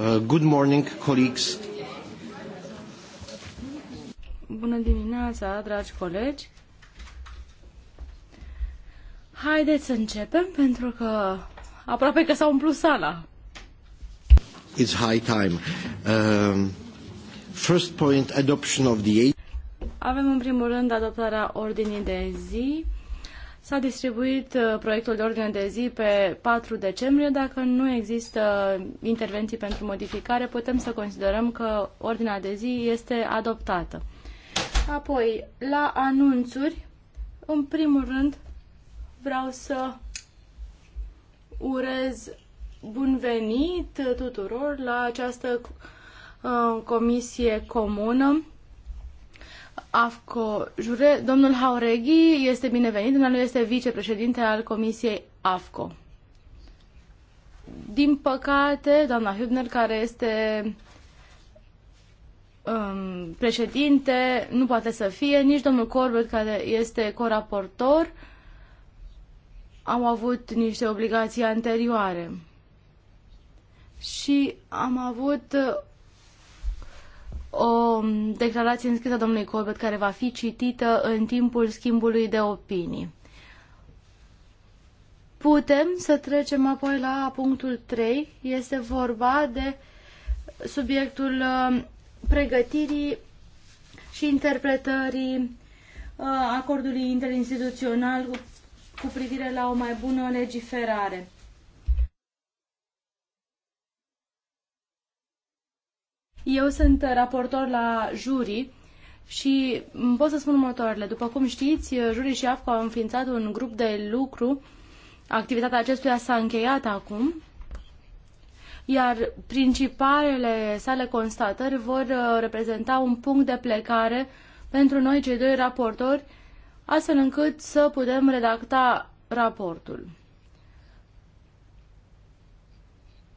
Uh, good morning, colleagues. Bună dimineața, dragi colegi. Haideți să începem pentru că aproape că s-a umplut sala. It's high time. Uh, first point, adoption of the Avem în primul rând adoptarea ordinii de zi. S-a distribuit uh, proiectul de ordine de zi pe 4 decembrie. Dacă nu există intervenții pentru modificare, putem să considerăm că ordinea de zi este adoptată. Apoi, la anunțuri, în primul rând, vreau să urez bun venit tuturor la această uh, comisie comună AFCO Jure. Domnul Haureghi este binevenit, dumnealui este vicepreședinte al Comisiei AFCO. Din păcate, doamna Hübner, care este um, președinte, nu poate să fie, nici domnul Corbett, care este coraportor, au avut niște obligații anterioare. Și am avut o declarație înscrisă a domnului Corbett care va fi citită în timpul schimbului de opinii. Putem să trecem apoi la punctul 3. Este vorba de subiectul uh, pregătirii și interpretării uh, acordului interinstituțional cu privire la o mai bună legiferare. Eu sunt raportor la juri și pot să spun următoarele. După cum știți, jurii și AFCO au înființat un grup de lucru. Activitatea acestuia s-a încheiat acum. Iar principalele sale constatări vor uh, reprezenta un punct de plecare pentru noi, cei doi raportori, astfel încât să putem redacta raportul.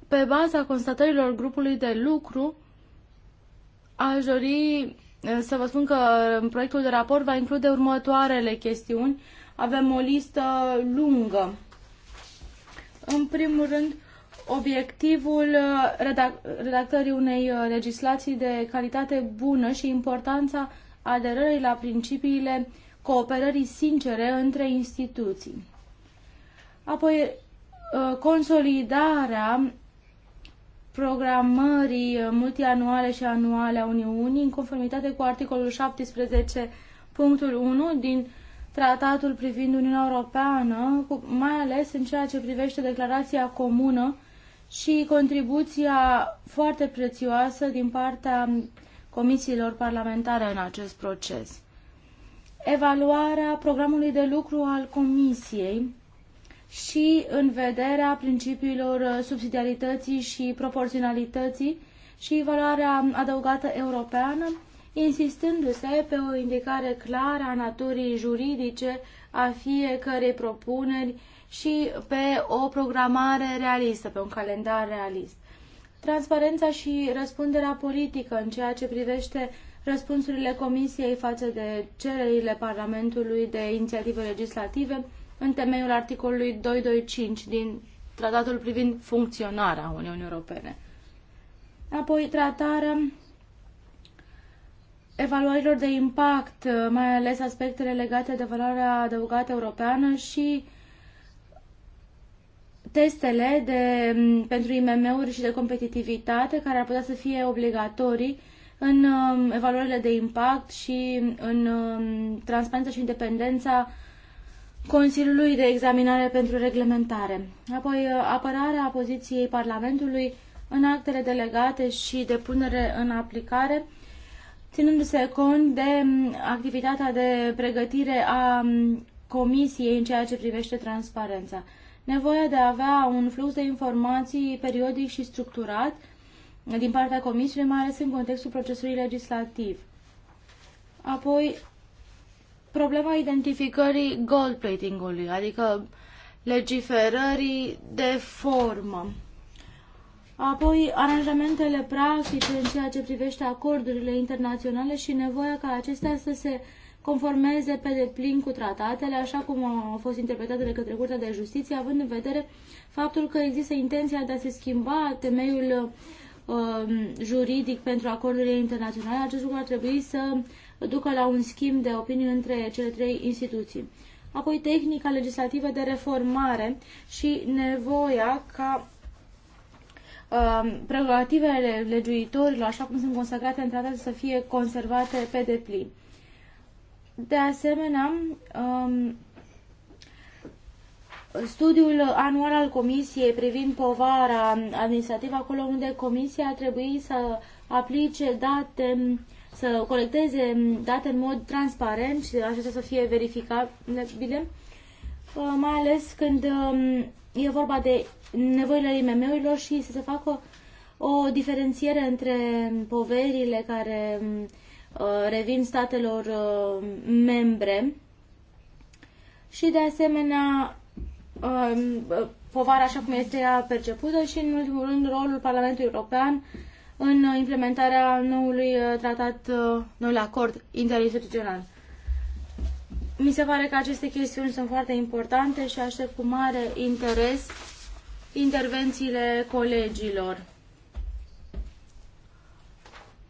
Pe baza constatărilor grupului de lucru, Aș dori eh, să vă spun că proiectul de raport va include următoarele chestiuni. Avem o listă lungă. În primul rând, obiectivul eh, redac- redactării unei eh, legislații de calitate bună și importanța aderării la principiile cooperării sincere între instituții. Apoi, consolidarea programării uh, multianuale și anuale a Uniunii în conformitate cu articolul 17.1 punctul din tratatul privind Uniunea Europeană, mai ales în ceea ce privește declarația comună și contribuția foarte prețioasă din partea comisiilor parlamentare în acest proces. Evaluarea programului de lucru al Comisiei și în vederea principiilor uh, subsidiarității și proporționalității și valoarea adăugată europeană, insistându-se pe o indicare clară a naturii juridice a fiecărei propuneri și pe o programare realistă, pe un calendar realist. Transparența și răspunderea politică în ceea ce privește răspunsurile Comisiei față de cererile Parlamentului de inițiative legislative în temeiul articolului 225 din Tratatul privind funcționarea Uniunii Europene. Apoi tratarea evaluărilor de impact, mai ales aspectele legate de valoarea adăugată europeană și testele de, pentru IMM-uri și de competitivitate care ar putea să fie obligatorii în um, evaluările de impact și în um, transparența și independența Consiliului de Examinare pentru Reglementare, apoi uh, apărarea poziției Parlamentului în actele delegate și de punere în aplicare, ținându-se cont de mm, activitatea de pregătire a mm, Comisiei în ceea ce privește transparența. Nevoia de a avea un flux de informații periodic și structurat din partea Comisiei, mai ales în contextul procesului legislativ. Apoi, problema identificării gold plating-ului, adică legiferării de formă. Apoi, aranjamentele practice în ceea ce privește acordurile internaționale și nevoia ca acestea să se conformeze pe deplin cu tratatele, așa cum au fost interpretate de către Curtea de Justiție, având în vedere faptul că există intenția de a se schimba temeiul uh, juridic pentru acordurile internaționale. Acest lucru ar trebui să ducă la un schimb de opinii între cele trei instituții. Apoi tehnica legislativă de reformare și nevoia ca um, prerogativele legiuitorilor, așa cum sunt consacrate în tratat, să fie conservate pe deplin. De asemenea, um, studiul anual al Comisiei privind povara administrativă, acolo unde Comisia a trebuit să aplice date să colecteze date în mod transparent și așa să fie verificabile, uh, mai ales când um, e vorba de nevoile IMM-urilor și să se facă o, o diferențiere între poverile care um, uh, revin statelor uh, membre și de asemenea um, povara așa cum este ea percepută și în ultimul rând rolul Parlamentului European în implementarea noului uh, tratat, uh, noul acord interinstituțional. Mi se pare că aceste chestiuni sunt foarte importante și aștept cu mare interes intervențiile colegilor.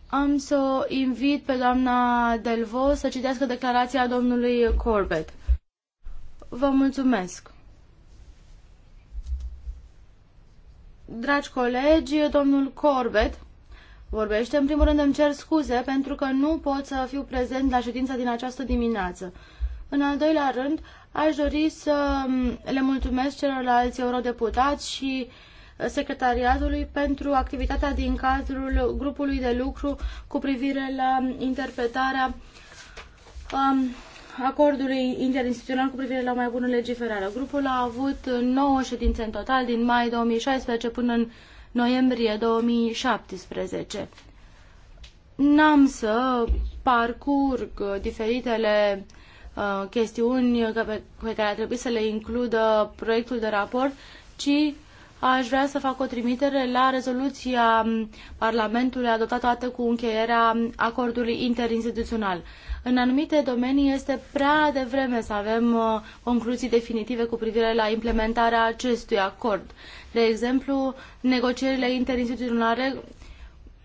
Am să o invit pe doamna Delvo să citească declarația domnului Corbett. Vă mulțumesc. Dragi colegi, domnul Corbett vorbește. În primul rând îmi cer scuze pentru că nu pot să fiu prezent la ședința din această dimineață. În al doilea rând, aș dori să le mulțumesc celorlalți eurodeputați și secretariatului pentru activitatea din cadrul grupului de lucru cu privire la interpretarea um, acordului interinstituțional cu privire la mai bună legiferare. Grupul a avut 9 ședințe în total din mai 2016 până în noiembrie 2017. N-am să parcurg diferitele uh, chestiuni pe, pe care a trebuit să le includă proiectul de raport, ci aș vrea să fac o trimitere la rezoluția Parlamentului adoptată cu încheierea acordului interinstituțional. În anumite domenii este prea devreme să avem uh, concluzii definitive cu privire la implementarea acestui acord. De exemplu, negocierile interinstituționale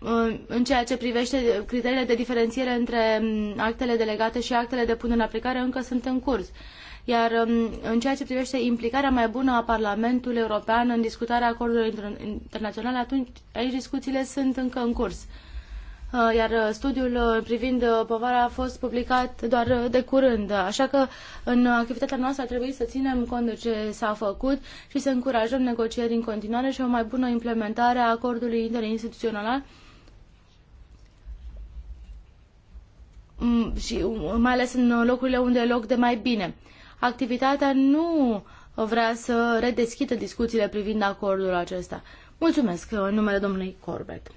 uh, în ceea ce privește criteriile de diferențiere între mm, actele delegate și actele de punere în aplicare încă sunt în curs. Iar um, în ceea ce privește implicarea mai bună a Parlamentului European în discutarea acordurilor internaționale, atunci aici discuțiile sunt încă în curs. Uh, iar uh, studiul uh, privind povara a fost publicat doar de curând. Așa că în activitatea noastră ar trebui să ținem cont de ce s-a făcut și să încurajăm negocieri în continuare și o mai bună implementare a acordului interinstituțional mm, și um, mai ales în locurile unde e loc de mai bine. Activitatea nu vrea să redeschidă discuțiile privind acordul acesta. Mulțumesc în numele domnului Corbett.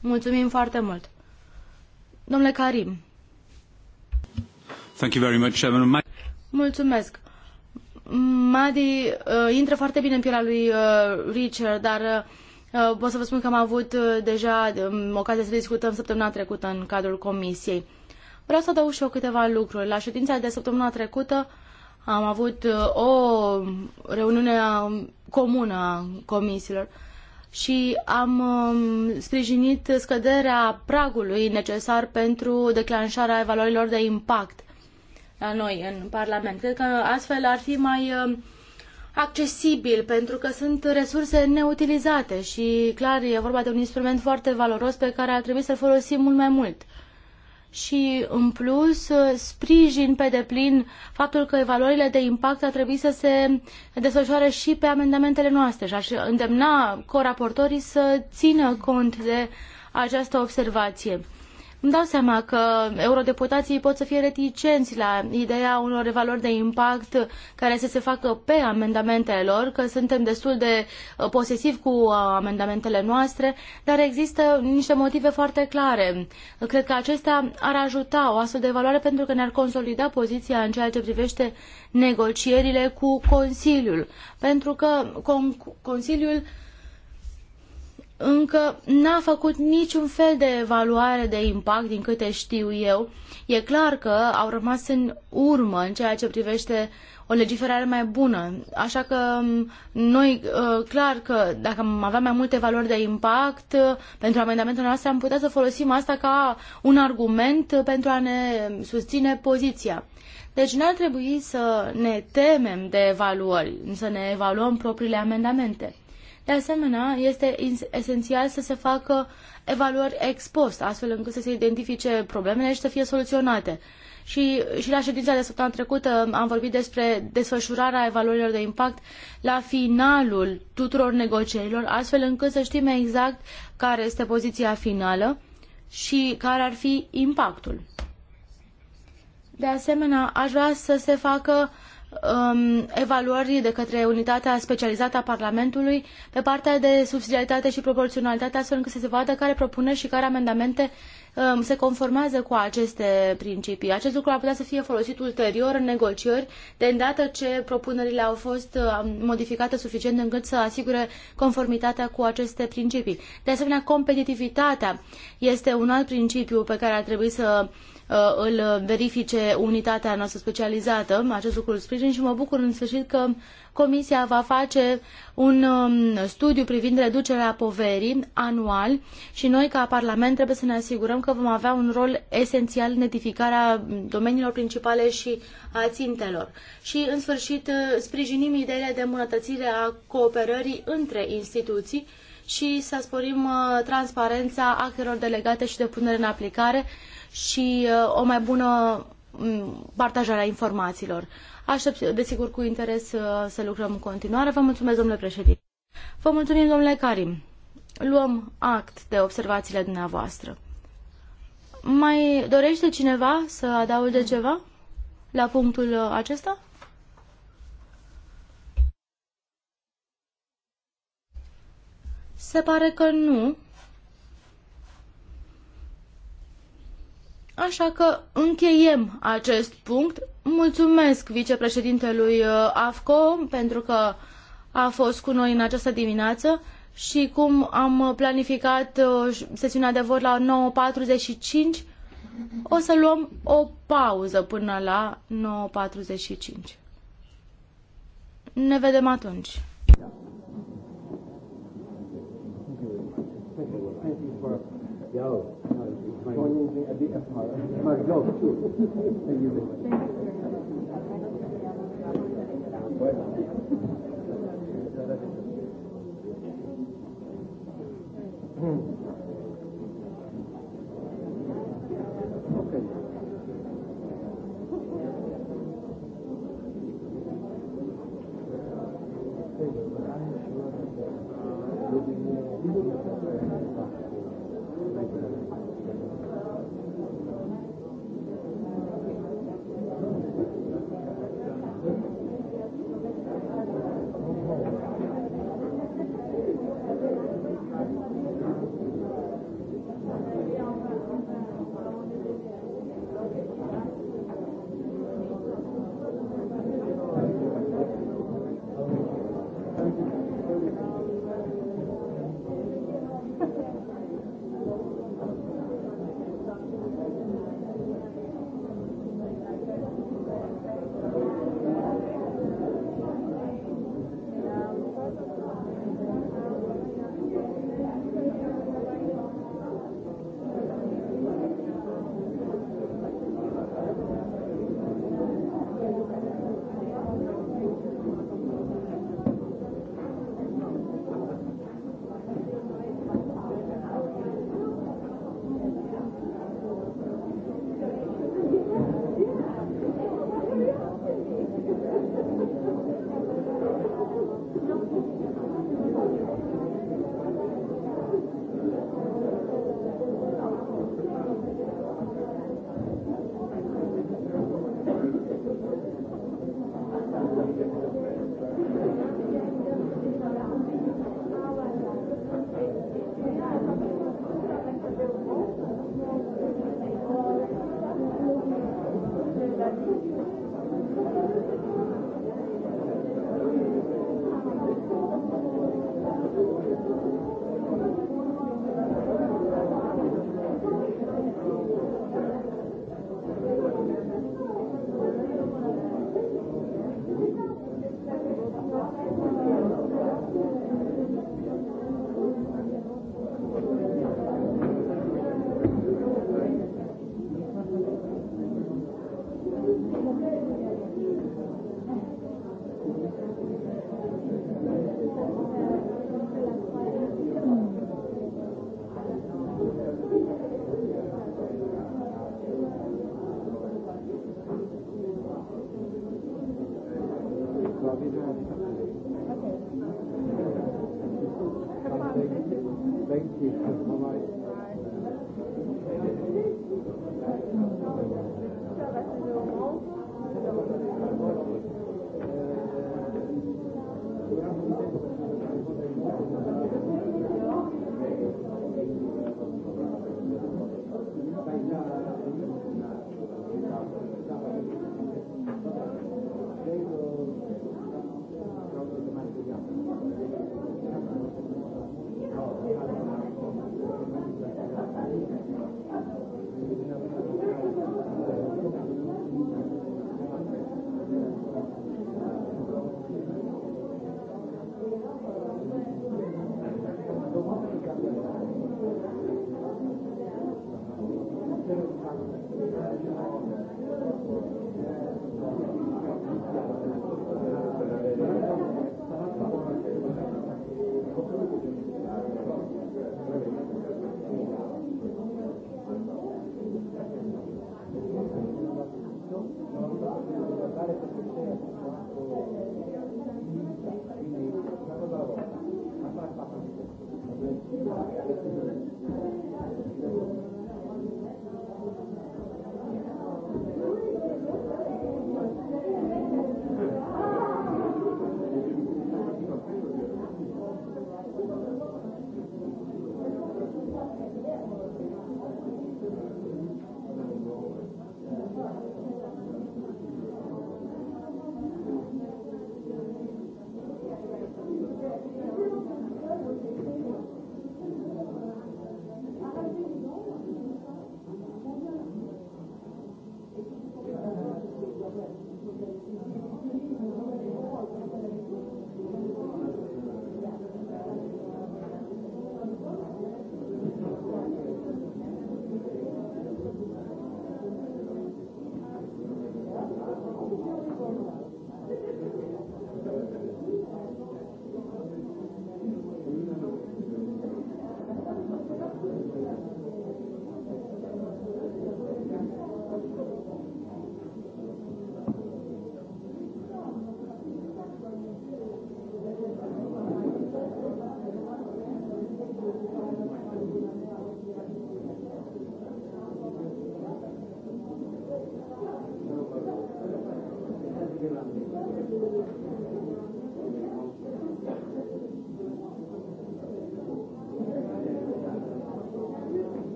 Mulțumim foarte mult. Domnule Karim. Thank you very much, Chairman. Mulțumesc. Madi uh, intră foarte bine în pielea lui uh, Richard, dar uh, pot să vă spun că am avut uh, deja um, ocazia să discutăm săptămâna trecută în cadrul comisiei. Vreau să adaug și eu câteva lucruri. La ședința de săptămâna trecută am avut uh, o reuniune um, comună a comisiilor. Uh, și am um, sprijinit scăderea pragului necesar pentru declanșarea evaluărilor de impact la noi în Parlament. Cred că astfel ar fi mai um, accesibil pentru că sunt resurse neutilizate și clar e vorba de un instrument foarte valoros pe care ar trebui să-l folosim mult mai mult și, în plus, sprijin pe deplin faptul că evaluările de impact ar trebui să se desfășoare și pe amendamentele noastre și aș îndemna coraportorii să țină cont de această observație. Îmi dau seama că eurodeputații pot să fie reticenți la ideea unor valori de impact care să se facă pe amendamentele lor, că suntem destul de uh, posesivi cu uh, amendamentele noastre, dar există niște motive foarte clare. Cred că acestea ar ajuta o astfel de evaluare pentru că ne-ar consolida poziția în ceea ce privește negocierile cu Consiliul, pentru că Consiliul încă n-a făcut niciun fel de evaluare de impact, din câte știu eu. E clar că au rămas în urmă în ceea ce privește o legiferare mai bună. Așa că noi, uh, clar că dacă am avea mai multe valori de impact uh, pentru amendamentul noastre, am putea să folosim asta ca un argument pentru a ne susține poziția. Deci nu ar trebui să ne temem de evaluări, să ne evaluăm propriile amendamente. De asemenea, este esențial să se facă evaluări ex post, astfel încât să se identifice problemele și să fie soluționate. Și, și la ședința de săptămâna trecută um, am vorbit despre desfășurarea evaluărilor de impact la finalul tuturor negocierilor, astfel încât să știm exact care este poziția finală și care ar fi impactul. De asemenea, aș vrea să se facă um, evaluări de către unitatea specializată a Parlamentului pe partea de subsidiaritate și proporționalitate, astfel încât să se vadă care propuneri și care amendamente Um, se conformează cu aceste principii. Acest lucru ar putea să fie folosit ulterior în negocieri, de îndată ce propunerile au fost um, modificate suficient încât să asigure conformitatea cu aceste principii. De asemenea, competitivitatea este un alt principiu pe care ar trebui să uh, îl verifice unitatea noastră specializată. Acest lucru îl sprijin și mă bucur în sfârșit că Comisia va face un um, studiu privind reducerea poverii anual și noi ca Parlament trebuie să ne asigurăm că vom avea un rol esențial în edificarea domeniilor principale și a țintelor. Și în sfârșit uh, sprijinim ideile de îmbunătățire a cooperării între instituții și să sporim uh, transparența actelor delegate și de punere în aplicare și uh, o mai bună mm, partajare a informațiilor. Aștept, desigur, cu interes uh, să lucrăm în continuare. Vă mulțumesc, domnule președinte. Vă mulțumim, domnule Karim. Luăm act de observațiile dumneavoastră. Mai dorește cineva să adauge ceva la punctul uh, acesta? Se pare că nu. Așa că încheiem acest punct. Mulțumesc vicepreședintelui uh, AFCO pentru că a fost cu noi în această dimineață și cum am planificat uh, sesiunea de vot la 9.45, o să luăm o pauză până la 9.45. Ne vedem atunci. Yeah going using at the Empire. My dog, too. Thank you very much. Thank you.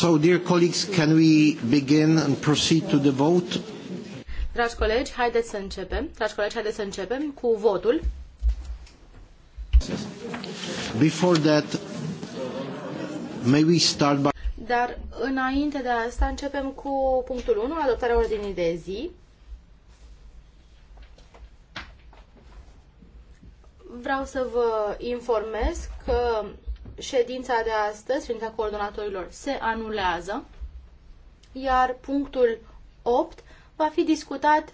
So, dear colleagues, can we begin and proceed to the vote? Dragi colegi, haideți să începem. Dragi colegi, haideți să începem cu votul. Before that, may we start by... Dar înainte de asta începem cu punctul 1, adoptarea ordinii de zi. Vreau să vă informez că ședința de astăzi, ședința coordonatorilor, se anulează, iar punctul 8 va fi discutat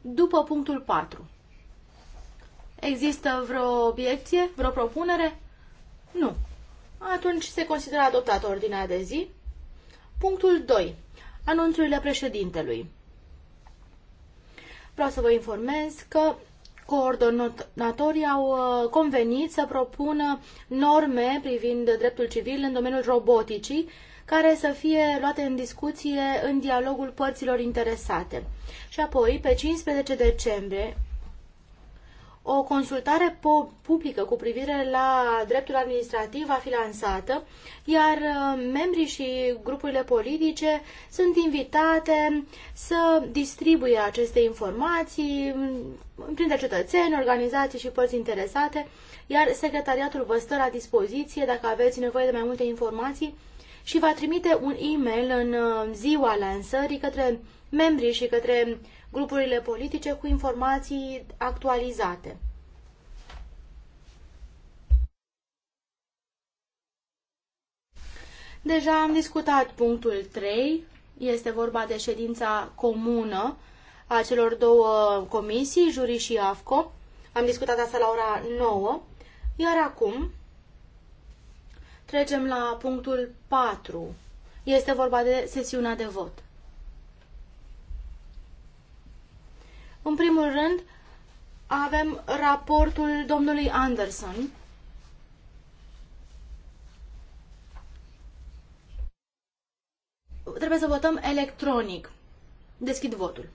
după punctul 4. Există vreo obiecție, vreo propunere? Nu. Atunci se consideră adoptată ordinea de zi. Punctul 2. Anunțurile președintelui. Vreau să vă informez că coordonatorii au uh, convenit să propună norme privind dreptul civil în domeniul roboticii, care să fie luate în discuție în dialogul părților interesate. Și apoi, pe 15 decembrie, o consultare publică cu privire la dreptul administrativ va fi lansată, iar uh, membrii și grupurile politice sunt invitate să distribuie aceste informații mm, printre cetățeni, organizații și părți interesate, iar secretariatul vă stă la dispoziție dacă aveți nevoie de mai multe informații și va trimite un e-mail în uh, ziua lansării către membrii și către grupurile politice cu informații actualizate. Deja am discutat punctul 3, este vorba de ședința comună a celor două comisii, juri și AFCO. Am discutat asta la ora 9, iar acum trecem la punctul 4. Este vorba de sesiunea de vot. În primul rând, avem raportul domnului Anderson. Trebuie să votăm electronic. Deschid votul.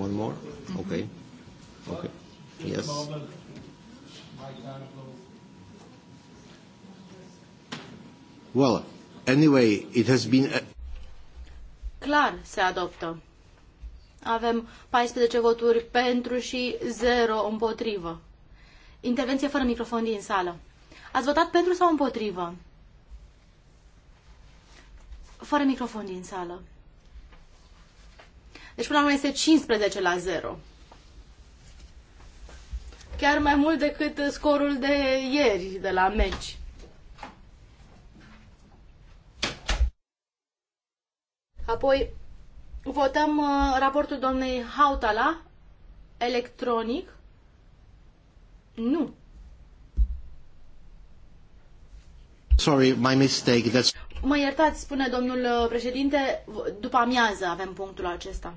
One more? Okay. Okay. Yes. Well, anyway, it has been a... Clar se adoptă. Avem 14 voturi pentru și 0 împotrivă. Intervenție fără microfon din sală. Ați votat pentru sau împotrivă? Fără microfon din sală. Deci până la urmă este 15 la 0 chiar mai mult decât uh, scorul de ieri de la meci. Apoi votăm uh, raportul domnei Hautala electronic. Nu. Sorry, my mistake. That's... Mă iertați, spune domnul uh, președinte, după amiază avem punctul acesta.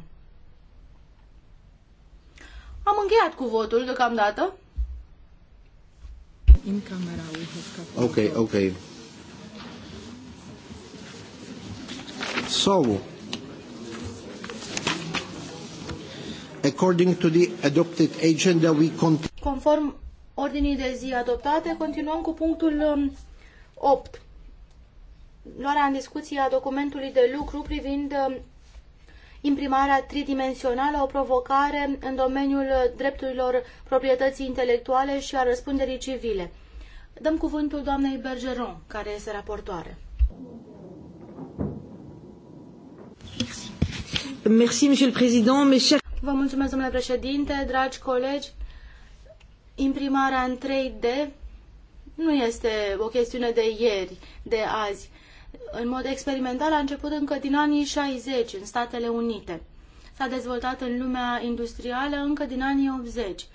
Am încheiat cu votul deocamdată. In camera Ok, ok. So, according to the adopted agenda, we continue. Conform ordinii de zi adoptate, continuăm cu punctul 8. Um, Luarea în discuție a documentului de lucru privind um, imprimarea tridimensională, o provocare în domeniul drepturilor proprietății intelectuale și a răspunderii civile. Dăm cuvântul doamnei Bergeron, care este raportoare. Merci, monsieur le président, mes chers... Vă mulțumesc, domnule președinte, dragi colegi. Imprimarea în 3D nu este o chestiune de ieri, de azi în mod experimental a început încă din anii 60 în Statele Unite. S-a dezvoltat în lumea industrială încă din anii 80.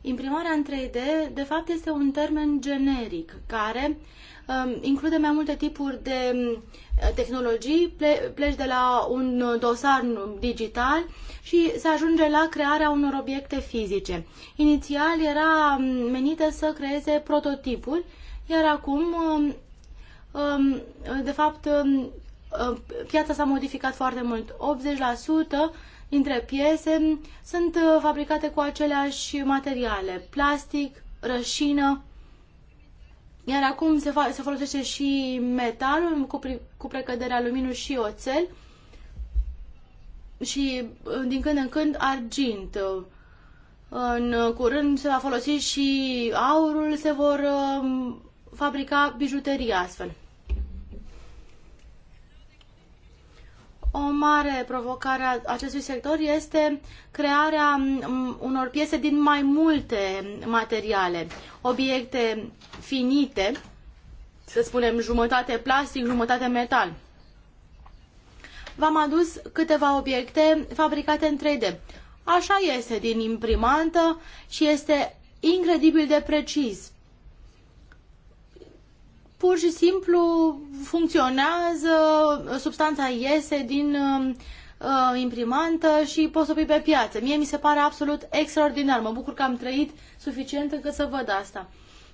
Imprimarea în 3D, de fapt, este un termen generic care um, include mai multe tipuri de um, tehnologii, ple- pleci de la un dosar digital și se ajunge la crearea unor obiecte fizice. Inițial era um, menită să creeze prototipul, iar acum um, Um, de fapt, um, uh, piața s-a modificat foarte mult. 80% dintre piese sunt uh, fabricate cu aceleași materiale, plastic, rășină, iar acum se, se folosește și metalul cu, pre- cu precăderea luminului și oțel și uh, din când în când argint. În curând se va folosi și aurul, se vor um, fabrica bijuterii astfel. O mare provocare a acestui sector este crearea unor piese din mai multe materiale, obiecte finite, să spunem jumătate plastic, jumătate metal. V-am adus câteva obiecte fabricate în 3D. Așa este din imprimantă și este incredibil de precis pur și simplu funcționează, substanța iese din uh, imprimantă și poți să pui pe piață. Mie mi se pare absolut extraordinar. Mă bucur că am trăit suficient încât să văd asta.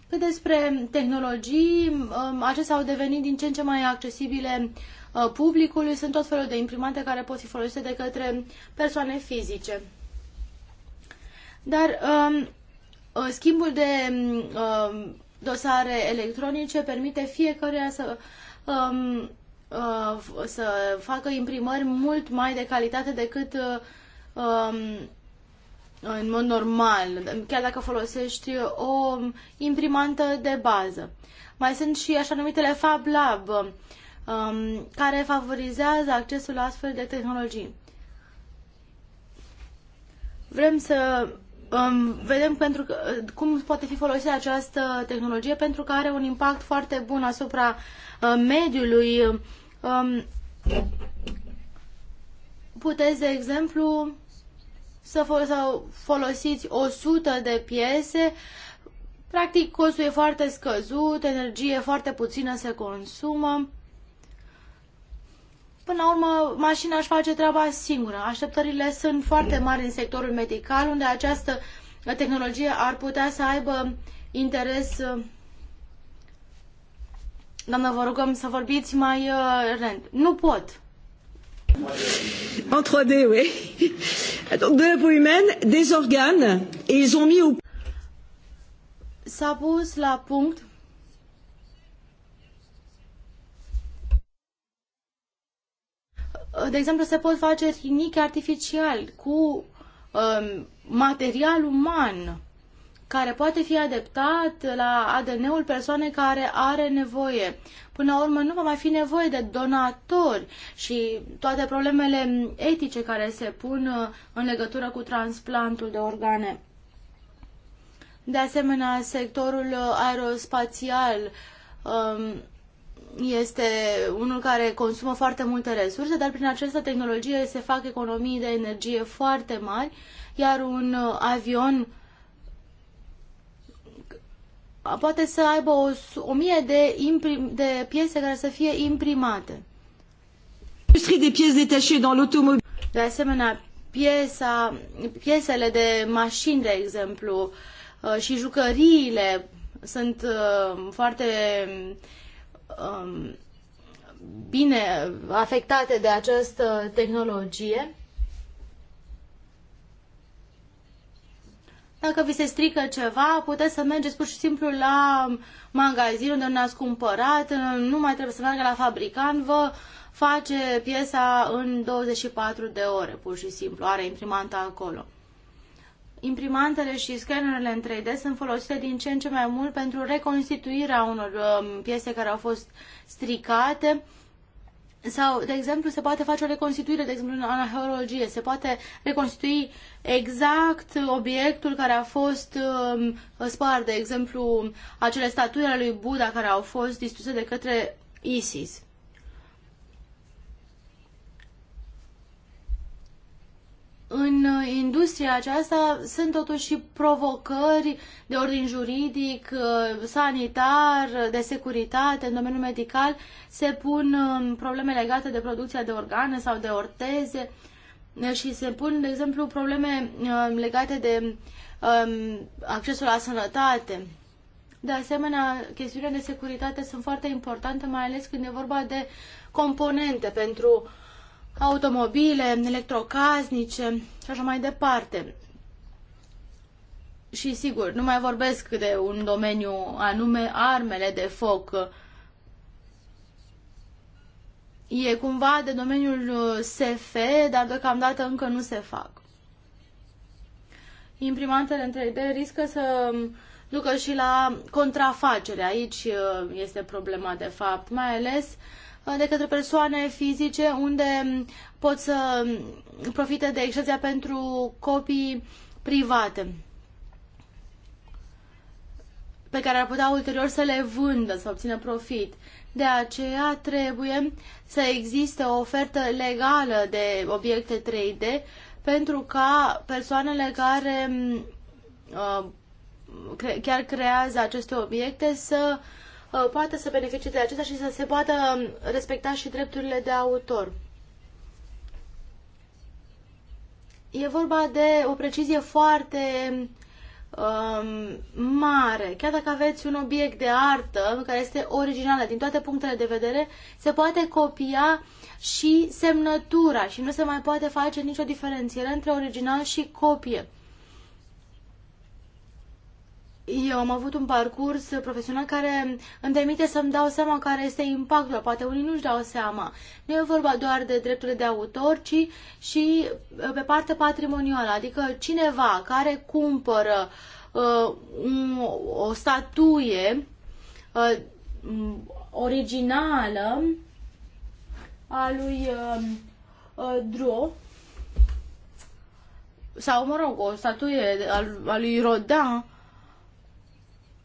Cât despre tehnologii, uh, acestea au devenit din ce în ce mai accesibile uh, publicului. Sunt tot felul de imprimante care pot fi folosite de către persoane fizice. Dar um, uh, schimbul de um, dosare electronice permite fiecare să, um, uh, să facă imprimări mult mai de calitate decât um, în mod normal, chiar dacă folosești o imprimantă de bază. Mai sunt și așa numitele Fab Lab, um, care favorizează accesul la astfel de tehnologii. Vrem să um, vedem pentru că, cum poate fi folosită această tehnologie pentru că are un impact foarte bun asupra uh, mediului. Um, puteți, de exemplu, să, fol- să folosiți 100 de piese. Practic, costul e foarte scăzut, energie foarte puțină se consumă. Până la urmă, mașina își face treaba singură. Așteptările sunt foarte mari în sectorul medical, unde această tehnologie ar putea să aibă interes. Uh, doamnă, vă rugăm să vorbiți mai uh, rând. Nu pot. En 3D, oui. Donc, de la peau humaine, des organes, et ils ont mis au... S-a pus la punct Uh, de exemplu, se pot face rinichi artificial cu um, material uman care poate fi adaptat la ADN-ul persoanei care are nevoie. Până la urmă, nu va mai fi nevoie de donatori și toate problemele etice care se pun uh, în legătură cu transplantul de organe. De asemenea, sectorul uh, aerospațial um, este unul care consumă foarte multe resurse, dar prin această tehnologie se fac economii de energie foarte mari, iar un uh, avion poate să aibă o, o mie de, imprim, de piese care să fie imprimate. de piese De asemenea, piesa, piesele de mașini, de exemplu, uh, și jucăriile sunt uh, foarte um, bine afectate de această tehnologie, dacă vi se strică ceva, puteți să mergeți pur și simplu la magazin unde nu ați cumpărat, nu mai trebuie să meargă la fabricant, vă face piesa în 24 de ore, pur și simplu, are imprimanta acolo. Imprimantele și scanerele în 3D sunt folosite din ce în ce mai mult pentru reconstituirea unor um, piese care au fost stricate sau, de exemplu, se poate face o reconstituire, de exemplu, în arheologie, se poate reconstitui exact obiectul care a fost um, spart, de exemplu, acele statuile ale lui Buddha care au fost distruse de către ISIS. în uh, industria aceasta sunt totuși și provocări de ordin juridic, uh, sanitar, de securitate, în domeniul medical se pun um, probleme legate de producția de organe sau de orteze uh, și se pun, de exemplu, probleme um, legate de um, accesul la sănătate. De asemenea, chestiunile de securitate sunt foarte importante, mai ales când e vorba de componente pentru uh, automobile, electrocasnice și așa mai departe. Și sigur, nu mai vorbesc de un domeniu anume armele de foc. E cumva de domeniul uh, SF, dar deocamdată încă nu se fac. Imprimantele în 3D riscă să um, ducă și la contrafacere. Aici uh, este problema de fapt, mai ales Uh, de către persoane fizice unde pot să profite de excepția pentru copii private pe care ar putea ulterior să le vândă, să obțină profit. De aceea trebuie să existe o ofertă legală de obiecte 3D pentru ca persoanele care uh, cre- chiar creează aceste obiecte să uh, Uh, poată să beneficieze de acesta și să se poată um, respecta și drepturile de autor. E vorba de o precizie foarte um, mare. Chiar dacă aveți un obiect de artă care este originală din toate punctele de vedere, se poate copia și semnătura și nu se mai poate face nicio diferențiere între original și copie eu am avut un parcurs profesional care îmi permite să-mi dau seama care este impactul. Poate unii nu-și dau seama. Nu e vorba doar de drepturile de autor, ci și uh, pe partea patrimonială. Adică cineva care cumpără uh, un, o statuie uh, originală a lui uh, uh, Dro, sau, mă rog, o statuie a lui Rodin,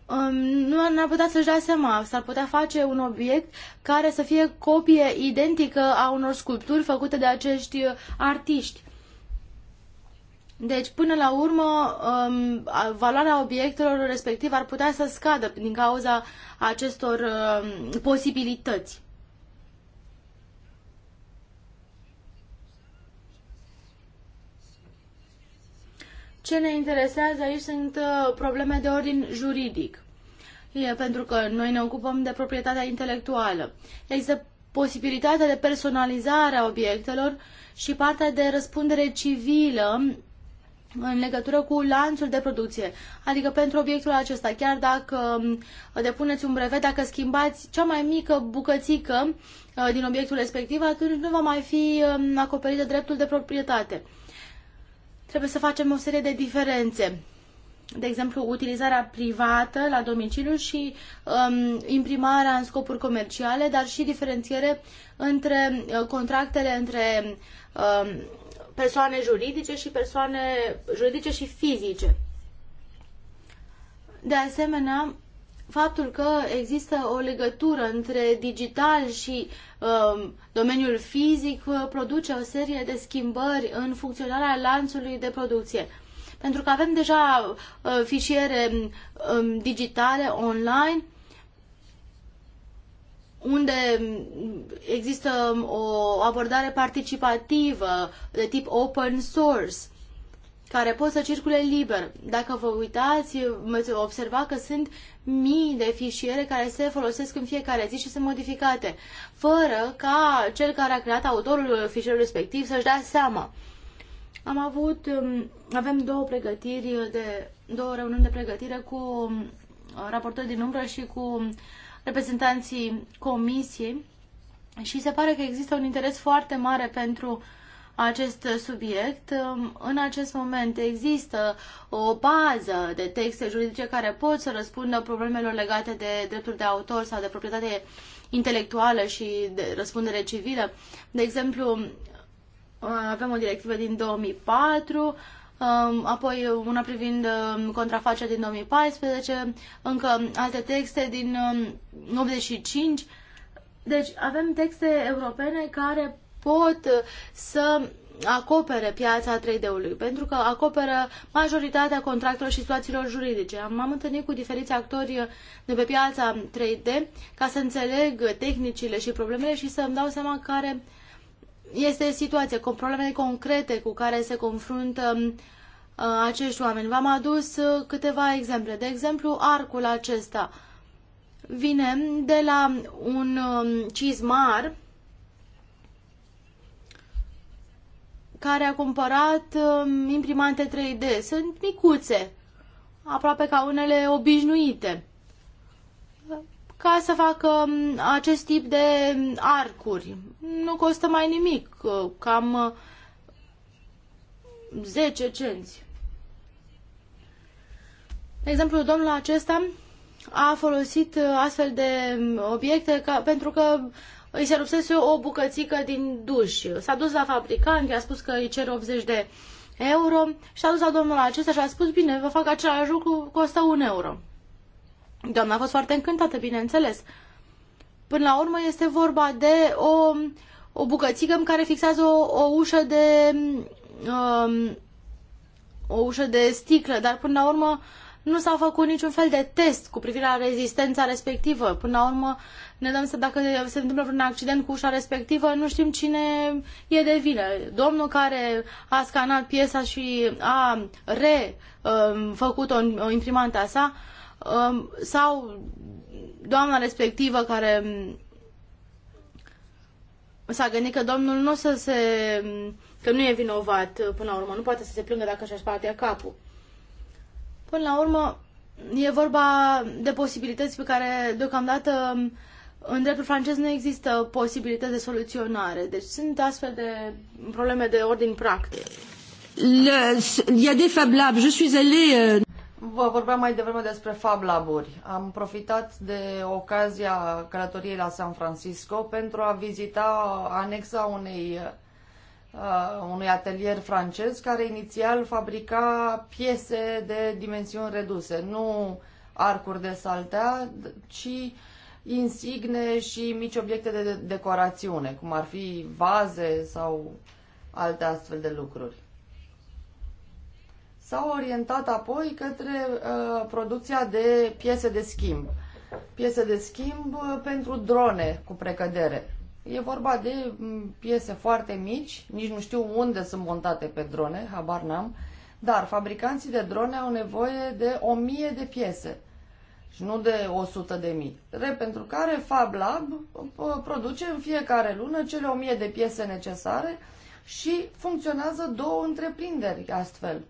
Um, nu ar putea să-și dea seama, s-ar putea face un obiect care să fie copie identică a unor sculpturi făcute de acești uh, artiști. Deci, până la urmă, um, valoarea obiectelor respectiv ar putea să scadă din cauza acestor um, posibilități. Ce ne interesează aici sunt uh, probleme de ordin juridic. E pentru că noi ne ocupăm de proprietatea intelectuală. Există posibilitatea de personalizare a obiectelor și partea de răspundere civilă în legătură cu lanțul de producție. Adică pentru obiectul acesta, chiar dacă uh, depuneți un brevet, dacă schimbați cea mai mică bucățică uh, din obiectul respectiv, atunci nu va mai fi um, acoperită dreptul de proprietate trebuie să facem o serie de diferențe. De exemplu, utilizarea privată la domiciliu și um, imprimarea în scopuri comerciale, dar și diferențiere între uh, contractele între um, persoane juridice și persoane juridice și fizice. De asemenea, faptul că există o legătură între digital și um, domeniul fizic uh, produce o serie de schimbări în funcționarea lanțului de producție. Pentru că avem deja uh, fișiere um, digitale online unde um, există um, o abordare participativă de tip open source care pot să circule liber. Dacă vă uitați, veți observa că sunt mii de fișiere care se folosesc în fiecare zi și sunt modificate, fără ca cel care a creat autorul fișierului respectiv să-și dea seama. Am avut, um, avem două pregătiri de, două reuniuni de pregătire cu um, raportori din umbră și cu um, reprezentanții comisiei și se pare că există un interes foarte mare pentru acest subiect. Um, în acest moment există o bază de texte juridice care pot să răspundă problemelor legate de drepturi de autor sau de proprietate intelectuală și de răspundere civilă. De exemplu, avem o directivă din 2004, um, apoi una privind um, contrafacerea din 2014, încă alte texte din 1985. Deci avem texte europene care pot uh, să acopere piața 3D-ului, pentru că acoperă majoritatea contractelor și situațiilor juridice. M-am întâlnit cu diferiți actori uh, de pe piața 3D ca să înțeleg tehnicile și problemele și să îmi dau seama care este situația, cu problemele concrete cu care se confruntă um, uh, acești oameni. V-am adus câteva exemple. De exemplu, arcul acesta vine de la un um, cizmar care a cumpărat uh, imprimante 3D. Sunt micuțe, aproape ca unele obișnuite, ca să facă um, acest tip de um, arcuri. Nu costă mai nimic, uh, cam uh, 10 cenți. De exemplu, domnul acesta a folosit uh, astfel de obiecte ca, pentru că îi se rupsese o bucățică din duș. S-a dus la fabricant, i-a spus că îi cer 80 de euro și a dus la domnul acesta și a spus, bine, vă fac același lucru, costă un euro. Doamna a fost foarte încântată, bineînțeles. Până la urmă este vorba de o, o bucățică în care fixează o, o ușă de um, o ușă de sticlă, dar până la urmă nu s-a făcut niciun fel de test cu privire la rezistența respectivă. Până la urmă ne dăm să, dacă se întâmplă vreun accident cu ușa respectivă, nu știm cine e de vină. Domnul care a scanat piesa și a refăcut-o um, în imprimanta sa um, sau doamna respectivă care um, s-a gândit că domnul nu o să se... că nu e vinovat până la urmă, nu poate să se plângă dacă și-a spartea capul. Până la urmă, e vorba de posibilități pe care deocamdată în dreptul francez nu există posibilități de soluționare, deci sunt astfel de probleme de ordin practic. Il y a des Fab Labs. Je suis allée... Euh, Vă vorbeam mai devreme despre Fab Laburi. Am profitat de ocazia călătoriei la San Francisco pentru a vizita anexa unei, uh, unui atelier francez care inițial fabrica piese de dimensiuni reduse, nu arcuri de saltea, ci insigne și mici obiecte de decorațiune, cum ar fi vaze sau alte astfel de lucruri. S-au orientat apoi către uh, producția de piese de schimb. Piese de schimb uh, pentru drone cu precădere. E vorba de piese foarte mici, nici nu știu unde sunt montate pe drone, habar n-am, dar fabricanții de drone au nevoie de o mie de piese și nu de 100 de mii. Pentru care Fab Lab uh, produce în fiecare lună cele 1000 de piese necesare și funcționează două întreprinderi astfel.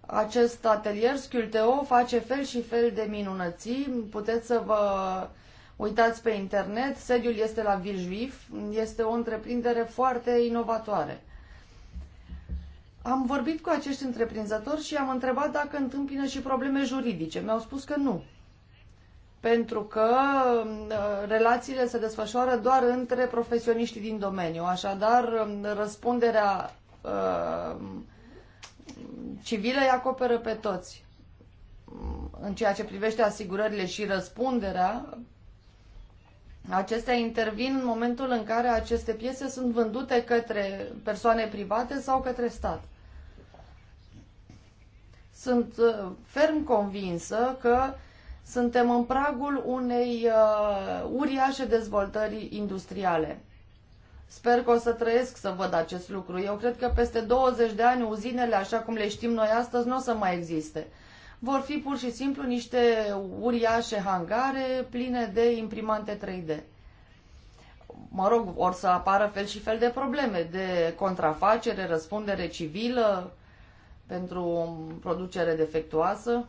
Acest atelier Sculteo face fel și fel de minunății. Puteți să vă uitați pe internet. Sediul este la Viljuif. Este o întreprindere foarte inovatoare. Am vorbit cu acești întreprinzători și am întrebat dacă întâmpină și probleme juridice. Mi-au spus că nu. Pentru că ă, relațiile se desfășoară doar între profesioniștii din domeniu. Așadar, răspunderea uh, civilă îi acoperă pe toți. În ceea ce privește asigurările și răspunderea, Acestea intervin în momentul în care aceste piese sunt vândute către persoane private sau către stat. Sunt uh, ferm convinsă că suntem în pragul unei uh, uriașe dezvoltări industriale. Sper că o să trăiesc să văd acest lucru. Eu cred că peste 20 de ani uzinele, așa cum le știm noi astăzi, nu o să mai existe vor fi pur și simplu niște uriașe hangare pline de imprimante 3D. Mă rog, or să apară fel și fel de probleme de contrafacere, răspundere civilă pentru producere defectuoasă.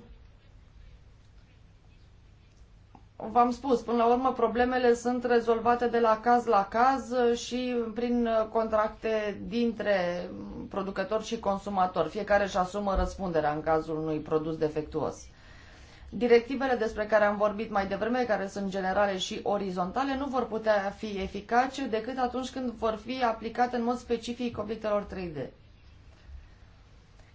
v-am spus, până la urmă problemele sunt rezolvate de la caz la caz și prin uh, contracte dintre producător și consumator. Fiecare își asumă răspunderea în cazul unui produs defectuos. Directivele despre care am vorbit mai devreme, care sunt generale și orizontale, nu vor putea fi eficace decât atunci când vor fi aplicate în mod specific obiectelor 3D.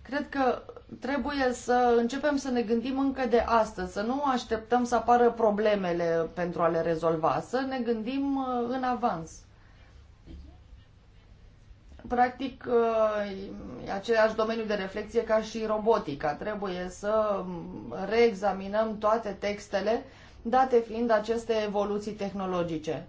Cred că trebuie să începem să ne gândim încă de astăzi, să nu așteptăm să apară problemele pentru a le rezolva, să ne gândim uh, în avans. Practic, uh, e același domeniu de reflexie ca și robotica. Trebuie să mm, reexaminăm toate textele, date fiind aceste evoluții tehnologice.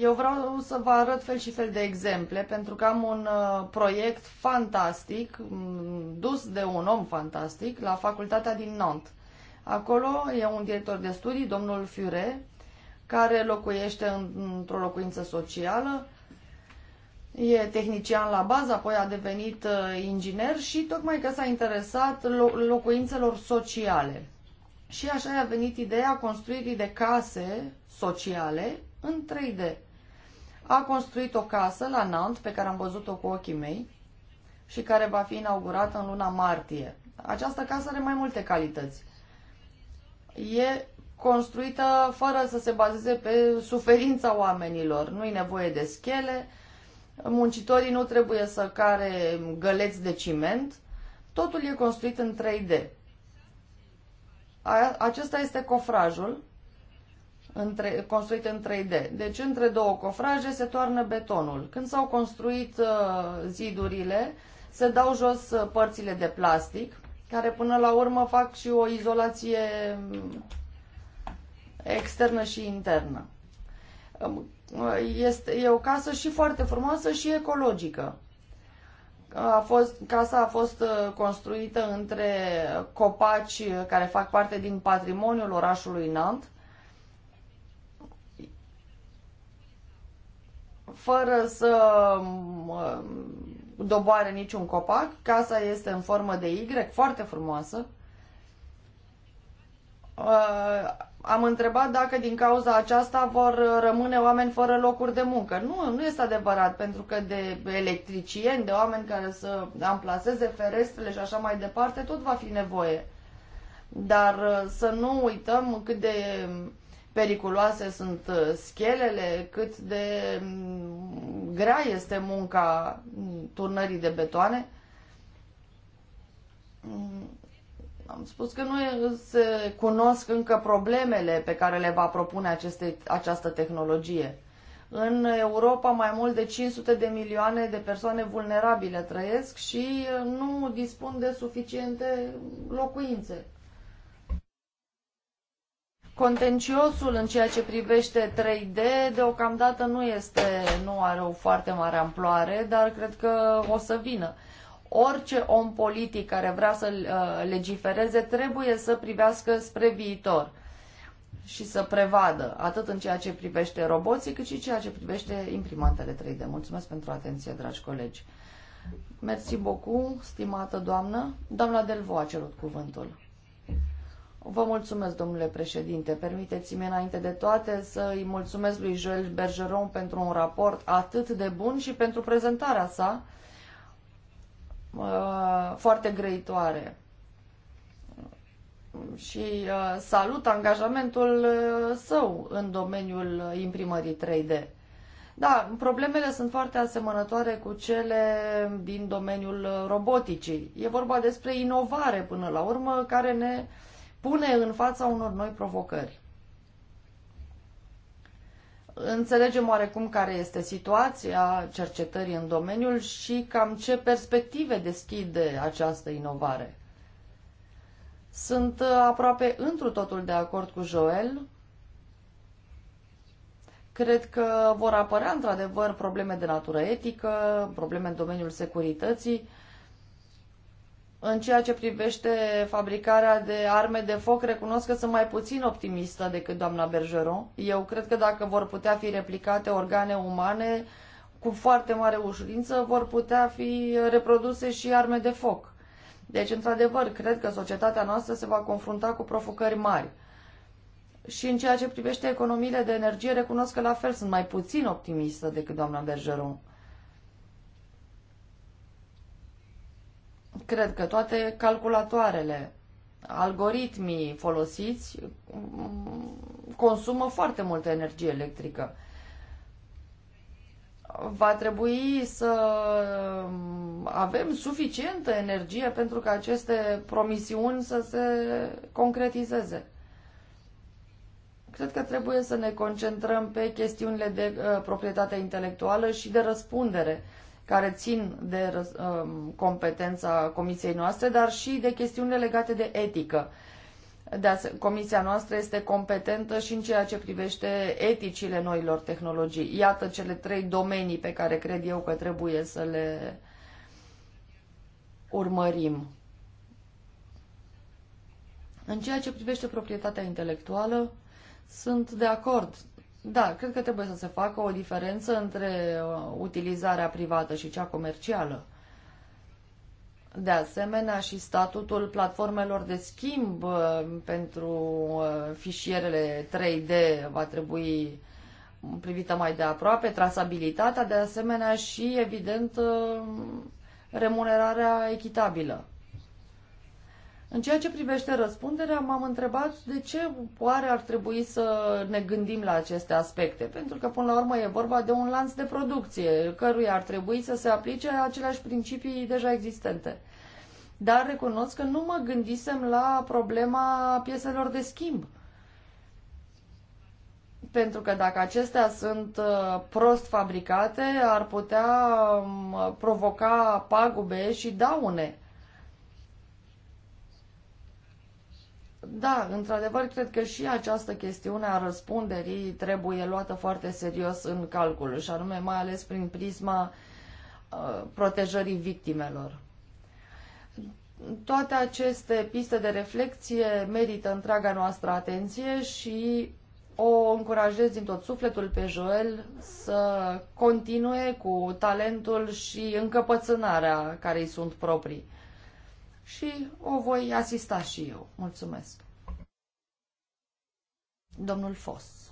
Eu vreau să vă arăt fel și fel de exemple, pentru că am un uh, proiect fantastic, mm, dus de un om fantastic, la facultatea din Nantes. Acolo e un director de studii, domnul Fiure, care locuiește într-o locuință socială, e tehnician la bază, apoi a devenit uh, inginer și tocmai că s-a interesat locuințelor sociale. Și așa a venit ideea construirii de case sociale în 3D. A construit o casă la Nant, pe care am văzut-o cu ochii mei și care va fi inaugurată în luna martie. Această casă are mai multe calități. E construită fără să se bazeze pe suferința oamenilor. Nu e nevoie de schele, muncitorii nu trebuie să care găleți de ciment, totul e construit în 3D. acesta este cofrajul între, construit în 3D. Deci între două cofraje se toarnă betonul. Când s-au construit uh, zidurile, se dau jos uh, părțile de plastic, care până la urmă fac și o izolație mm, externă și internă. Um, uh, este, e o casă și foarte frumoasă și ecologică. A fost, casa a fost uh, construită între copaci care fac parte din patrimoniul orașului Nantes fără să mm, doboare niciun copac. Casa este în formă de Y, foarte frumoasă. Uh, am întrebat dacă din cauza aceasta vor rămâne oameni fără locuri de muncă. Nu, nu este adevărat, pentru că de electricieni, de oameni care să amplaseze ferestrele și așa mai departe, tot va fi nevoie. Dar uh, să nu uităm cât de periculoase sunt uh, schelele, cât de mm, grea este munca mm, turnării de betoane. Mm, am spus că nu se cunosc încă problemele pe care le va propune aceste, această tehnologie. În Europa mai mult de 500 de milioane de persoane vulnerabile trăiesc și uh, nu dispun de suficiente locuințe. Contenciosul în ceea ce privește 3D deocamdată nu este, nu are o foarte mare amploare, dar cred că o să vină. Orice om politic care vrea să uh, legifereze trebuie să privească spre viitor și să prevadă atât în ceea ce privește roboții, cât și în ceea ce privește imprimantele 3D. Mulțumesc pentru atenție, dragi colegi. Mersi beaucoup, stimată doamnă. Doamna Delvo a cerut cuvântul. Vă mulțumesc, domnule președinte. Permiteți-mi înainte de toate să îi mulțumesc lui Joel Bergeron pentru un raport atât de bun și pentru prezentarea sa uh, foarte grăitoare. Și uh, salut angajamentul uh, său în domeniul imprimării 3D. Da, problemele sunt foarte asemănătoare cu cele din domeniul roboticii. E vorba despre inovare până la urmă care ne uh, pune în fața unor noi provocări. Înțelegem oarecum care este situația cercetării în domeniul și cam ce perspective deschide această inovare. Sunt uh, aproape întru totul de acord cu Joel. Cred că vor apărea într-adevăr probleme de natură etică, probleme în domeniul securității, în ceea ce privește fabricarea de arme de foc, recunosc că sunt mai puțin optimistă decât doamna Bergeron. Eu cred că dacă vor putea fi replicate organe umane, cu foarte mare ușurință vor putea fi reproduse și arme de foc. Deci, într-adevăr, cred că societatea noastră se va confrunta cu provocări mari. Și în ceea ce privește economiile de energie, recunosc că la fel sunt mai puțin optimistă decât doamna Bergeron. Cred că toate calculatoarele, algoritmii folosiți mm, consumă foarte multă energie electrică. Va trebui să mm, avem suficientă energie pentru ca aceste promisiuni să se concretizeze cred că trebuie să ne concentrăm pe chestiunile de uh, proprietate intelectuală și de răspundere care țin de um, competența comisiei noastre, dar și de chestiunile legate de etică. De ase- comisia noastră este competentă și în ceea ce privește eticile noilor tehnologii. Iată cele trei domenii pe care cred eu că trebuie să le urmărim. În ceea ce privește proprietatea intelectuală, sunt de acord da, cred că trebuie să se facă o diferență între uh, utilizarea privată și cea comercială. De asemenea, și statutul platformelor de schimb uh, pentru uh, fișierele 3D va trebui privită mai de aproape, trasabilitatea, de asemenea și, evident, remunerarea echitabilă. În ceea ce privește răspunderea, m-am întrebat de ce oare ar trebui să ne gândim la aceste aspecte, pentru că până la urmă e vorba de un lanț de producție, căruia ar trebui să se aplice aceleași principii deja existente. Dar recunosc că nu mă gândisem la problema pieselor de schimb. Pentru că dacă acestea sunt uh, prost fabricate, ar putea um, provoca pagube și daune da, într-adevăr, cred că și această chestiune a răspunderii trebuie luată foarte serios în calcul, și anume mai ales prin prisma uh, protejării victimelor. Toate aceste piste de reflexie merită întreaga noastră atenție și o încurajez din tot sufletul pe Joel să continue cu talentul și încăpățânarea care îi sunt proprii și o voi asista și eu. Mulțumesc. Domnul Foss.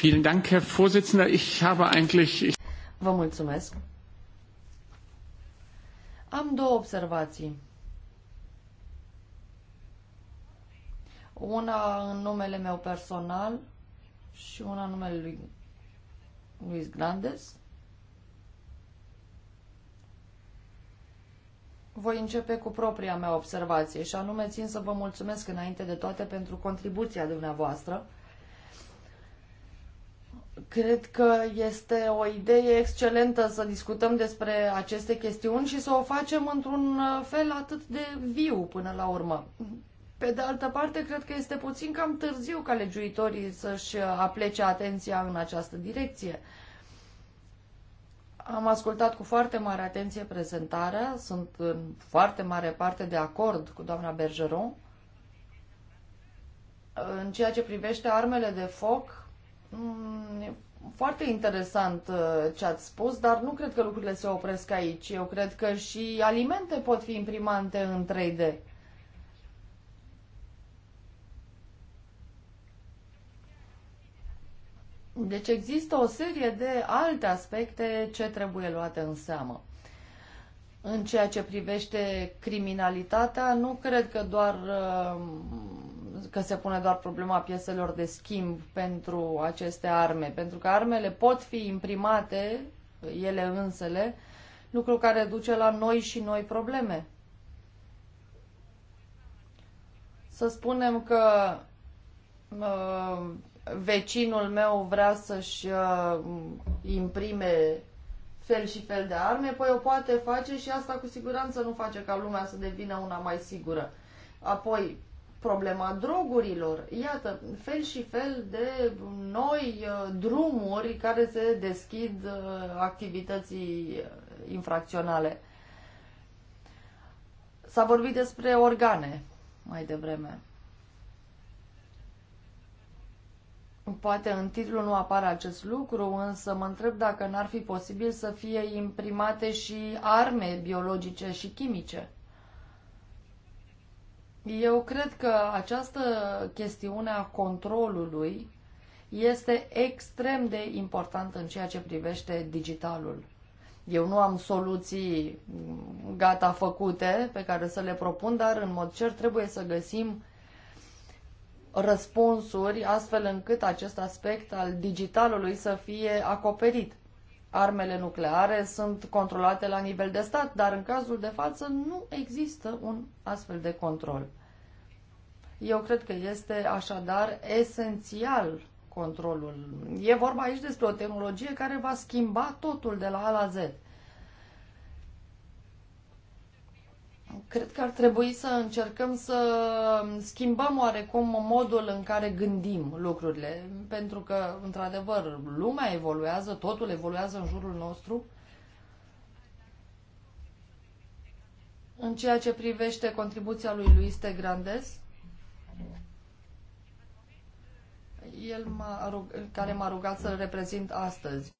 Vielen Dank, Herr Vorsitzender. Ich habe eigentlich... Vă mulțumesc. Am două observații. Una în numele meu personal și una în numele lui Luis Grandes. Voi începe cu propria mea observație și anume țin să vă mulțumesc înainte de toate pentru contribuția dumneavoastră. Cred că este o idee excelentă să discutăm despre aceste chestiuni și să o facem într-un uh, fel atât de viu până la urmă. Pe de altă parte, cred că este puțin cam târziu ca legiuitorii să-și uh, aplece atenția în această direcție. Uh, am ascultat cu foarte mare atenție prezentarea, sunt în foarte mare parte de acord cu doamna Bergeron. În ceea ce privește armele de foc, mm, e foarte interesant uh, ce ați spus, dar nu cred că lucrurile se opresc aici. Eu cred că și alimente pot fi imprimante în 3D. Deci există o serie de alte aspecte ce trebuie luate în seamă. În ceea ce privește criminalitatea, nu cred că doar um, că se pune doar problema pieselor de schimb pentru aceste arme, pentru că armele pot fi imprimate ele însele, lucru care duce la noi și noi probleme. Să spunem că uh, vecinul meu vrea să-și uh, imprime fel și fel de arme, păi o poate face și asta cu siguranță nu face ca lumea să devină una mai sigură. Apoi, problema drogurilor. Iată, fel și fel de noi uh, drumuri care se deschid uh, activității uh, infracționale. S-a vorbit despre organe mai devreme. Poate în titlu nu apare acest lucru, însă mă întreb dacă n-ar fi posibil să fie imprimate și arme biologice și chimice. Eu cred că această chestiune a controlului este extrem de importantă în ceea ce privește digitalul. Eu nu am soluții gata făcute pe care să le propun, dar în mod cert trebuie să găsim răspunsuri astfel încât acest aspect al digitalului să fie acoperit. Armele nucleare sunt controlate la nivel de stat, dar în cazul de față nu există un astfel de control. Eu cred că este așadar esențial controlul. E vorba aici despre o tehnologie care va schimba totul de la A la Z. Cred că ar trebui să încercăm să schimbăm oarecum modul în care gândim lucrurile, pentru că, într-adevăr, lumea evoluează, totul evoluează în jurul nostru. În ceea ce privește contribuția lui Luis de Grandes, el m-a rug- care m-a rugat să-l reprezint astăzi.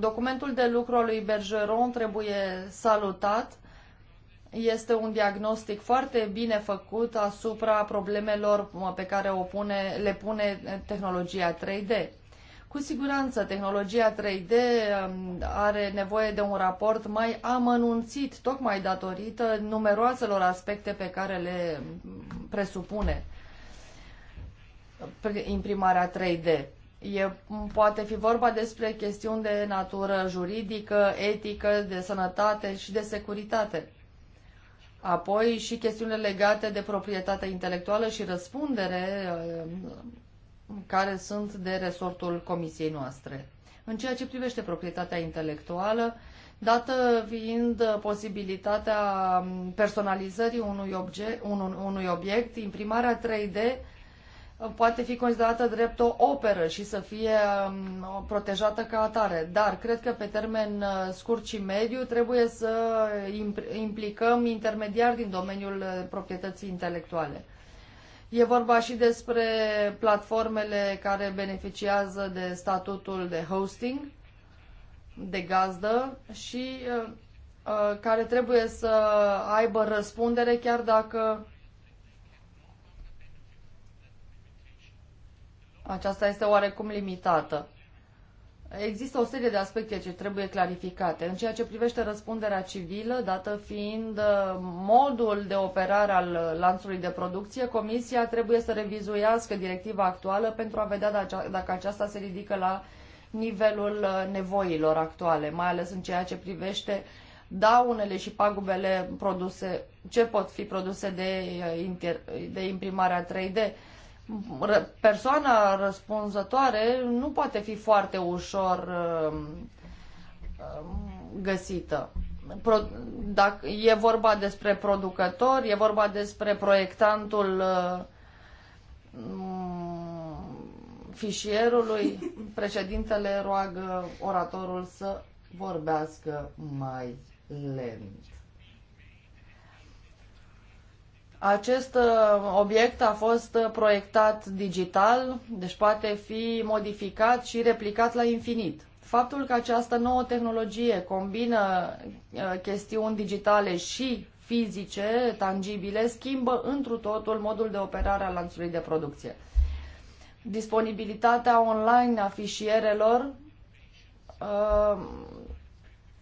Documentul de lucru al lui Bergeron trebuie salutat. Este un diagnostic foarte bine făcut asupra problemelor pe care o pune, le pune tehnologia 3D. Cu siguranță, tehnologia 3D um, are nevoie de un raport mai amănunțit, tocmai datorită numeroaselor aspecte pe care le um, presupune imprimarea 3D. E, poate fi vorba despre chestiuni de natură juridică, etică, de sănătate și de securitate. Apoi și chestiunile legate de proprietatea intelectuală și răspundere uh, care sunt de resortul comisiei noastre. În ceea ce privește proprietatea intelectuală, dată fiind posibilitatea um, personalizării unui, obje, unui obiect, imprimarea 3D poate fi considerată drept o operă și să fie um, protejată ca atare. Dar cred că pe termen uh, scurt și mediu trebuie să implicăm intermediari din domeniul uh, proprietății intelectuale. E vorba și despre platformele care beneficiază de statutul de hosting, de gazdă și uh, care trebuie să aibă răspundere chiar dacă aceasta este oarecum limitată. Există o serie de aspecte ce trebuie clarificate. În ceea ce privește răspunderea civilă, dată fiind uh, modul de operare al lanțului de producție, Comisia trebuie să revizuiască directiva actuală pentru a vedea dacă aceasta se ridică la nivelul uh, nevoilor actuale, mai ales în ceea ce privește daunele și pagubele produse, ce pot fi produse de, uh, de imprimarea 3D persoana răspunzătoare nu poate fi foarte ușor um, um, găsită. Pro, dacă e vorba despre producător, e vorba despre proiectantul uh, mm, fișierului, președintele roagă oratorul să vorbească mai lent. Acest uh, obiect a fost uh, proiectat digital, deci poate fi modificat și replicat la infinit. Faptul că această nouă tehnologie combină uh, chestiuni digitale și fizice, tangibile, schimbă întru totul modul de operare al lanțului de producție. Disponibilitatea online a fișierelor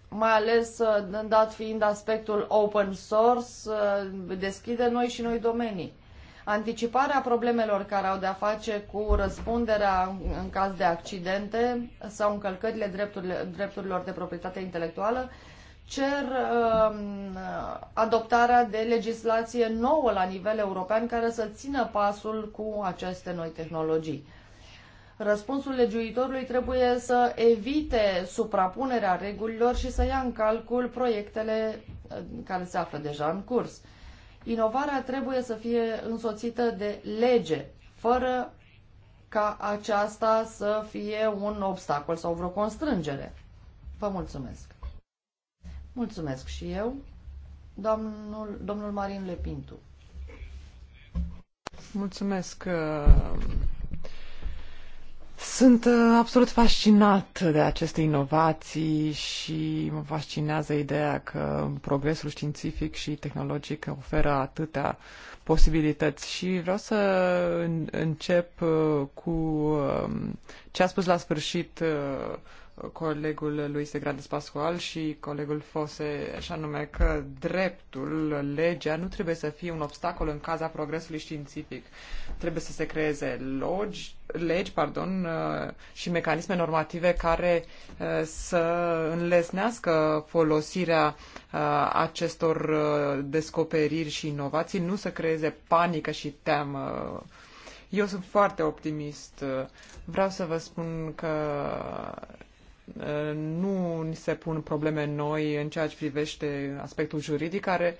mai ales uh, dat fiind aspectul open source, uh, deschide noi și noi domenii. Anticiparea problemelor care au de-a face cu răspunderea în caz de accidente sau încălcările drepturilor de proprietate intelectuală cer um, adoptarea de legislație nouă la nivel european care să țină pasul cu aceste noi tehnologii. Răspunsul legiuitorului trebuie să evite suprapunerea regulilor și să ia în calcul proiectele uh, care se află deja în curs. Inovarea trebuie să fie însoțită de lege, fără ca aceasta să fie un obstacol sau vreo constrângere. Vă mulțumesc. Mulțumesc și eu, domnul, domnul Marin Lepintu. Mulțumesc. Uh, sunt uh, absolut fascinat de aceste inovații și mă fascinează ideea că progresul științific și tehnologic oferă atâtea posibilități și vreau să încep uh, cu um, ce a spus la sfârșit uh, colegul lui Segrades Pascual și colegul Fose, și anume că dreptul, legea, nu trebuie să fie un obstacol în caza progresului științific. Trebuie să se creeze logi, legi pardon, uh, și mecanisme normative care uh, să înlesnească folosirea uh, acestor descoperiri și inovații, nu să creeze panică și teamă eu sunt foarte optimist. Vreau să vă spun că nu ni se pun probleme noi în ceea ce privește aspectul juridic care,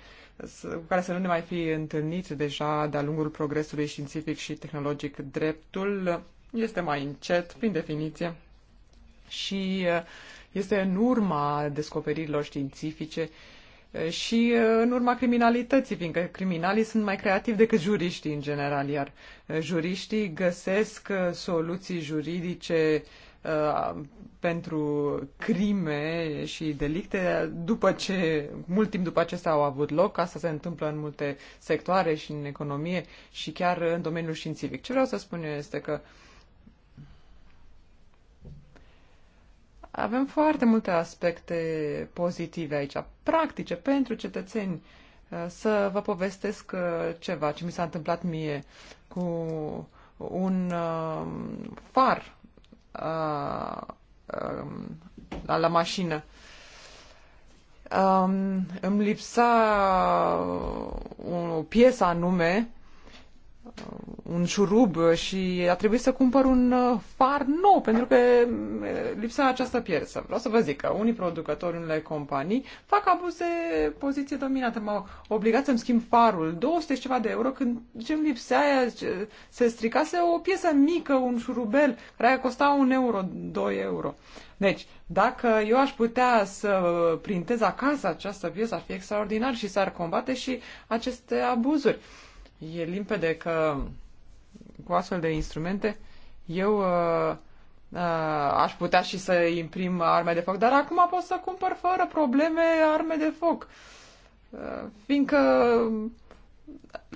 cu care să nu ne mai fi întâlnit deja de-a lungul progresului științific și tehnologic. Dreptul este mai încet, prin definiție, și este în urma descoperirilor științifice și în urma criminalității, fiindcă criminalii sunt mai creativi decât juriștii în general, iar juriștii găsesc soluții juridice uh, Uh, pentru crime și delicte după ce, mult timp după acestea au avut loc. Asta se întâmplă în multe sectoare și în economie și chiar în domeniul științific. Ce vreau să spun eu este că avem foarte multe aspecte pozitive aici, practice pentru cetățeni. Uh, să vă povestesc uh, ceva ce mi s-a întâmplat mie cu un far Uh, um, la, la mașină. Um, îmi lipsa o piesă anume Uh, un șurub și a trebuit să cumpăr un uh, far nou pentru că uh, lipsa această piesă. Vreau să vă zic că unii producători, unele companii fac abuz de poziție dominantă. M-au obligat să-mi schimb farul 200 și ceva de euro când ce îmi lipsea se stricase o piesă mică, un șurubel care costa un euro, 2 euro. Deci, dacă eu aș putea să printez acasă această piesă, ar fi extraordinar și s-ar combate și aceste abuzuri. E limpede că cu astfel de instrumente eu uh, uh, aș putea și să imprim arme de foc, dar acum pot să cumpăr fără probleme arme de foc. Uh, fiindcă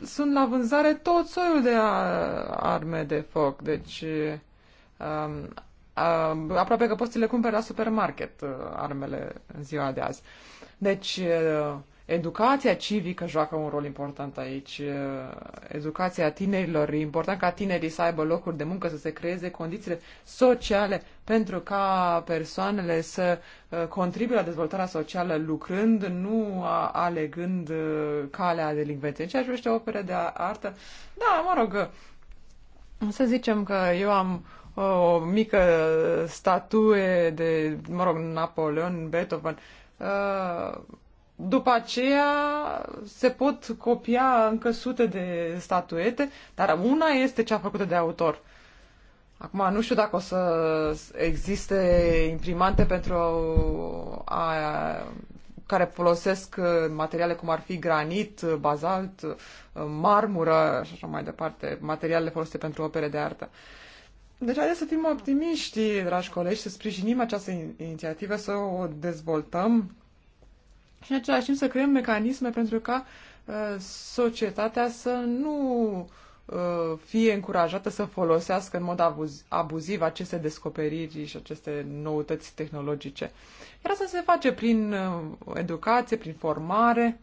sunt la vânzare tot soiul de uh, arme de foc, deci um, um, aproape că poți să le cumperi la supermarket uh, armele în ziua de azi. Deci uh, Educația civică joacă un rol important aici. Educația tinerilor. E important ca tinerii să aibă locuri de muncă, să se creeze condițiile sociale pentru ca persoanele să uh, contribuie la dezvoltarea socială lucrând, nu alegând uh, calea delinvenței. În ceea ce privește opere de artă, da, mă rog, uh, să zicem că eu am o mică statuie de, mă rog, Napoleon, Beethoven, după aceea se pot copia încă sute de statuete, dar una este cea făcută de autor. Acum nu știu dacă o să existe imprimante pentru a, care folosesc materiale cum ar fi granit, bazalt, marmură și așa mai departe, materiale folosite pentru opere de artă. Deci haideți să fim optimiști, dragi colegi, să sprijinim această inițiativă, să o dezvoltăm și în același timp să creăm mecanisme pentru ca uh, societatea să nu uh, fie încurajată să folosească în mod abuziv aceste descoperiri și aceste noutăți tehnologice. Iar asta se face prin uh, educație, prin formare,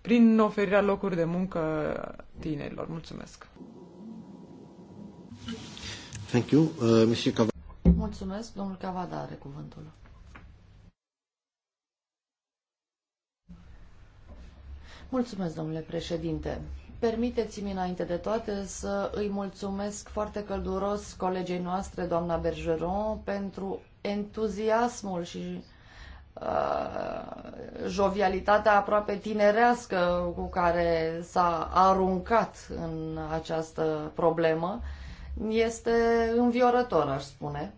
prin oferirea locuri de muncă tinerilor. Mulțumesc! Thank you, uh, Mulțumesc, domnul Cavada are cuvântul. Mulțumesc, domnule președinte. Permiteți-mi înainte de toate să îi mulțumesc foarte călduros colegei noastre, doamna Bergeron, pentru entuziasmul și uh, jovialitatea aproape tinerească cu care s-a aruncat în această problemă. Este înviorător, aș spune,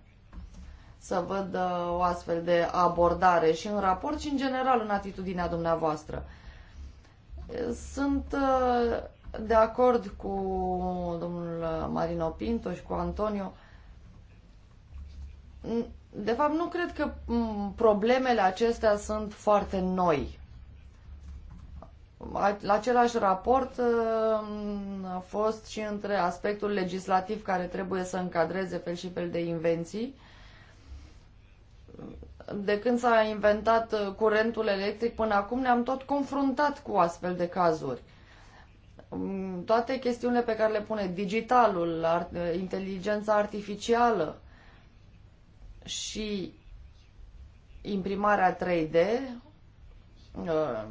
să văd uh, o astfel de abordare și în raport și în general în atitudinea dumneavoastră. Sunt uh, de acord cu domnul Marino Pinto și cu Antonio. De fapt, nu cred că problemele acestea sunt foarte noi. La același raport uh, a fost și între aspectul legislativ care trebuie să încadreze fel și fel de invenții de când s-a inventat uh, curentul electric până acum, ne-am tot confruntat cu astfel de cazuri. Mm, toate chestiunile pe care le pune digitalul, uh, inteligența artificială și imprimarea 3D, uh,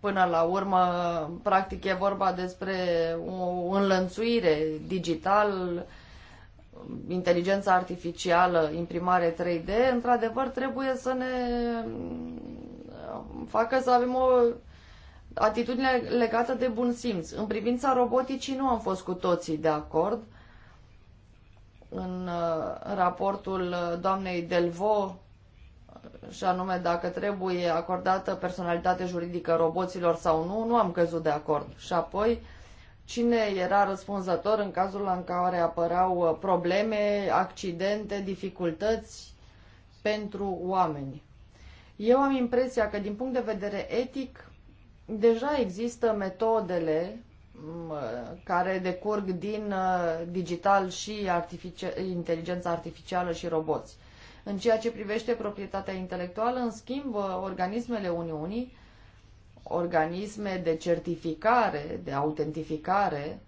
până la urmă, practic e vorba despre o înlănțuire digital, inteligența artificială, imprimare 3D, într-adevăr trebuie să ne uh, facă să avem o atitudine legată de bun simț. În privința roboticii nu am fost cu toții de acord. În uh, raportul uh, doamnei Delvo, și anume dacă trebuie acordată personalitate juridică roboților sau nu, nu am căzut de acord. Și apoi, cine era răspunzător în cazul în care apăreau uh, probleme, accidente, dificultăți pentru oameni. Eu am impresia că din punct de vedere etic deja există metodele care decurg din uh, digital și artificial, inteligența artificială și roboți. În ceea ce privește proprietatea intelectuală, în schimb, uh, organismele Uniunii organisme de certificare, de autentificare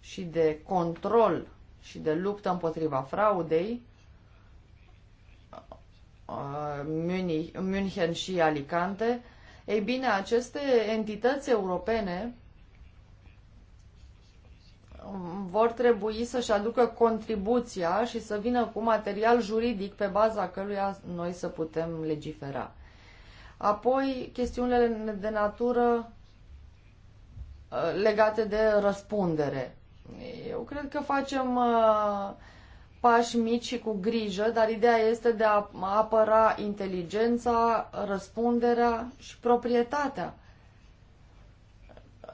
și de control și de luptă împotriva fraudei, uh, München și Alicante, ei bine, aceste entități europene vor trebui să-și aducă contribuția și să vină cu material juridic pe baza căruia noi să putem legifera. Apoi, chestiunile de natură uh, legate de răspundere. Eu cred că facem uh, pași mici și cu grijă, dar ideea este de a apăra inteligența, răspunderea și proprietatea.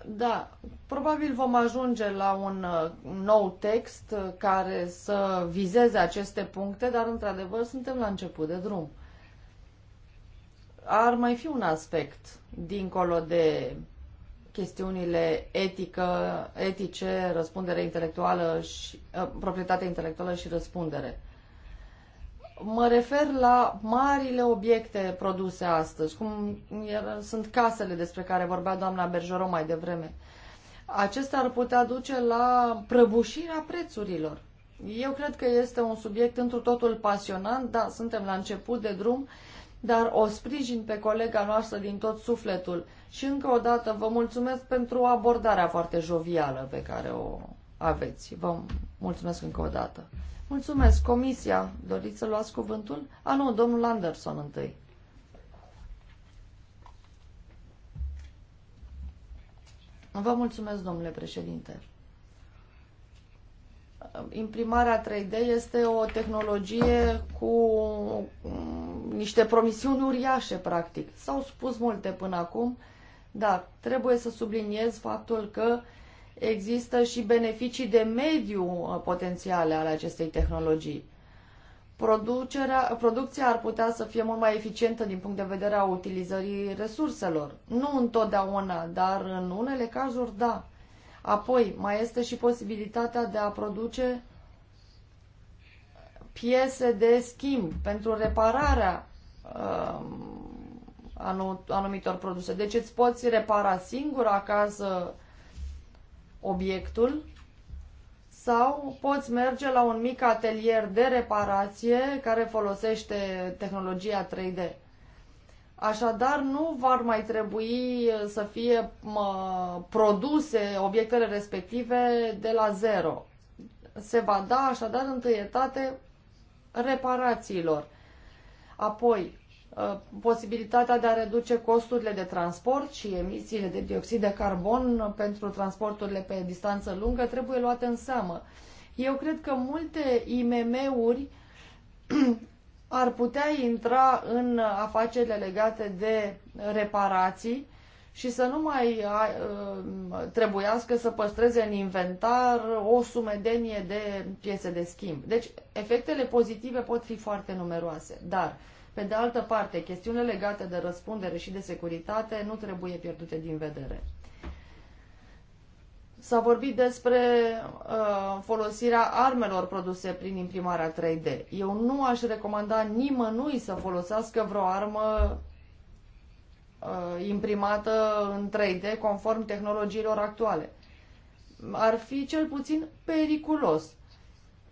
Da, probabil vom ajunge la un uh, nou text care să vizeze aceste puncte, dar într-adevăr suntem la început de drum ar mai fi un aspect dincolo de chestiunile etică, etice, răspundere intelectuală și ă, proprietatea intelectuală și răspundere. Mă refer la marile obiecte produse astăzi, cum sunt casele despre care vorbea doamna Berjoro mai devreme. Acestea ar putea duce la prăbușirea prețurilor. Eu cred că este un subiect întru totul pasionant, dar suntem la început de drum, dar o sprijin pe colega noastră din tot sufletul. Și încă o dată vă mulțumesc pentru abordarea foarte jovială pe care o aveți. Vă mulțumesc încă o dată. Mulțumesc. Comisia, doriți să luați cuvântul? A, nu, domnul Anderson întâi. Vă mulțumesc, domnule președinte. Imprimarea 3D este o tehnologie cu niște promisiuni uriașe, practic. S-au spus multe până acum, dar trebuie să subliniez faptul că există și beneficii de mediu uh, potențiale ale acestei tehnologii. Producerea, producția ar putea să fie mult mai eficientă din punct de vedere a utilizării resurselor. Nu întotdeauna, dar în unele cazuri da. Apoi, mai este și posibilitatea de a produce piese de schimb, pentru repararea uh, anumitor produse. Deci îți poți repara singur acasă obiectul sau poți merge la un mic atelier de reparație care folosește tehnologia 3D. Așadar, nu va mai trebui uh, să fie mă, produse obiectele respective de la zero. Se va da așadar întâietate reparațiilor. Apoi, ă, posibilitatea de a reduce costurile de transport și emisiile de dioxid de carbon pentru transporturile pe distanță lungă trebuie luate în seamă. Eu cred că multe IMM-uri ar putea intra în afacerile legate de reparații și să nu mai uh, trebuiască să păstreze în inventar o sumedenie de piese de schimb. Deci, efectele pozitive pot fi foarte numeroase, dar, pe de altă parte, chestiunile legate de răspundere și de securitate nu trebuie pierdute din vedere. S-a vorbit despre uh, folosirea armelor produse prin imprimarea 3D. Eu nu aș recomanda nimănui să folosească vreo armă Uh, imprimată în 3D conform tehnologiilor actuale. Ar fi cel puțin periculos.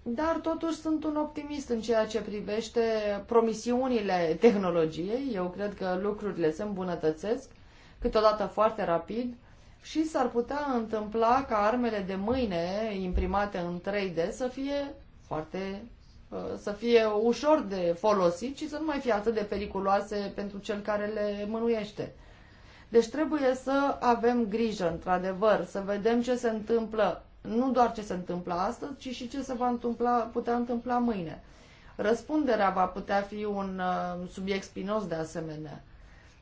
Dar totuși sunt un optimist în ceea ce privește promisiunile tehnologiei. Eu cred că lucrurile se îmbunătățesc, câteodată foarte rapid, și s-ar putea întâmpla ca armele de mâine imprimate în 3D să fie foarte Uh, să fie ușor de folosit și să nu mai fie atât de periculoase pentru cel care le mânuiește. Deci trebuie să avem grijă, într-adevăr, să vedem ce se întâmplă, nu doar ce se întâmplă astăzi, ci și ce se va întâmpla, putea întâmpla mâine. Răspunderea va putea fi un uh, subiect spinos de asemenea.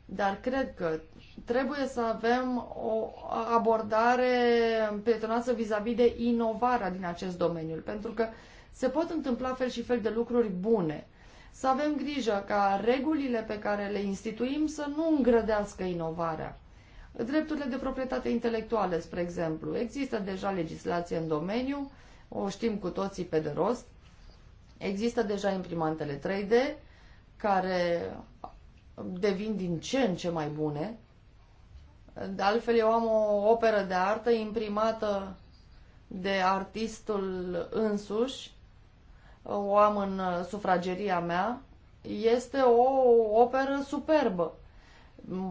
Dar cred că trebuie să avem o abordare prietenoasă vis-a-vis -vis de inovarea din acest domeniu, pentru că uh, se pot întâmpla fel și fel de lucruri bune. Să avem grijă ca regulile pe care le instituim să nu îngrădească inovarea. Drepturile de proprietate intelectuală, spre exemplu. Există deja legislație în domeniu, o știm cu toții pe de rost. Există deja imprimantele 3D, care devin din ce în ce mai bune. De altfel, eu am o operă de artă imprimată de artistul însuși o am în uh, sufrageria mea, este o operă superbă.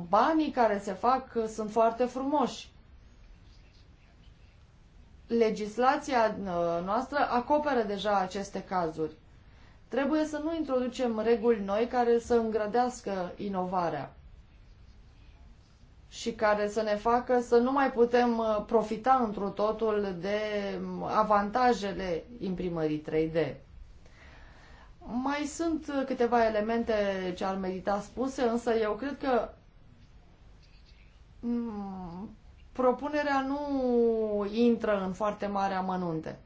Banii care se fac uh, sunt foarte frumoși. Legislația uh, noastră acoperă deja aceste cazuri. Trebuie să nu introducem reguli noi care să îngrădească inovarea și care să ne facă să nu mai putem profita într-o totul de um, avantajele imprimării 3D. Mai sunt uh, câteva elemente ce ar merita spuse, însă eu cred că mm, propunerea nu intră în foarte mare amănunte.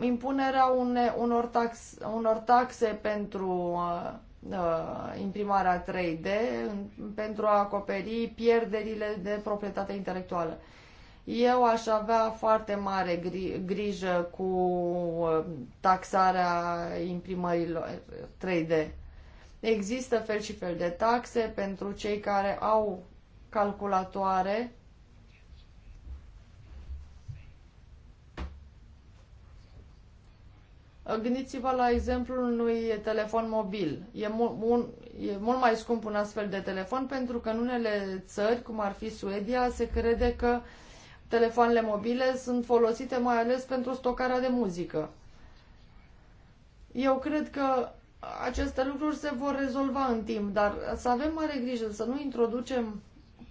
Impunerea une, unor, tax, unor taxe pentru uh, uh, imprimarea 3D, în, pentru a acoperi pierderile de proprietate intelectuală. Uh, eu aș avea foarte mare gri grijă cu uh, taxarea imprimărilor 3D. Uh, Există fel și fel de taxe pentru cei care au calculatoare uh, Gândiți-vă la exemplul unui telefon mobil. E, mu- un, e mult mai scump un astfel de telefon pentru că în unele țări, cum ar fi Suedia, se crede că uh, telefoanele mobile sunt folosite mai ales pentru stocarea de muzică. Eu cred că aceste lucruri se vor rezolva în timp, dar să avem mare grijă să nu introducem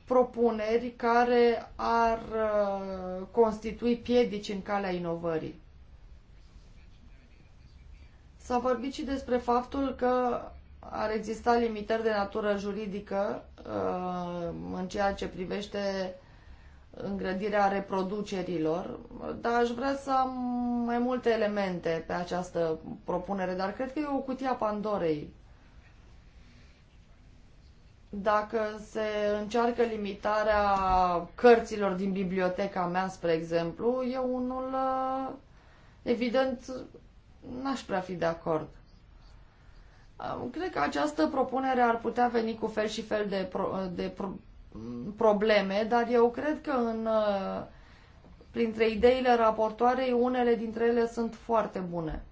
propuneri care ar uh, constitui piedici în calea inovării. S-a vorbit și despre faptul că ar exista limitări de natură juridică uh, în ceea ce privește îngrădirea reproducerilor, dar aș vrea să am mai multe elemente pe această propunere, dar cred că e o cutie a Pandorei. Dacă se încearcă limitarea cărților din biblioteca mea, spre exemplu, eu unul, uh, evident, n-aș prea fi de acord. Cred că această propunere ar putea veni cu fel și fel de, pro, de pro, probleme, dar eu cred că în, uh, printre ideile raportoarei, unele dintre ele sunt foarte bune.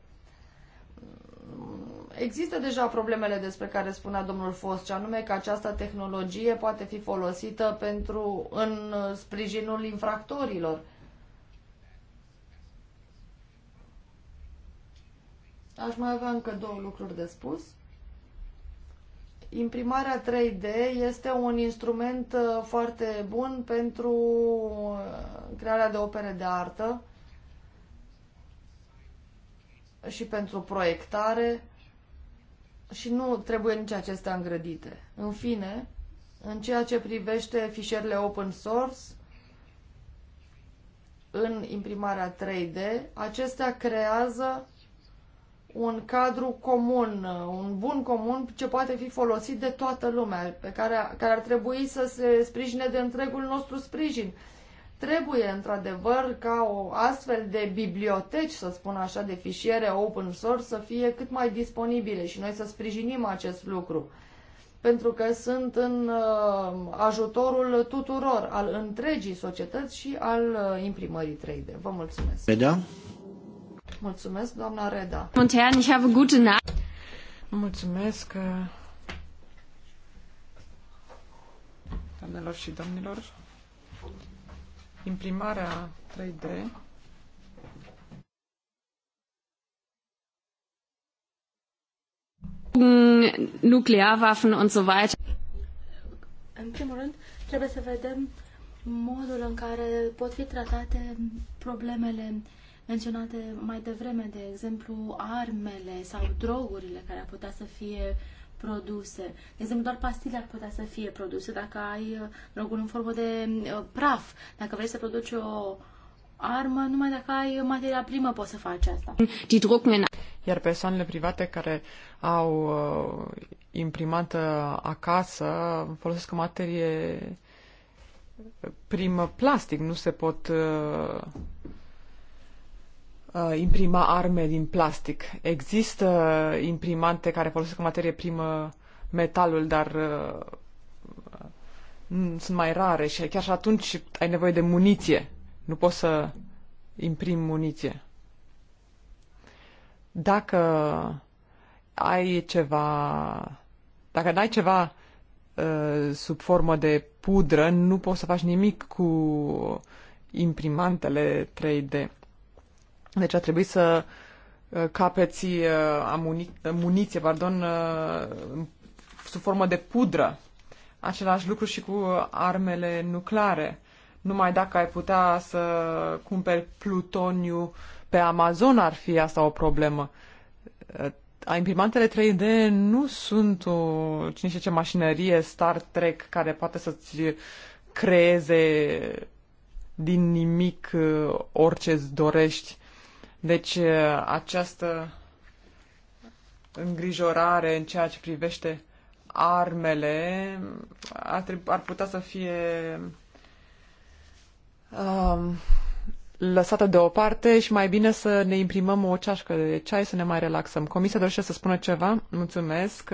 Există deja problemele despre care spunea domnul Fost, și anume că această tehnologie poate fi folosită pentru în sprijinul infractorilor. Aș mai avea încă două lucruri de spus imprimarea 3D este un instrument uh, foarte bun pentru uh, crearea de opere de artă și pentru proiectare și nu trebuie nici acestea îngrădite. În fine, în ceea ce privește fișierele open source, în imprimarea 3D, acestea creează un cadru comun, un bun comun ce poate fi folosit de toată lumea, pe care, care ar trebui să se sprijine de întregul nostru sprijin. Trebuie, într-adevăr, ca o astfel de biblioteci, să spun așa, de fișiere open source să fie cât mai disponibile și noi să sprijinim acest lucru. Pentru că sunt în uh, ajutorul tuturor, al întregii societăți și al uh, imprimării 3D. Vă mulțumesc! Vedea? Mulțumesc, doamna Reda. Mulțumesc, uh, doamnelor și domnilor. Imprimarea 3D Nuklearwaffen und so weiter. În primul rând, trebuie să vedem modul în care pot fi tratate problemele menționate mai devreme, de exemplu, armele sau drogurile care ar putea să fie produse. De exemplu, doar pastile ar putea să fie produse dacă ai uh, droguri în formă de uh, praf. Dacă vrei să produci o armă, numai dacă ai materia primă poți să faci asta. Iar persoanele private care au uh, imprimată acasă folosesc o materie primă plastic, nu se pot uh, Uh, imprima arme din plastic. Există imprimante care folosesc materie primă metalul, dar uh, sunt mai rare și chiar și atunci ai nevoie de muniție. Nu poți să imprimi muniție. Dacă ai ceva, dacă n-ai ceva uh, sub formă de pudră, nu poți să faci nimic cu imprimantele 3D. Deci a trebuit să uh, capeți uh, amuni, muniție, pardon, uh, sub formă de pudră. Același lucru și cu armele nucleare. Numai dacă ai putea să cumperi plutoniu pe Amazon ar fi asta o problemă. A Imprimantele 3D nu sunt o, cine știe ce mașinărie Star Trek care poate să-ți creeze din nimic orice îți dorești deci uh, această îngrijorare în ceea ce privește armele ar, trebui, ar putea să fie um, lăsată deoparte și mai bine să ne imprimăm o ceașcă de ceai, să ne mai relaxăm. Comisia dorește să spună ceva? Mulțumesc!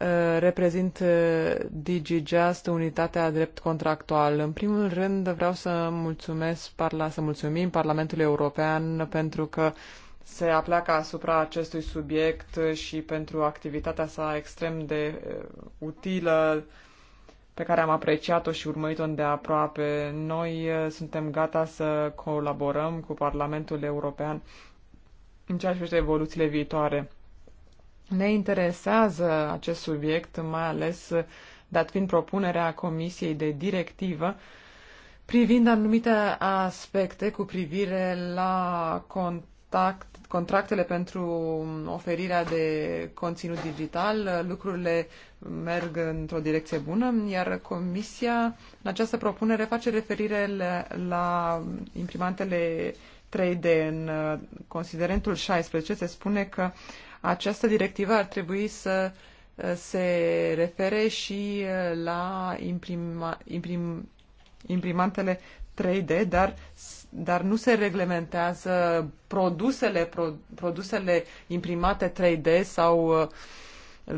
Uh, reprezint uh, DigiJust, unitatea drept contractual. În primul rând vreau să mulțumesc, parla, să mulțumim Parlamentului European pentru că se apleacă asupra acestui subiect și pentru activitatea sa extrem de uh, utilă pe care am apreciat-o și urmărit-o de aproape. Noi suntem gata să colaborăm cu Parlamentul European în ceea ce privește evoluțiile viitoare. Ne interesează acest subiect, mai ales dat fiind propunerea Comisiei de directivă privind anumite aspecte cu privire la contact, contractele pentru oferirea de conținut digital. Lucrurile merg într-o direcție bună, iar Comisia în această propunere face referire la imprimantele 3D. În uh, considerentul 16 se spune că uh, această directivă ar trebui să uh, se refere și uh, la imprima, imprim, imprimantele 3D, dar, dar nu se reglementează produsele, pro, produsele imprimate 3D sau uh,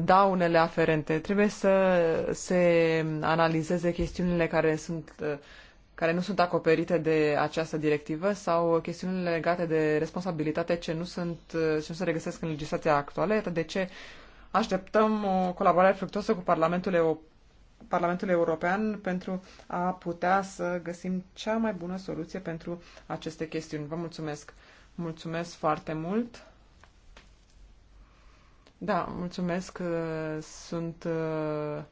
daunele aferente. Trebuie să se analizeze chestiunile care sunt care nu sunt acoperite de această directivă sau chestiunile legate de responsabilitate ce nu, sunt, ce nu se regăsesc în legislația actuală. Iată de ce așteptăm o colaborare fructuoasă cu Parlamentul, Eu- Parlamentul European pentru a putea să găsim cea mai bună soluție pentru aceste chestiuni. Vă mulțumesc! Mulțumesc foarte mult! Da, mulțumesc. Sunt uh,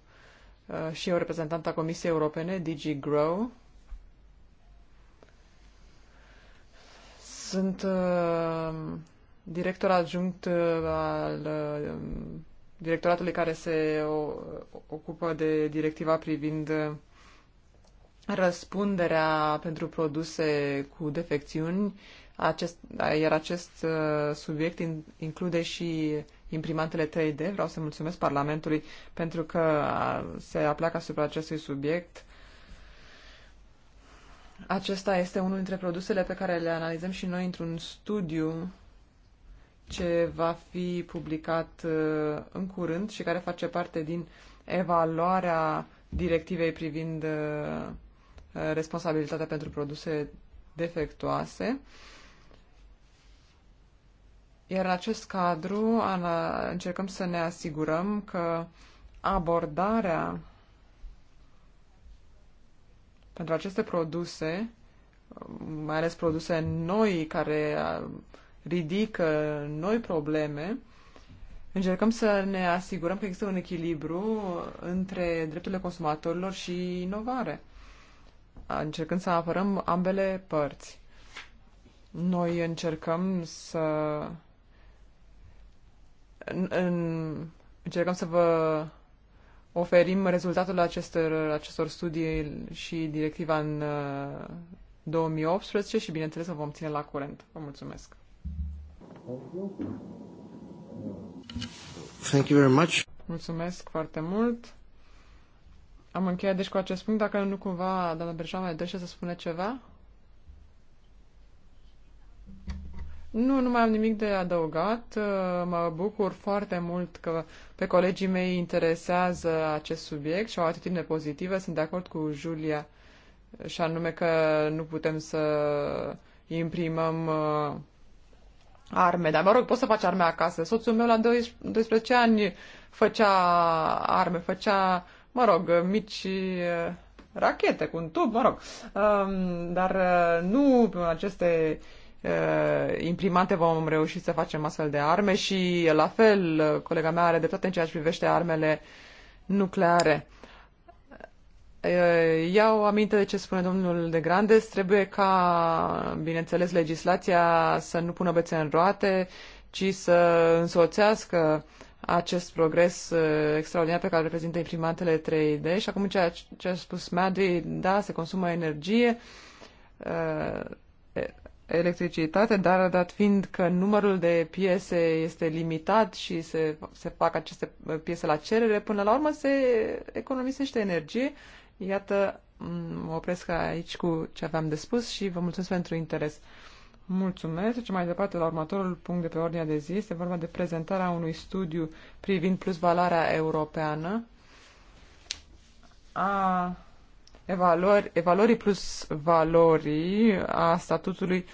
uh, și eu reprezentanta Comisiei Europene, DG Grow. Sunt uh, director adjunct uh, al uh, directoratului care se ocupă de directiva privind răspunderea pentru produse cu defecțiuni, acest, iar acest subiect include și imprimantele 3D. Vreau să mulțumesc Parlamentului pentru că se apleacă asupra acestui subiect acesta este unul dintre produsele pe care le analizăm și noi într-un studiu ce va fi publicat uh, în curând și care face parte din evaluarea directivei privind uh, responsabilitatea pentru produse defectuoase. Iar în acest cadru încercăm să ne asigurăm că abordarea pentru aceste produse, mai ales produse noi care ridică noi probleme, încercăm să ne asigurăm că există un echilibru între drepturile consumatorilor și inovare, încercând să apărăm ambele părți. Noi încercăm să în, în, încercăm să vă oferim rezultatul acestor, acestor studii și directiva în 2018 uh, și bineînțeles vă vom ține la curent. Vă mulțumesc. Thank you very much. Mulțumesc foarte mult. Am încheiat deci cu acest punct. Dacă nu cumva, doamna Berja, mai dorește să spune ceva? Nu, nu mai am nimic de adăugat. Uh, mă bucur foarte mult că pe colegii mei interesează acest subiect și au o atitudine pozitivă. Sunt de acord cu Julia și anume că nu putem să imprimăm uh, arme. Dar, mă rog, poți să faci arme acasă. Soțul meu la 12 ani făcea arme, făcea, mă rog, mici uh, rachete cu un tub, mă rog. Um, dar nu aceste Eh, imprimante vom reuși să facem astfel de arme și la fel, colega mea are dreptate în ceea ce privește armele nucleare. Eh, iau aminte de ce spune domnul de Grandes, trebuie ca, bineînțeles, legislația să nu pună bețe în roate, ci să însoțească acest progres eh, extraordinar pe care îl reprezintă imprimantele 3D și acum ceea ce a spus Madri, da, se consumă energie, electricitate, dar dat fiind că numărul de piese este limitat și se, se fac aceste piese la cerere, până la urmă se economisește energie. Iată, mă opresc aici cu ce aveam de spus și vă mulțumesc pentru interes. Mulțumesc. Ce mai departe, la următorul punct de pe ordinea de zi, este vorba de prezentarea unui studiu privind plus valarea europeană a evaluări, evaluării plus valorii a statutului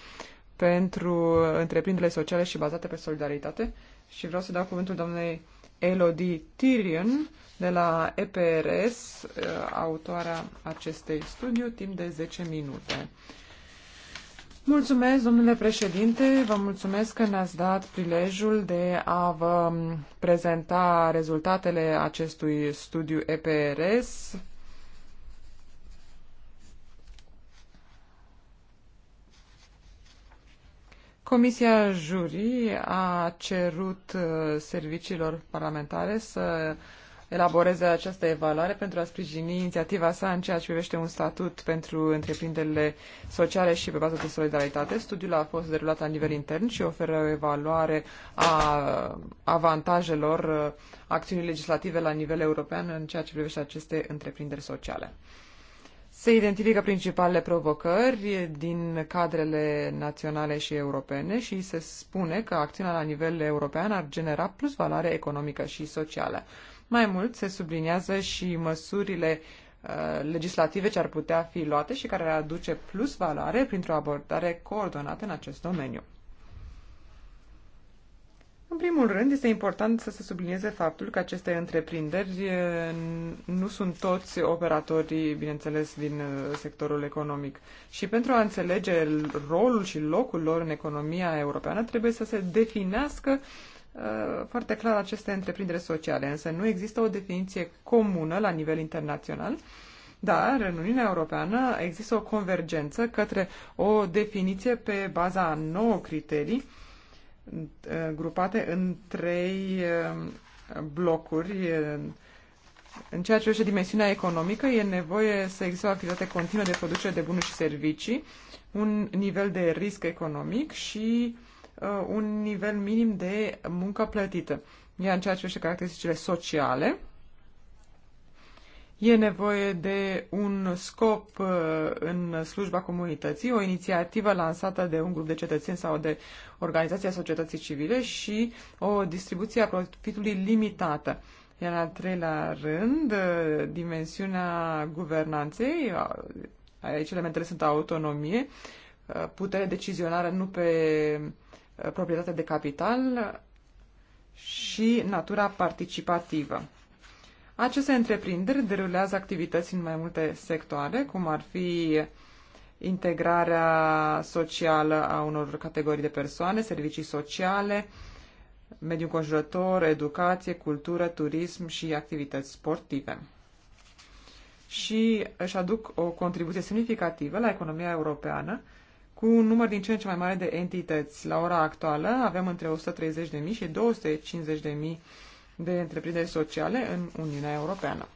pentru întreprinderile sociale și bazate pe solidaritate. Și vreau să dau cuvântul doamnei Elodie Tirion de la EPRS, uh, autoarea acestei studiu, timp de 10 minute. Mulțumesc, domnule președinte, vă mulțumesc că ne-ați dat prilejul de a vă prezenta rezultatele acestui studiu EPRS Comisia Jurii a cerut uh, serviciilor parlamentare să elaboreze această evaluare pentru a sprijini inițiativa sa în ceea ce privește un statut pentru întreprinderile sociale și pe bază de solidaritate. Studiul a fost derulat la nivel intern și oferă o evaluare a avantajelor uh, acțiunii legislative la nivel european în ceea ce privește aceste întreprinderi sociale. Se identifică principalele provocări din cadrele naționale și europene și se spune că acțiunea la nivel european ar genera plus valoare economică și socială. Mai mult, se subliniază și măsurile uh, legislative ce ar putea fi luate și care ar aduce plus valoare printr-o abordare coordonată în acest domeniu. În primul rând, este important să se sublinieze faptul că aceste întreprinderi nu sunt toți operatorii, bineînțeles, din sectorul economic. Și pentru a înțelege rolul și locul lor în economia europeană, trebuie să se definească foarte clar aceste întreprinderi sociale, însă nu există o definiție comună la nivel internațional, dar în Uniunea Europeană există o convergență către o definiție pe baza nouă criterii grupate în trei um, blocuri. În ceea ce privește dimensiunea economică, e nevoie să existe o activitate continuă de producere de bunuri și servicii, un nivel de risc economic și uh, un nivel minim de muncă plătită. Iar în ceea ce privește caracteristicile sociale, E nevoie de un scop uh, în slujba comunității, o inițiativă lansată de un grup de cetățeni sau de organizația societății civile și o distribuție a profitului limitată. Iar al treilea rând, uh, dimensiunea guvernanței, uh, aici elementele sunt autonomie, putere decizionară nu pe proprietate de capital și natura participativă. Aceste întreprinderi derulează activități în mai multe sectoare, cum ar fi integrarea socială a unor categorii de persoane, servicii sociale, mediul conjurător, educație, cultură, turism și activități sportive. Și își aduc o contribuție semnificativă la economia europeană, cu un număr din ce în ce mai mare de entități. La ora actuală avem între 130.000 și 250.000 de întreprinderi sociale în Uniunea Europeană.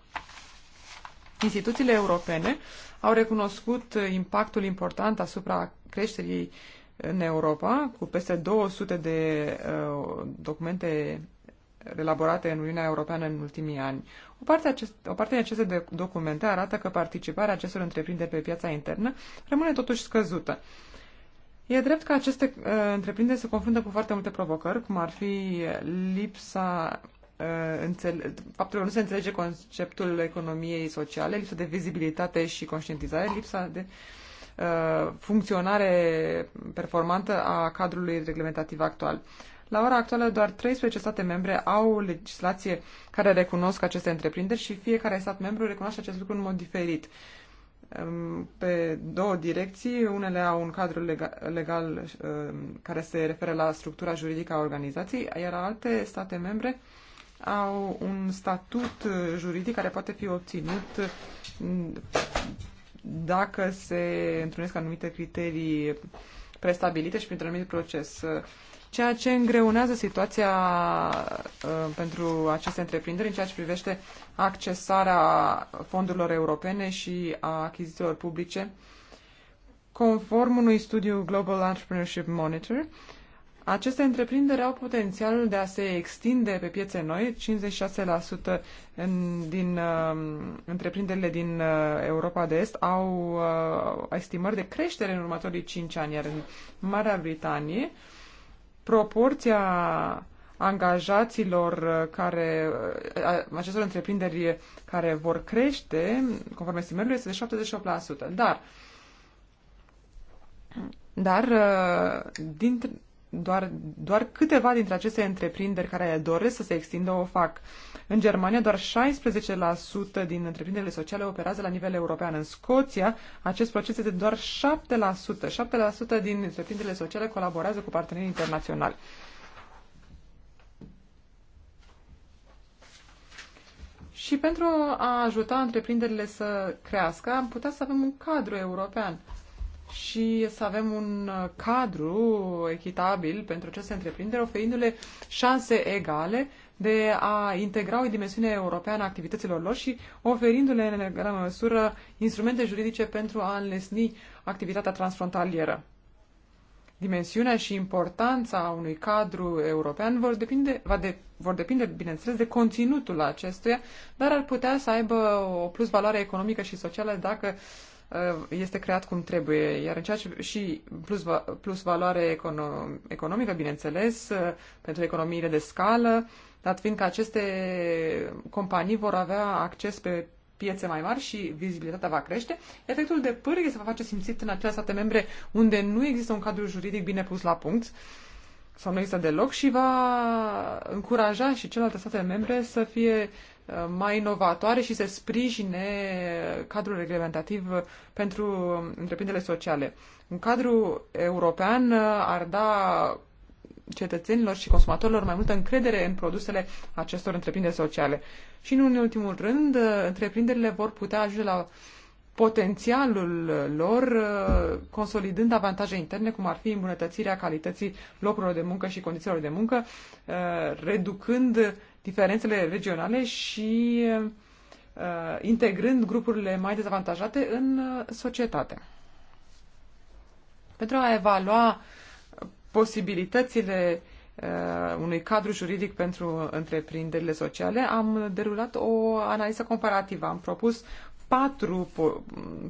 Instituțiile europene au recunoscut impactul important asupra creșterii în Europa, cu peste 200 de uh, documente elaborate în Uniunea Europeană în ultimii ani. O parte, acest, o parte din aceste documente arată că participarea acestor întreprinderi pe piața internă rămâne totuși scăzută. E drept că aceste uh, întreprinderi se confruntă cu foarte multe provocări, cum ar fi lipsa Uh, faptul că nu se înțelege conceptul economiei sociale, lipsa de vizibilitate și conștientizare, lipsa de uh, funcționare performantă a cadrului reglementativ actual. La ora actuală, doar 13 state membre au legislație care recunosc aceste întreprinderi și fiecare stat membru recunoaște acest lucru în mod diferit. Um, pe două direcții, unele au un cadru legal, legal um, care se referă la structura juridică a organizației, iar alte state membre uh, au un statut juridic care poate fi obținut mm, dacă se întrunesc anumite criterii prestabilite și printr-un anumit proces. Ceea ce îngreunează situația uh, pentru aceste întreprinderi în ceea ce privește accesarea fondurilor europene și a achizițiilor publice, conform unui studiu Global Entrepreneurship Monitor, aceste întreprinderi au potențialul de a se extinde pe piețe noi, 56% în, din uh, întreprinderile din uh, Europa de Est au uh, estimări de creștere în următorii 5 ani, iar în Marea Britanie proporția angajaților uh, care, uh, acestor întreprinderi care vor crește, conform estimărilor, este de 78%. Dar, dar uh, dintre, doar, doar câteva dintre aceste întreprinderi care doresc să se extindă o fac. În Germania, doar 16% din întreprinderile sociale operează la nivel european. În Scoția, acest proces este doar 7%. 7% din întreprinderile sociale colaborează cu partenerii internaționali. Și pentru a ajuta întreprinderile să crească, am putea să avem un cadru european și să avem un uh, cadru echitabil pentru aceste întreprinderi, oferindu-le șanse egale de a integra o dimensiune europeană a activităților lor și oferindu-le în egală măsură instrumente juridice pentru a înlesni activitatea transfrontalieră. Dimensiunea și importanța unui cadru european vor depinde, va de, vor depinde, bineînțeles, de conținutul acestuia, dar ar putea să aibă o plus valoare economică și socială dacă uh, Uh, este creat cum trebuie. Iar în ceea ce și plus, plus valoare econo, economică, bineînțeles, uh, pentru economiile de scală, dat fiindcă aceste companii vor avea acces pe piețe mai mari și vizibilitatea va crește, efectul de pârghie se va face simțit în acele state membre unde nu există un cadru juridic bine pus la punct sau nu există deloc și va încuraja și celelalte state membre să fie Uh, mai inovatoare și să sprijine cadrul reglementativ pentru întreprinderile sociale. Un cadru european uh, ar da cetățenilor și consumatorilor mai multă încredere în produsele acestor întreprinderi sociale. Și nu în ultimul rând, uh, întreprinderile vor putea ajunge la uh, potențialul lor, uh, consolidând avantaje interne, cum ar fi îmbunătățirea calității locurilor de muncă și condițiilor de muncă, uh, reducând diferențele regionale și uh, integrând grupurile mai dezavantajate în societate. Pentru a evalua posibilitățile unui cadru juridic pentru întreprinderile sociale, am derulat o analiză comparativă. Am propus patru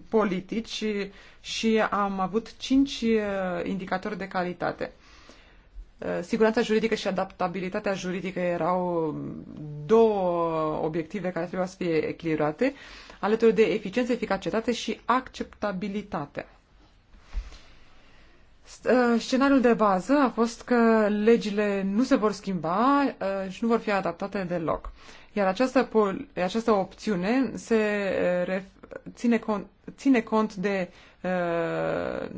politici și am avut cinci uh, indicatori de calitate. Uh, siguranța juridică și adaptabilitatea juridică erau două obiective care trebuia să fie echilibrate, alături de eficiență, eficacitate și acceptabilitate. Uh, scenariul de bază a fost că legile nu se vor schimba și nu vor fi adaptate deloc. Iar această, această opțiune se eh, ref, ține, cont, ține cont de eh,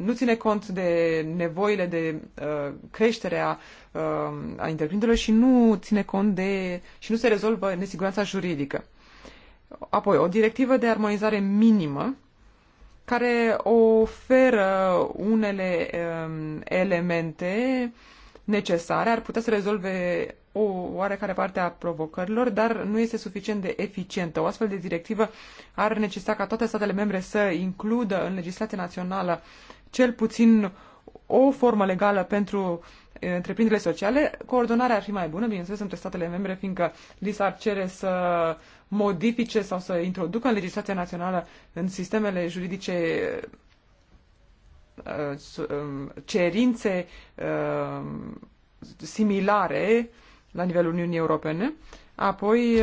nu ține cont de nevoile de eh, creștere a, a întreprinderilor și nu ține cont de și nu se rezolvă nesiguranța juridică. Apoi, o directivă de armonizare minimă care oferă unele um, elemente necesare, ar putea să rezolve o oarecare parte a provocărilor, dar nu este suficient de eficientă. O astfel de directivă ar necesita ca toate statele membre să includă în legislația națională cel puțin o formă legală pentru întreprinderile sociale, coordonarea ar fi mai bună, bineînțeles, între statele membre, fiindcă li s-ar cere să modifice sau să introducă în legislația națională, în sistemele juridice, cerințe similare la nivelul Uniunii Europene, apoi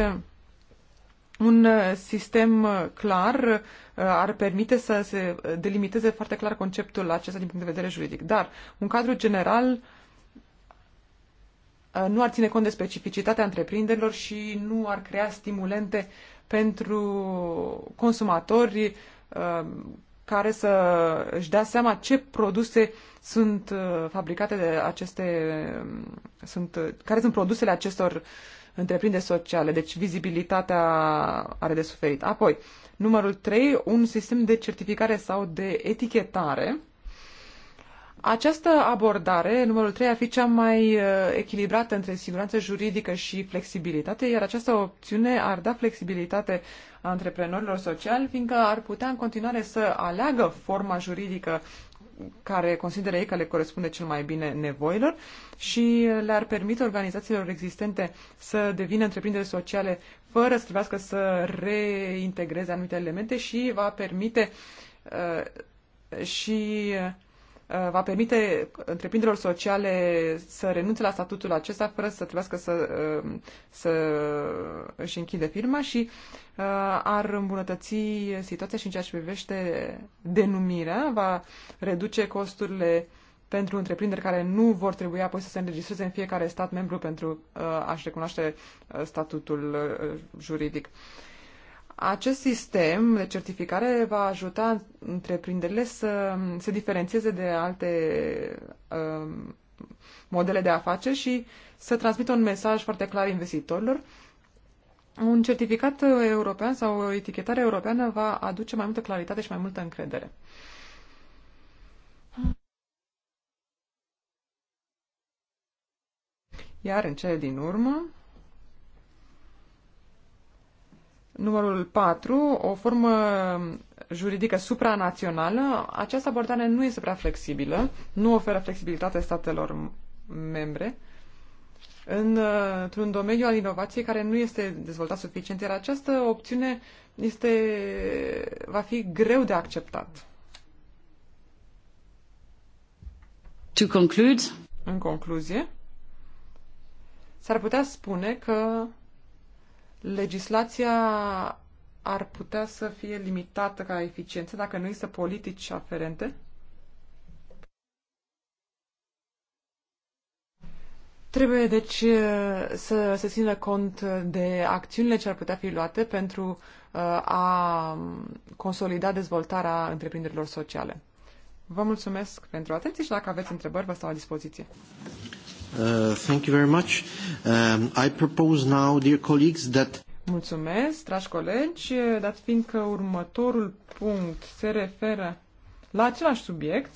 un sistem clar uh, ar permite să se delimiteze foarte clar conceptul acesta din punct de vedere juridic. Dar un cadru general uh, nu ar ține cont de specificitatea întreprinderilor și nu ar crea stimulente pentru consumatori uh, care să își dea seama ce produse sunt uh, fabricate de aceste, um, sunt, uh, care sunt produsele acestor întreprinderi sociale. Deci vizibilitatea are de suferit. Apoi, numărul 3, un sistem de certificare sau de etichetare această abordare, numărul 3, ar fi cea mai uh, echilibrată între siguranță juridică și flexibilitate, iar această opțiune ar da flexibilitate antreprenorilor sociali, fiindcă ar putea în continuare să aleagă forma juridică care consideră ei că le corespunde cel mai bine nevoilor și le-ar permite organizațiilor existente să devină întreprinderi sociale fără să trebuiască să reintegreze anumite elemente și va permite uh, și uh, Uh, va permite întreprinderilor sociale să renunțe la statutul acesta fără să trebuiască să, uh, să își închide firma și uh, ar îmbunătăți situația și în ceea ce privește denumirea, va reduce costurile pentru întreprinderi care nu vor trebui apoi să se înregistreze în fiecare stat membru pentru a-și recunoaște statutul juridic. Acest sistem de certificare va ajuta întreprinderile să se diferențieze de alte um, modele de afaceri și să transmită un mesaj foarte clar investitorilor. Un certificat european sau o etichetare europeană va aduce mai multă claritate și mai multă încredere. Iar în cele din urmă, Numărul 4, o formă juridică supranațională, această abordare nu este prea flexibilă, nu oferă flexibilitate statelor membre în, într-un domeniu al inovației care nu este dezvoltat suficient, iar această opțiune este, va fi greu de acceptat. To conclude. În concluzie, s-ar putea spune că legislația ar putea să fie limitată ca eficiență dacă nu există politici aferente? Trebuie, deci, uh, să se țină cont de acțiunile ce ar putea fi luate pentru uh, a consolida dezvoltarea întreprinderilor sociale. Vă mulțumesc pentru atenție și dacă aveți întrebări, vă stau la dispoziție. Uh, thank you very much. Um, I propose now, dear colleagues, that Mulțumesc, dragi colegi, dat fiindcă următorul punct se referă la același subiect.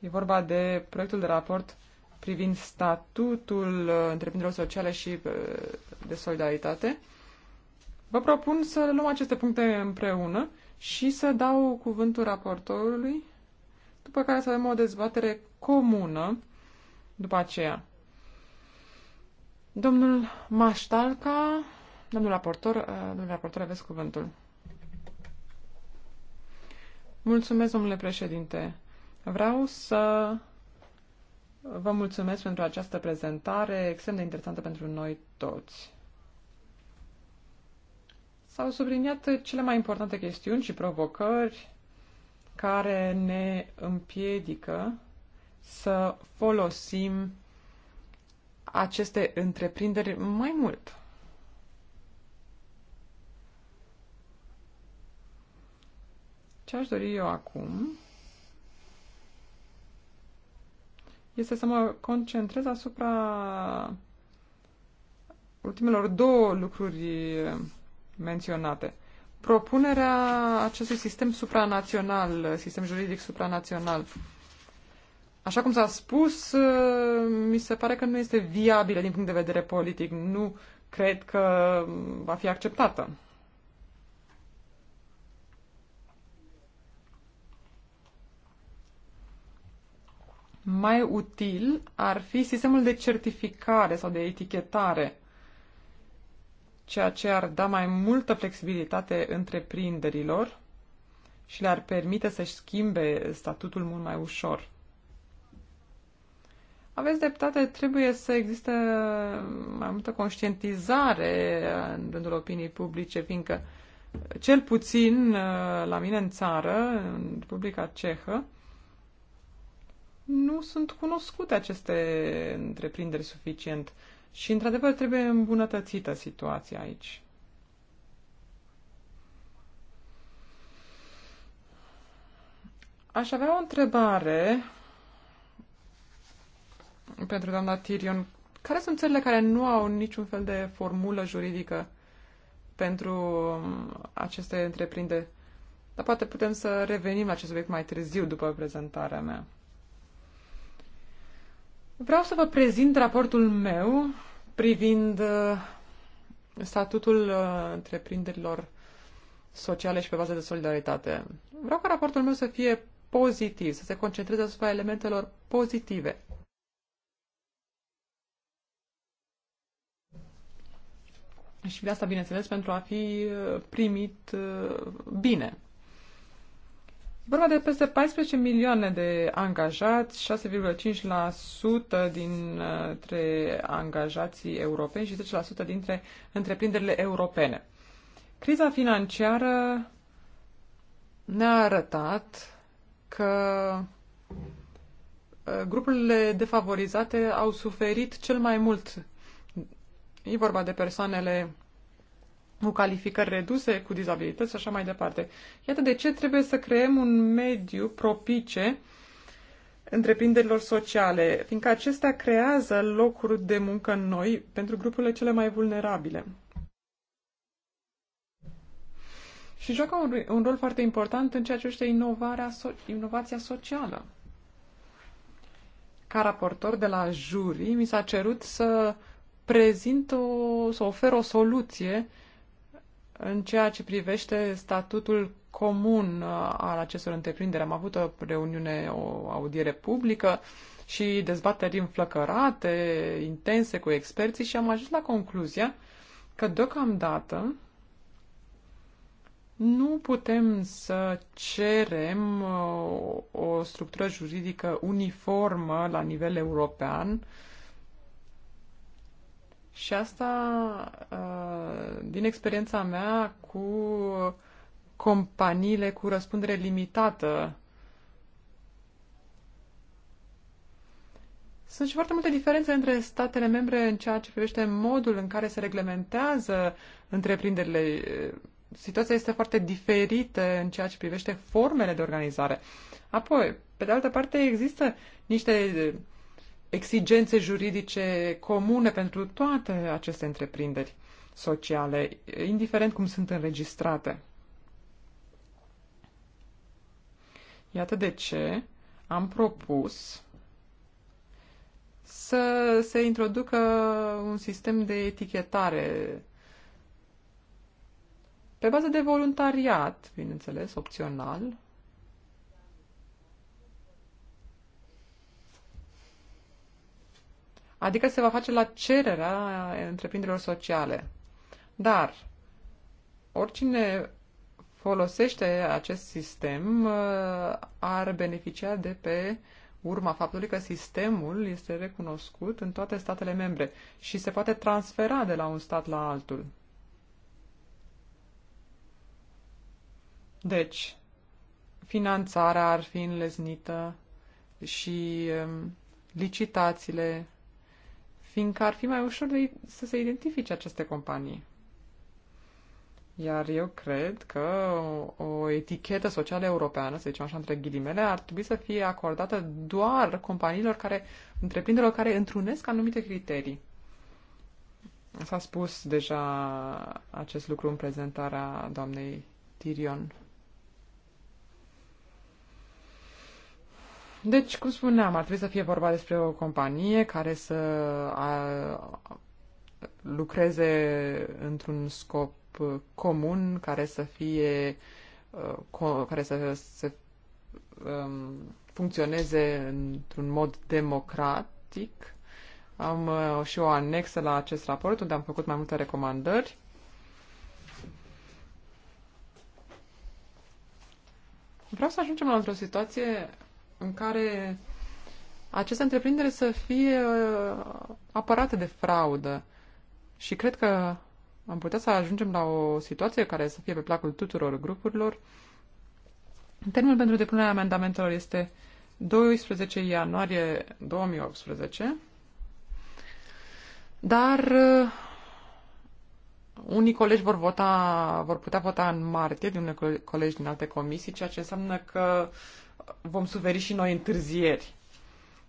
E vorba de proiectul de raport privind statutul uh, întreprinderilor sociale și uh, de solidaritate. Vă propun să luăm aceste puncte împreună și să dau cuvântul raportorului după care să avem o dezbatere comună după aceea. Domnul Maștalca, domnul raportor, uh, domnul raportor, aveți cuvântul. Mulțumesc, domnule președinte. Vreau să vă mulțumesc pentru această prezentare extrem de interesantă pentru noi toți. S-au subliniat cele mai importante chestiuni și provocări care ne împiedică să folosim aceste întreprinderi mai mult. Ce aș dori eu acum este să mă concentrez asupra ultimelor două lucruri menționate – propunerea acestui sistem supranațional, sistem juridic supranațional. Așa cum s-a spus, mi se pare că nu este viabilă din punct de vedere politic. Nu cred că va fi acceptată. Mai util ar fi sistemul de certificare sau de etichetare ceea ce ar da mai multă flexibilitate întreprinderilor și le-ar permite să-și schimbe statutul mult mai ușor. Aveți dreptate, trebuie să existe mai multă conștientizare în rândul opiniei publice, fiindcă cel puțin la mine în țară, în Republica Cehă, nu sunt cunoscute aceste întreprinderi suficient. Și, într-adevăr, trebuie îmbunătățită situația aici. Aș avea o întrebare pentru doamna Tirion. Care sunt țările care nu au niciun fel de formulă juridică pentru um, aceste întreprinderi? Dar poate putem să revenim la acest subiect mai târziu după prezentarea mea. Vreau să vă prezint raportul meu privind uh, statutul uh, întreprinderilor sociale și pe bază de solidaritate. Vreau ca raportul meu să fie pozitiv, să se concentreze asupra elementelor pozitive. Și de asta, bineînțeles, pentru a fi uh, primit bine vorba de peste 14 milioane de angajați, 6,5% dintre angajații europeni și 10% dintre întreprinderile europene. Criza financiară ne-a arătat că ă, grupurile defavorizate au suferit cel mai mult. E vorba de persoanele cu calificări reduse, cu dizabilități și așa mai departe. Iată de ce trebuie să creăm un mediu propice întreprinderilor sociale, fiindcă acestea creează locuri de muncă noi pentru grupurile cele mai vulnerabile. Și joacă un, un rol foarte important în ceea ce este inovarea, so, inovația socială. Ca raportor de la jurii, mi s-a cerut să prezint o, să ofer o soluție uh, în ceea ce privește statutul comun uh, al acestor întreprinderi, am avut o reuniune, o audiere publică și dezbateri înflăcărate, intense cu experții și am ajuns la concluzia că deocamdată nu putem să cerem uh, o structură juridică uniformă la nivel european și asta ă, din experiența mea cu companiile cu răspundere limitată. Sunt și foarte multe diferențe între statele membre în ceea ce privește modul în care se reglementează întreprinderile. Situația este foarte diferită în ceea ce privește formele de organizare. Apoi, pe de altă parte, există niște exigențe juridice comune pentru toate aceste întreprinderi sociale, indiferent cum sunt înregistrate. Iată de ce am propus să se introducă un sistem de etichetare pe bază de voluntariat, bineînțeles, opțional, Adică se va face la cererea întreprinderilor sociale. Dar oricine folosește acest sistem uh, ar beneficia de pe urma faptului că sistemul este recunoscut în toate statele membre și se poate transfera de la un stat la altul. Deci, finanțarea ar fi înleznită și um, licitațiile fiindcă ar fi mai ușor de, să se identifice aceste companii. Iar eu cred că o, o etichetă socială europeană, să zicem așa între ghilimele, ar trebui să fie acordată doar companiilor care, întreprinderilor care întrunesc anumite criterii. S-a spus deja acest lucru în prezentarea doamnei Tirion. Deci, cum spuneam, ar trebui să fie vorba despre o companie care să a, lucreze într-un scop uh, comun, care să fie uh, care să, să um, funcționeze într-un mod democratic. Am uh, și o anexă la acest raport unde am făcut mai multe recomandări. Vreau să ajungem la o situație în care aceste întreprindere să fie uh, apărate de fraudă. Și cred că am putea să ajungem la o situație care să fie pe placul tuturor grupurilor. Termenul pentru depunerea amendamentelor este 12 ianuarie 2018, dar uh, unii colegi vor, vota, vor putea vota în martie, de unele colegi din alte comisii, ceea ce înseamnă că vom suferi și noi întârzieri.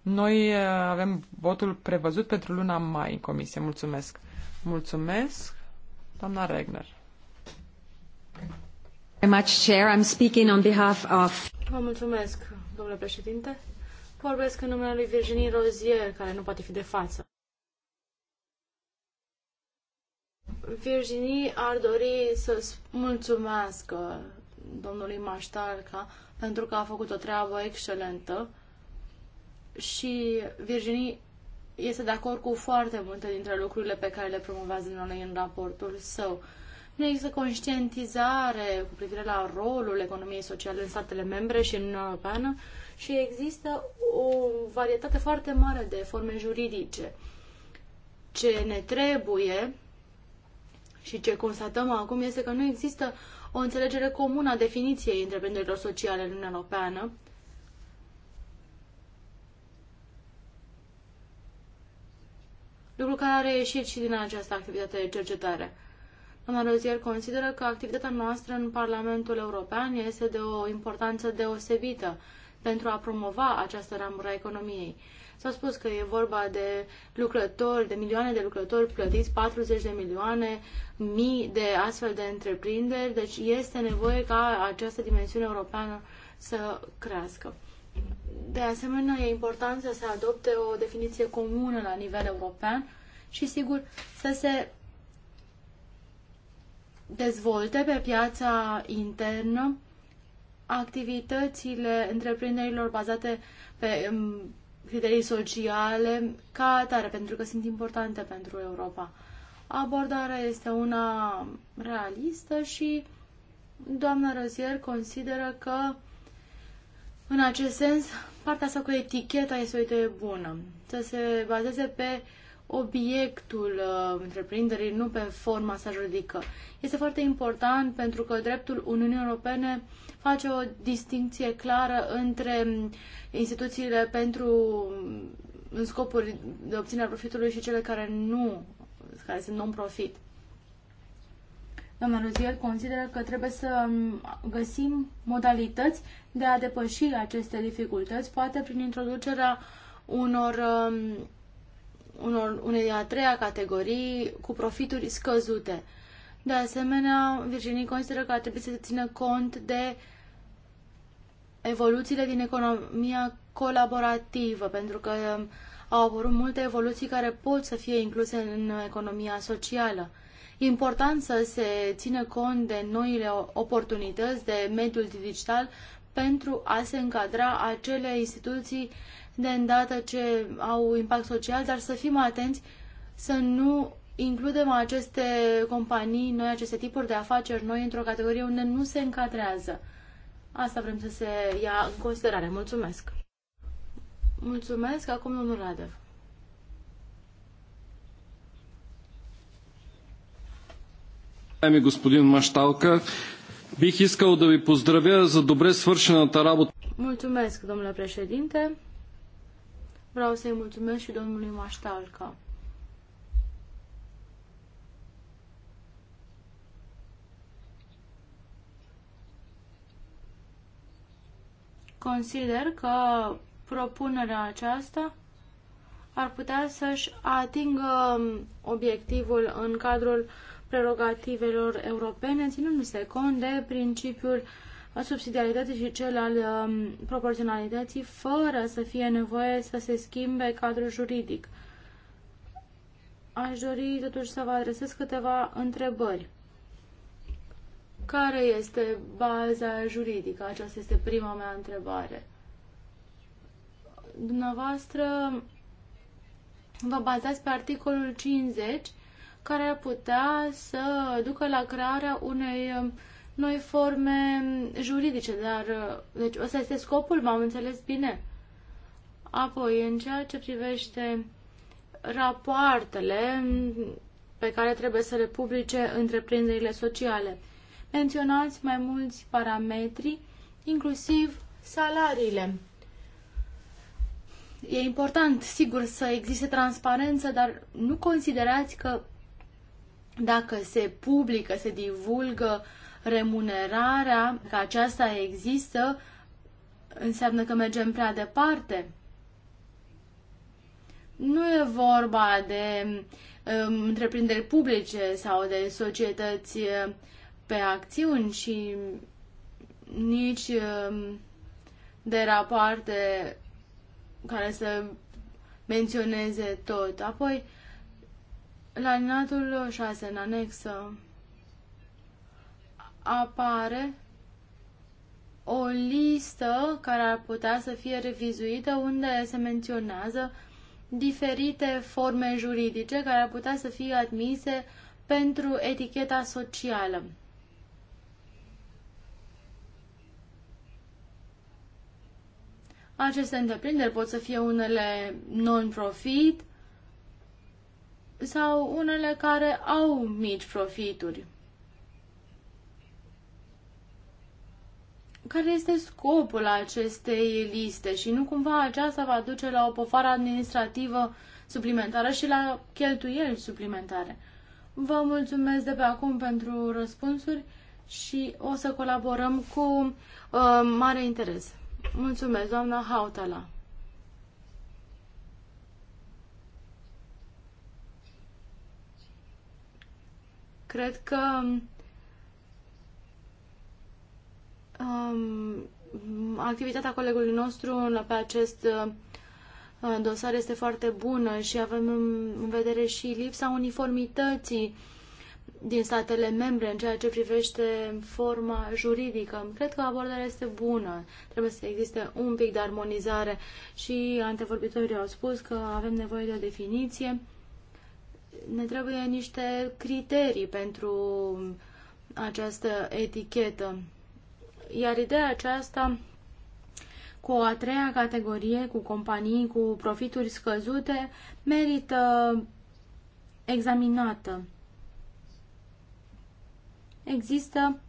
Noi uh, avem votul prevăzut pentru luna mai în comisie. Mulțumesc. Mulțumesc, doamna Regner. Vă mulțumesc, domnule președinte. Vorbesc în numele lui Virginie Rozier, care nu poate fi de față. Virginie ar dori să mulțumesc domnului Maștalca pentru că a făcut o treabă excelentă și Virginie este de acord cu foarte multe dintre lucrurile pe care le promovează noi în raportul său. Nu există conștientizare cu privire la rolul economiei sociale în statele membre și în Uniunea Europeană și există o varietate foarte mare de forme juridice. Ce ne trebuie și ce constatăm acum este că nu există o înțelegere comună a definiției întreprinderilor sociale în Uniunea Europeană, lucru care a reieșit și din această activitate de cercetare. Doamna Rozier consideră că activitatea noastră în Parlamentul European este de o importanță deosebită pentru a promova această ramură a economiei. S-a spus că e vorba de lucrători, de milioane de lucrători plătiți, 40 de milioane, mii de astfel de întreprinderi, deci este nevoie ca această dimensiune europeană să crească. De asemenea, e important să se adopte o definiție comună la nivel european și, sigur, să se dezvolte pe piața internă activitățile întreprinderilor bazate pe criterii sociale ca atare, pentru că sunt importante pentru Europa. Abordarea este una realistă și doamna Rozier consideră că în acest sens, partea asta cu eticheta este o idee bună. Să se bazeze pe obiectul uh, întreprinderii, nu pe forma sa juridică. Este foarte important pentru că dreptul Uniunii Europene uh, face o distinție clară între instituțiile pentru în scopuri de obținere profitului și cele care nu, care sunt non-profit. Doamna Ruzier consideră că trebuie să um, găsim modalități de a depăși aceste dificultăți, poate prin introducerea unor, um, unor unei a treia categorii cu profituri scăzute. De asemenea, Virginie consideră că ar trebui să se țină cont de evoluțiile din economia colaborativă, pentru că um, au apărut multe evoluții care pot să fie incluse în economia socială. E important să se țină cont de noile oportunități de mediul digital pentru a se încadra acele instituții de îndată ce au impact social, dar să fim atenți să nu includem aceste companii noi, aceste tipuri de afaceri noi într-o categorie unde nu se încadrează. Asta vrem să se ia în considerare. Mulțumesc! Mulțumesc! Acum domnul Radev. Уважаеми господин Машталка, бих искал да ви поздравя за добре свършената работа. Mulțumesc, domnule președinte. Vreau să-i mulțumesc și domnului Maștalca Consider că propunerea aceasta ar putea să-și atingă obiectivul în cadrul prerogativelor europene, ținându-se cont de principiul subsidiarității și cel al um, proporționalității, fără să fie nevoie să se schimbe cadrul juridic. Aș dori totuși să vă adresez câteva întrebări. Care este baza juridică? Aceasta este prima mea întrebare. Dumneavoastră vă bazați pe articolul 50 care ar putea să ducă la crearea unei um, noi forme juridice, dar uh, deci ăsta este scopul, m-am înțeles bine. Apoi, în ceea ce privește rapoartele pe care trebuie să le publice întreprinderile sociale menționați mai mulți parametri, inclusiv salariile. E important, sigur, să existe transparență, dar nu considerați că dacă se publică, se divulgă remunerarea, că aceasta există, înseamnă că mergem prea departe. Nu e vorba de um, întreprinderi publice sau de societăți uh, pe acțiuni și nici um, de rapoarte care să menționeze tot. Apoi, la linatul 6, în anexă, apare o listă care ar putea să fie revizuită unde se menționează diferite forme juridice care ar putea să fie admise pentru eticheta socială. Aceste întreprinderi pot să fie unele non-profit sau unele care au mici profituri. Care este scopul acestei liste și nu cumva aceasta va duce la o pofară administrativă suplimentară și la cheltuieli suplimentare? Vă mulțumesc de pe acum pentru răspunsuri și o să colaborăm cu uh, mare interes. Mulțumesc, doamna Hautala. Cred că um, activitatea colegului nostru pe acest uh, dosar este foarte bună și avem în vedere și lipsa uniformității uh, din statele membre în ceea ce privește forma juridică. Cred că abordarea este bună. Trebuie să existe un pic de armonizare și antevorbitorii au spus că avem nevoie de o definiție. Ne trebuie niște criterii pentru această etichetă. Iar ideea aceasta cu a treia categorie, cu companii cu profituri scăzute, merită examinată există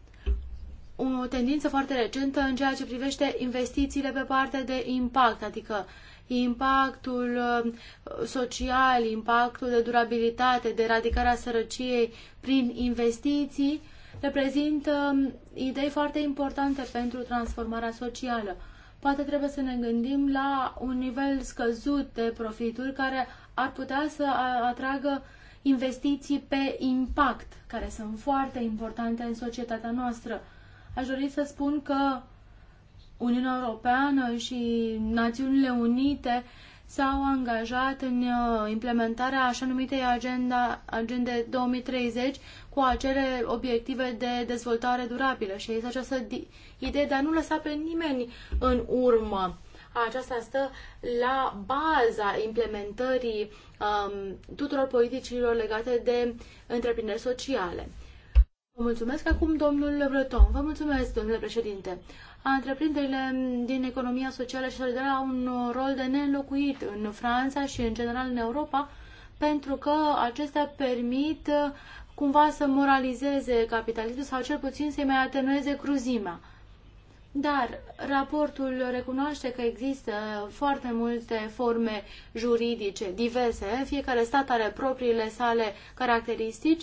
o tendință foarte recentă în ceea ce privește investițiile pe partea de impact, adică impactul uh, social, impactul de durabilitate, de eradicarea sărăciei prin investiții, reprezintă um, idei foarte importante pentru transformarea socială. Poate trebuie să ne gândim la un nivel scăzut de profituri care ar putea să atragă investiții pe impact, care sunt foarte importante în societatea noastră. Aș dori să spun că Uniunea Europeană și Națiunile Unite s-au angajat în uh, implementarea așa numitei agenda, agende 2030 cu acele obiective de dezvoltare durabilă și este această idee de a nu lăsa pe nimeni în urmă. Aceasta stă la baza implementării um, tuturor politicilor legate de întreprinderi sociale. Vă mulțumesc acum, domnul Breton. Vă mulțumesc, domnule președinte. Întreprinderile din economia socială și solidară au un rol de neînlocuit în Franța și, în general, în Europa, pentru că acestea permit uh, cumva să moralizeze capitalismul sau cel puțin să-i mai atenueze cruzimea. Dar raportul recunoaște că există foarte multe forme juridice diverse, fiecare stat are propriile sale caracteristici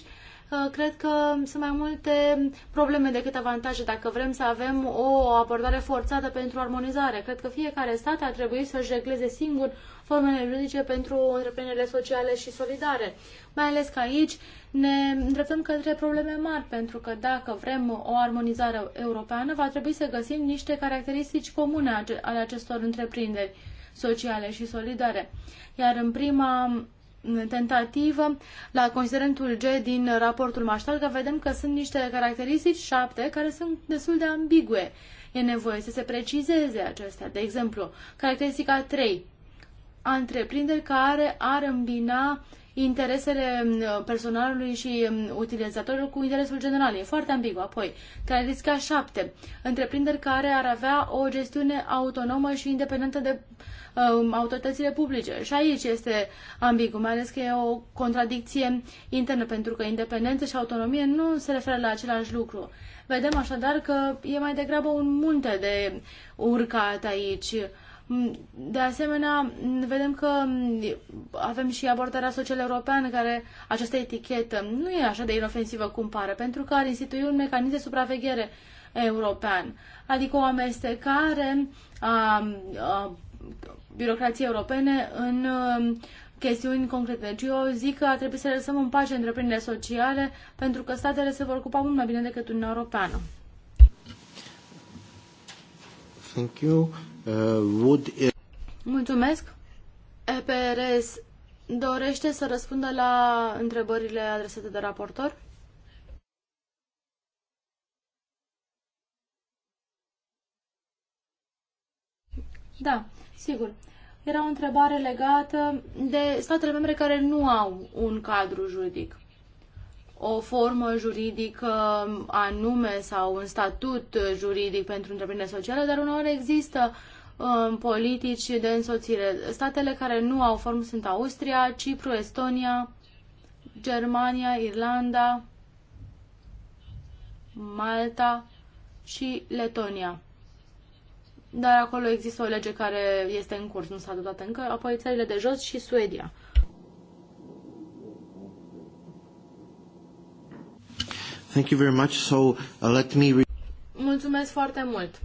Uh, cred că sunt mai multe probleme decât avantaje dacă vrem să avem o abordare forțată pentru armonizare. Cred că fiecare stat ar trebui să-și regleze singur formele juridice pentru întreprinderile sociale și solidare. Mai ales că aici ne îndreptăm către probleme mari, pentru că dacă vrem o armonizare europeană, va trebui să găsim niște caracteristici comune ale acestor întreprinderi sociale și solidare. Iar în prima tentativă la considerentul G din raportul că vedem că sunt niște caracteristici șapte care sunt destul de ambigue. E nevoie să se precizeze acestea. De exemplu, caracteristica 3. Întreprinderi care ar îmbina interesele mm, personalului și mm, utilizatorilor cu interesul general. E foarte ambigu. Apoi, caracteristica 7. Întreprinderi care ar avea o gestiune autonomă și independentă de um, autoritățile publice. Și aici este ambigu, mai ales că e o contradicție internă, pentru că independență și autonomie nu se referă la același lucru. Vedem așadar că e mai degrabă un munte de urcat aici. Mm, de asemenea, vedem că mm, avem și abordarea social europeană, care această etichetă nu e așa de inofensivă cum pare, pentru că ar institui un mecanism de supraveghere european, adică o amestecare a, a birocrației europene în um, chestiuni concrete. Deci eu zic că ar trebui să lăsăm în pace întreprinderile sociale pentru că statele se vor ocupa mult mai bine decât Uniunea Europeană. Thank you. Uh, would it... Mulțumesc. EPRS dorește să răspundă la întrebările adresate de raportor? Da. Sigur, era o întrebare legată de statele membre care nu au un cadru juridic, o formă juridică anume sau un statut juridic pentru întreprindere socială, dar uneori există um, politici de însoțire. Statele care nu au formă sunt Austria, Cipru, Estonia, Germania, Irlanda, Malta și Letonia dar acolo există o lege care este în curs, nu s-a adoptat încă, apoi țările de jos și Suedia. Thank you very much. So, uh, let me Mulțumesc foarte mult.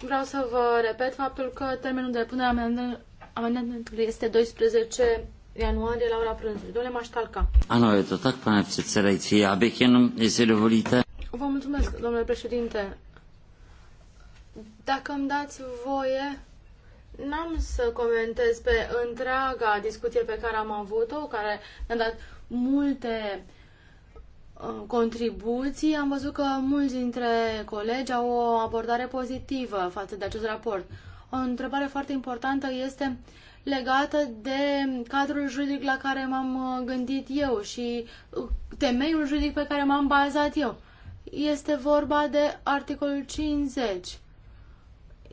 Vreau să vă repet faptul că termenul de punere a amendamentului este 12 ianuarie la ora prânzului. Domnule Maștalca. Ano, e tot tak, pane ce já bych jenom, jestli dovolíte. Vă mulțumesc, domnule președinte. Dacă îmi dați voie, n-am să comentez pe întreaga discuție pe care am avut-o, care ne-a dat multe uh, contribuții. Am văzut că mulți dintre colegi au o abordare pozitivă față de acest raport. O întrebare foarte importantă este legată de cadrul juridic la care m-am uh, gândit eu și uh, temeiul juridic pe care m-am bazat eu. Este vorba de articolul 50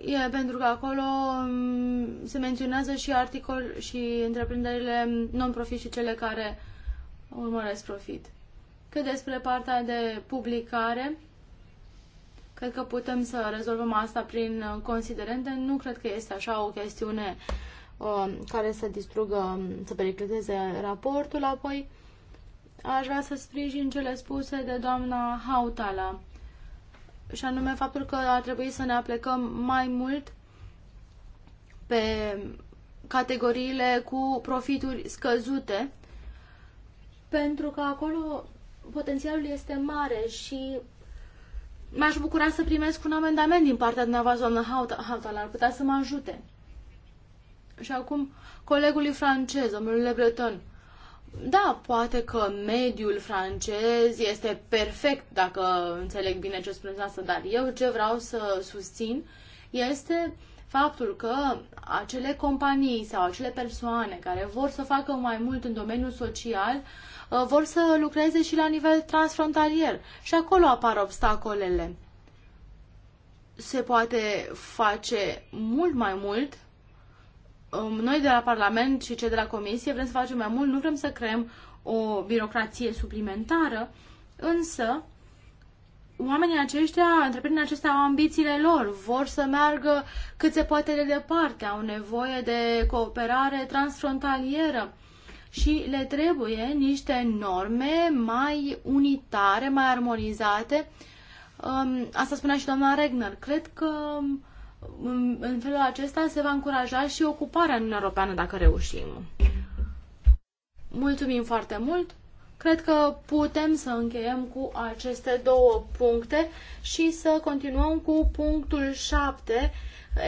E, pentru că acolo mm, se menționează și articol și întreprinderile non-profit și cele care urmăresc profit. Cât despre partea de publicare, cred că putem să rezolvăm asta prin uh, considerente. Nu cred că este așa o chestiune uh, care să distrugă, um, să pericliteze raportul. Apoi, aș vrea să sprijin cele spuse de doamna Hautala și anume faptul că ar trebui să ne aplecăm mai mult pe categoriile cu profituri scăzute, pentru că acolo potențialul este mare și m-aș bucura să primesc un amendament din partea dumneavoastră, doamnă Hautala, ar putea să mă ajute. Și acum colegului francez, domnul Le Breton. Da, poate că mediul francez este perfect, dacă înțeleg bine ce spuneți asta, dar eu ce vreau să susțin este faptul că acele companii sau acele persoane care vor să facă mai mult în domeniul social uh, vor să lucreze și la nivel transfrontalier. Și acolo apar obstacolele. Se poate face mult mai mult Um, noi de la Parlament și cei de la Comisie vrem să facem mai mult, nu vrem să creăm o birocrație suplimentară, însă oamenii aceștia, întreprinderile acestea au ambițiile lor, vor să meargă cât se poate de departe, au nevoie de cooperare transfrontalieră și le trebuie niște norme mai unitare, mai armonizate. Um, asta spunea și doamna Regner. Cred că um, în felul acesta se va încuraja și ocuparea în Uniunea Europeană dacă reușim. Mulțumim foarte mult! Cred că putem să încheiem cu aceste două puncte și să continuăm cu punctul 7,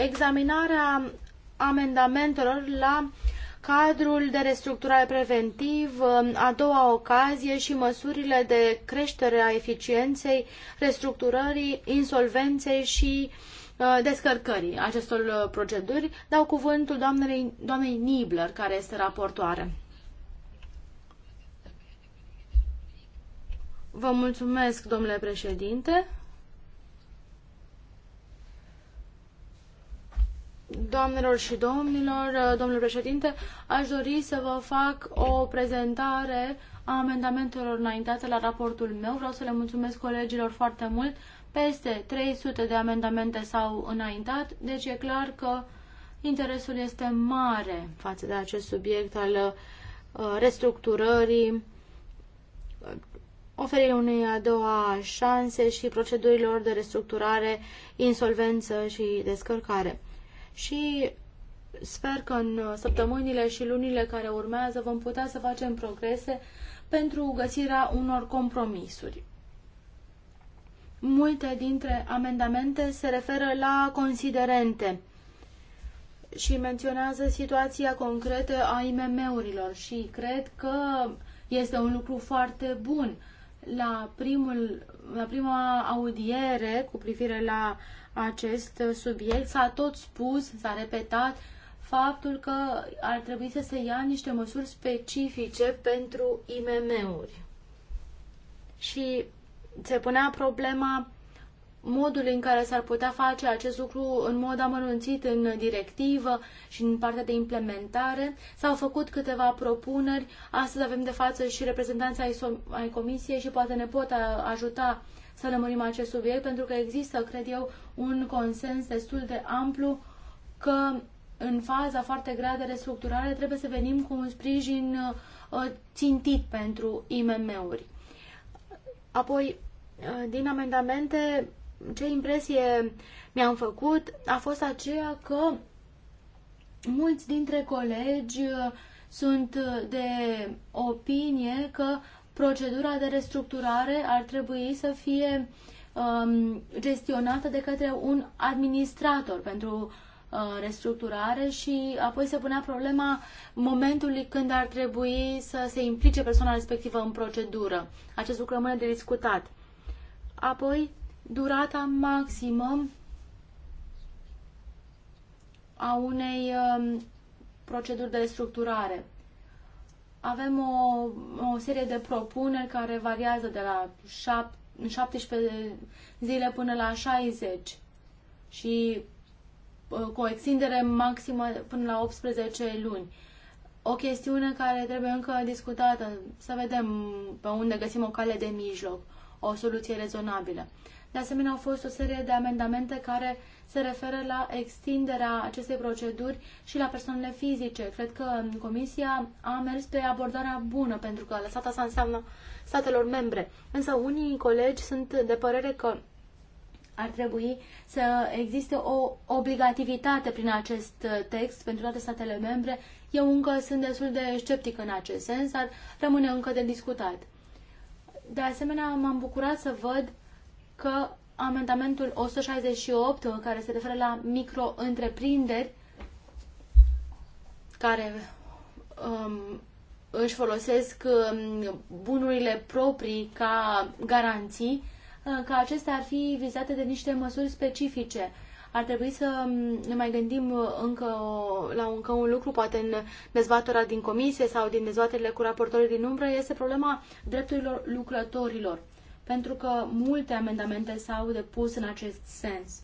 examinarea amendamentelor la cadrul de restructurare preventiv, a doua ocazie și măsurile de creștere a eficienței, restructurării, insolvenței și uh, Uh, descărcării acestor uh, proceduri, dau cuvântul doamnei, doamnei Nibler, care este raportoare. Vă mulțumesc, domnule președinte. Doamnelor și domnilor, uh, domnule președinte, aș dori să vă fac o prezentare a amendamentelor înaintate la raportul meu. Vreau să le mulțumesc colegilor foarte mult peste 300 de amendamente s-au înaintat, deci e clar că interesul este mare față de acest subiect al uh, restructurării, uh, oferirii unei a doua șanse și procedurilor de restructurare, insolvență și descărcare. Și sper că în săptămânile și lunile care urmează vom putea să facem progrese pentru găsirea unor compromisuri. Multe dintre amendamente se referă la considerente și menționează situația concretă a IMM-urilor și cred că este un lucru foarte bun. La, primul, la prima audiere cu privire la acest subiect s-a tot spus, s-a repetat faptul că ar trebui să se ia niște măsuri specifice pentru IMM-uri. Și se punea problema modul în care s-ar putea face acest lucru în mod amănunțit în directivă și în partea de implementare. S-au făcut câteva propuneri. Astăzi avem de față și reprezentanța ai Comisiei și poate ne pot ajuta să lămurim acest subiect, pentru că există, cred eu, un consens destul de amplu că în faza foarte grea de restructurare trebuie să venim cu un sprijin uh, țintit pentru IMM-uri. Apoi, uh, din amendamente, ce impresie mi-am făcut a fost aceea că mulți dintre colegi uh, sunt uh, de opinie că procedura de restructurare ar trebui să fie um, gestionată de către un administrator pentru Uh, restructurare și apoi se punea problema momentului când ar trebui să se implice persoana respectivă în procedură. Acest lucru rămâne de discutat. Apoi, durata maximă a unei um, proceduri de restructurare. Avem o, o serie de propuneri care variază de la 7, 17 zile până la 60 și cu o extindere maximă până la 18 luni. O chestiune care trebuie încă discutată, să vedem pe unde găsim o cale de mijloc, o soluție rezonabilă. De asemenea, au fost o serie de amendamente care se referă la extinderea acestei proceduri și la persoanele fizice. Cred că Comisia a mers pe abordarea bună, pentru că a asta înseamnă statelor membre. Însă unii colegi sunt de părere că ar trebui să existe o obligativitate prin acest uh, text pentru toate statele membre. Eu încă sunt destul de sceptic în acest sens, dar rămâne încă de discutat. De asemenea, m-am bucurat să văd că amendamentul 168, uh, care se referă la micro-întreprinderi, care um, își folosesc um, bunurile proprii ca garanții, Uh, că acestea ar fi vizate de niște măsuri specifice. Ar trebui să mm, ne mai gândim uh, încă la încă un lucru, poate în dezbaterea din comisie sau din dezbaterile cu raportorii din umbră, este problema drepturilor lucrătorilor, pentru că multe amendamente s-au depus în acest sens.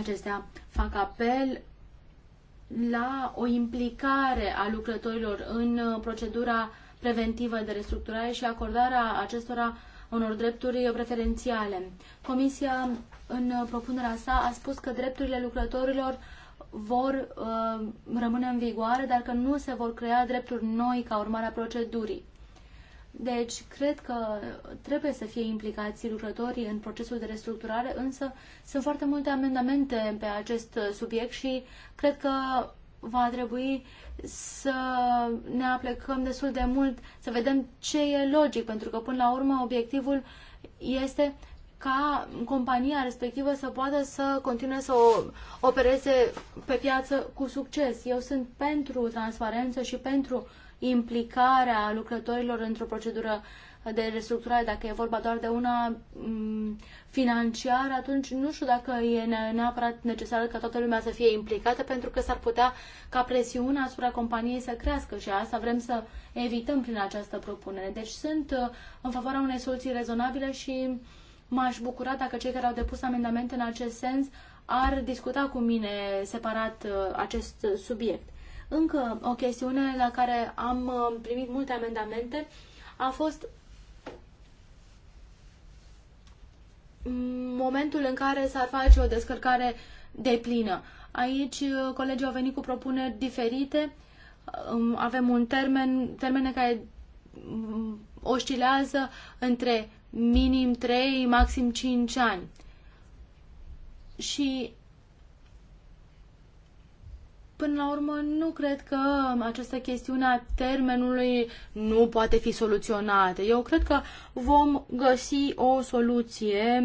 Acestea fac apel la o implicare a lucrătorilor în uh, procedura preventivă de restructurare și acordarea acestora unor drepturi preferențiale. Comisia, în propunerea sa, a spus că drepturile lucrătorilor vor uh, rămâne în vigoare, dar că nu se vor crea drepturi noi ca urmare a procedurii. Deci, cred că trebuie să fie implicați lucrătorii în procesul de restructurare, însă sunt foarte multe amendamente pe acest subiect și cred că va trebui să ne aplecăm destul de mult, să vedem ce e logic, pentru că până la urmă obiectivul este ca compania respectivă să poată să continue să o opereze pe piață cu succes. Eu sunt pentru transparență și pentru implicarea lucrătorilor într-o procedură de restructurare, dacă e vorba doar de una mm, financiară, atunci nu știu dacă e neapărat necesar ca toată lumea să fie implicată, pentru că s-ar putea ca presiunea asupra companiei să crească și asta vrem să evităm prin această propunere. Deci sunt uh, în favoarea unei soluții rezonabile și m-aș bucura dacă cei care au depus amendamente în acest sens ar discuta cu mine separat uh, acest subiect. Încă o chestiune la care am uh, primit multe amendamente a fost momentul în care s-ar face o descărcare deplină. Aici uh, colegii au venit cu propuneri diferite. Um, avem un termen, termene care um, oscilează între minim 3, maxim 5 ani. Și Până la urmă, nu cred că această chestiune a termenului nu poate fi soluționată. Eu cred că vom găsi o soluție.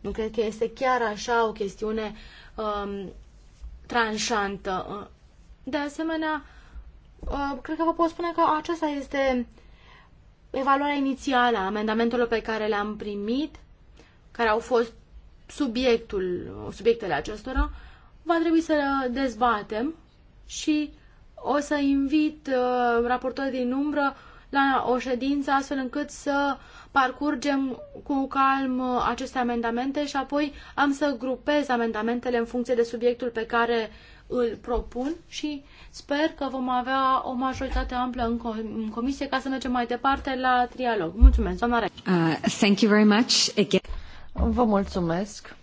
Nu cred că este chiar așa o chestiune um, tranșantă. De asemenea, uh, cred că vă pot spune că aceasta este evaluarea inițială a amendamentelor pe care le-am primit, care au fost subiectul, subiectele acestora, va trebui să dezbatem și o să invit uh, raportorii din umbră la o ședință astfel încât să parcurgem cu calm uh, aceste amendamente și apoi am să grupez amendamentele în funcție de subiectul pe care îl propun și sper că vom avea o majoritate amplă în, com în comisie ca să mergem mai departe la trialog. Mulțumesc, doamna Uh, thank you very much again. Vă mulțumesc.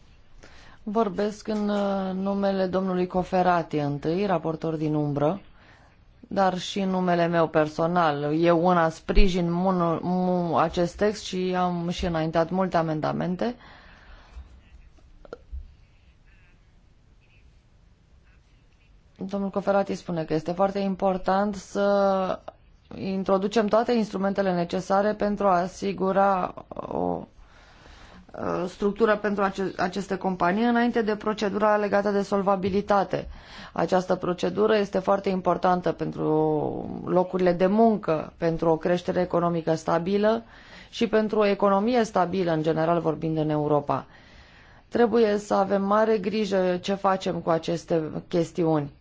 Vorbesc în uh, numele domnului Coferati întâi, raportor din umbră, dar și în numele meu personal. Eu una sprijin acest text și am și înaintat multe amendamente. Domnul Coferati spune că este foarte important să introducem toate instrumentele necesare pentru a asigura o Uh, structură pentru aceste companii înainte de procedura legată de solvabilitate. Această procedură este foarte importantă pentru locurile de muncă, pentru o creștere economică stabilă și pentru o economie stabilă, în general vorbind în Europa. Trebuie să avem mare grijă ce facem cu aceste chestiuni.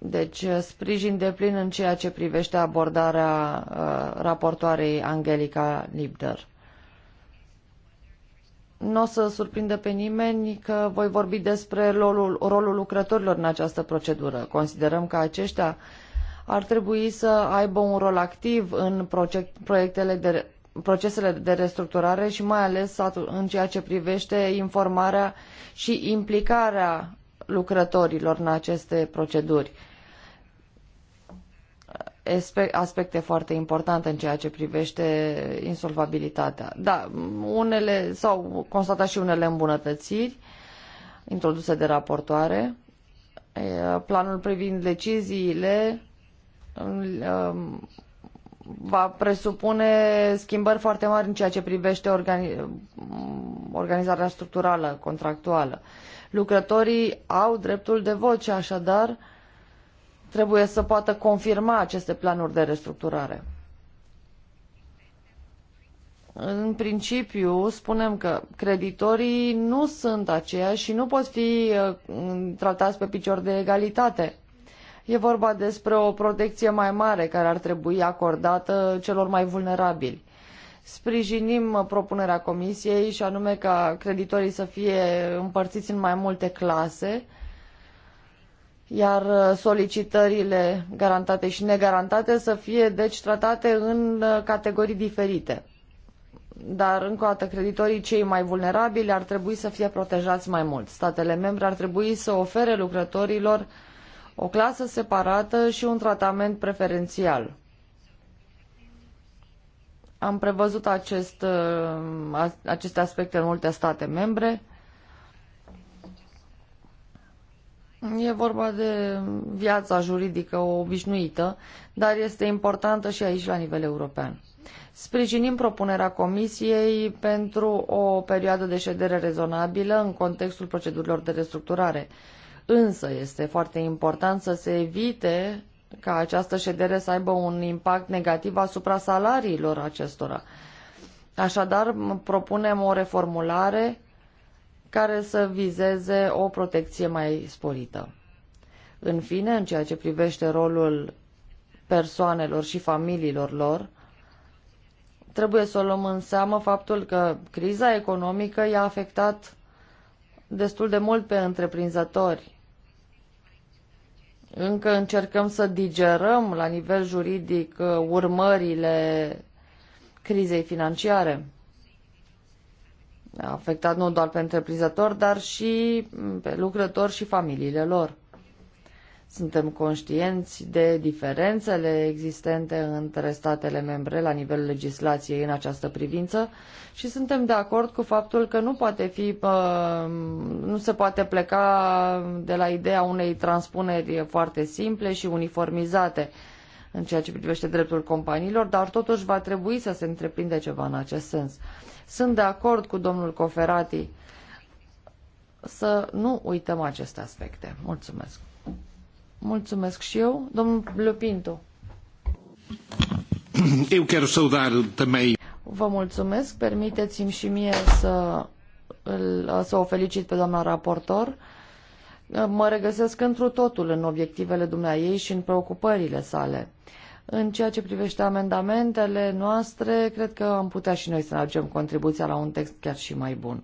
Deci, uh, sprijin de plin în ceea ce privește abordarea uh, raportoarei Angelica Libder. Nu o să surprindă pe nimeni că voi vorbi despre rolul, rolul lucrătorilor în această procedură. Considerăm că aceștia ar trebui să aibă un rol activ în proiectele de, procesele de restructurare și mai ales în ceea ce privește informarea și implicarea lucrătorilor în aceste proceduri aspecte foarte importante în ceea ce privește insolvabilitatea. Da, unele s-au constatat și unele îmbunătățiri introduse de raportoare. Planul privind deciziile um, va presupune schimbări foarte mari în ceea ce privește organi organizarea structurală, contractuală. Lucrătorii au dreptul de voce, așadar, trebuie să poată confirma aceste planuri de restructurare. În principiu, spunem că creditorii nu sunt aceia și nu pot fi uh, tratați pe picior de egalitate. E vorba despre o protecție mai mare care ar trebui acordată celor mai vulnerabili. Sprijinim uh, propunerea comisiei și anume ca creditorii să fie împărțiți în mai multe clase, iar uh, solicitările garantate și negarantate să fie deci tratate în uh, categorii diferite. Dar, încă o dată, creditorii cei mai vulnerabili ar trebui să fie protejați mai mult. Statele membre ar trebui să ofere lucrătorilor o clasă separată și un tratament preferențial. Am prevăzut acest, uh, aceste aspecte în multe state membre E vorba de viața juridică obișnuită, dar este importantă și aici la nivel european. Sprijinim propunerea Comisiei pentru o perioadă de ședere rezonabilă în contextul procedurilor de restructurare. Însă este foarte important să se evite ca această ședere să aibă un impact negativ asupra salariilor acestora. Așadar, propunem o reformulare care să vizeze o protecție mai sporită. În fine, în ceea ce privește rolul persoanelor și familiilor lor, trebuie să o luăm în seamă faptul că criza economică i-a afectat destul de mult pe întreprinzători. Încă încercăm să digerăm la nivel juridic uh, urmările crizei financiare afectat nu doar pe întreprinzători, dar și pe lucrători și familiile lor. Suntem conștienți de diferențele existente între statele membre la nivelul legislației în această privință și suntem de acord cu faptul că nu poate fi, nu se poate pleca de la ideea unei transpuneri foarte simple și uniformizate în ceea ce privește dreptul companiilor, dar totuși va trebui să se întreprinde ceva în acest sens. Sunt de acord cu domnul Coferati să nu uităm aceste aspecte. Mulțumesc. Mulțumesc și eu, domnul Lupinto. Eu quero saudar também. Vă mulțumesc. Permiteți-mi și mie să, să o felicit pe doamna raportor mă regăsesc întru totul în obiectivele dumneaei și în preocupările sale. În ceea ce privește amendamentele noastre, cred că am putea și noi să ne aducem contribuția la un text chiar și mai bun.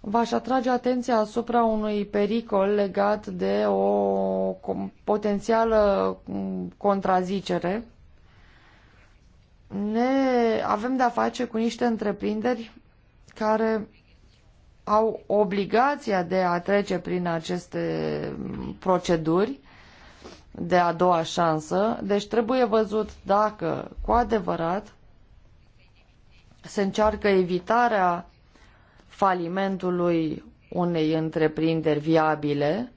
V-aș atrage atenția asupra unui pericol legat de o potențială mm, contrazicere. Ne avem de-a face cu niște întreprinderi care au obligația de a trece prin aceste proceduri de a doua șansă, deci trebuie văzut dacă cu adevărat se încearcă evitarea falimentului unei întreprinderi viabile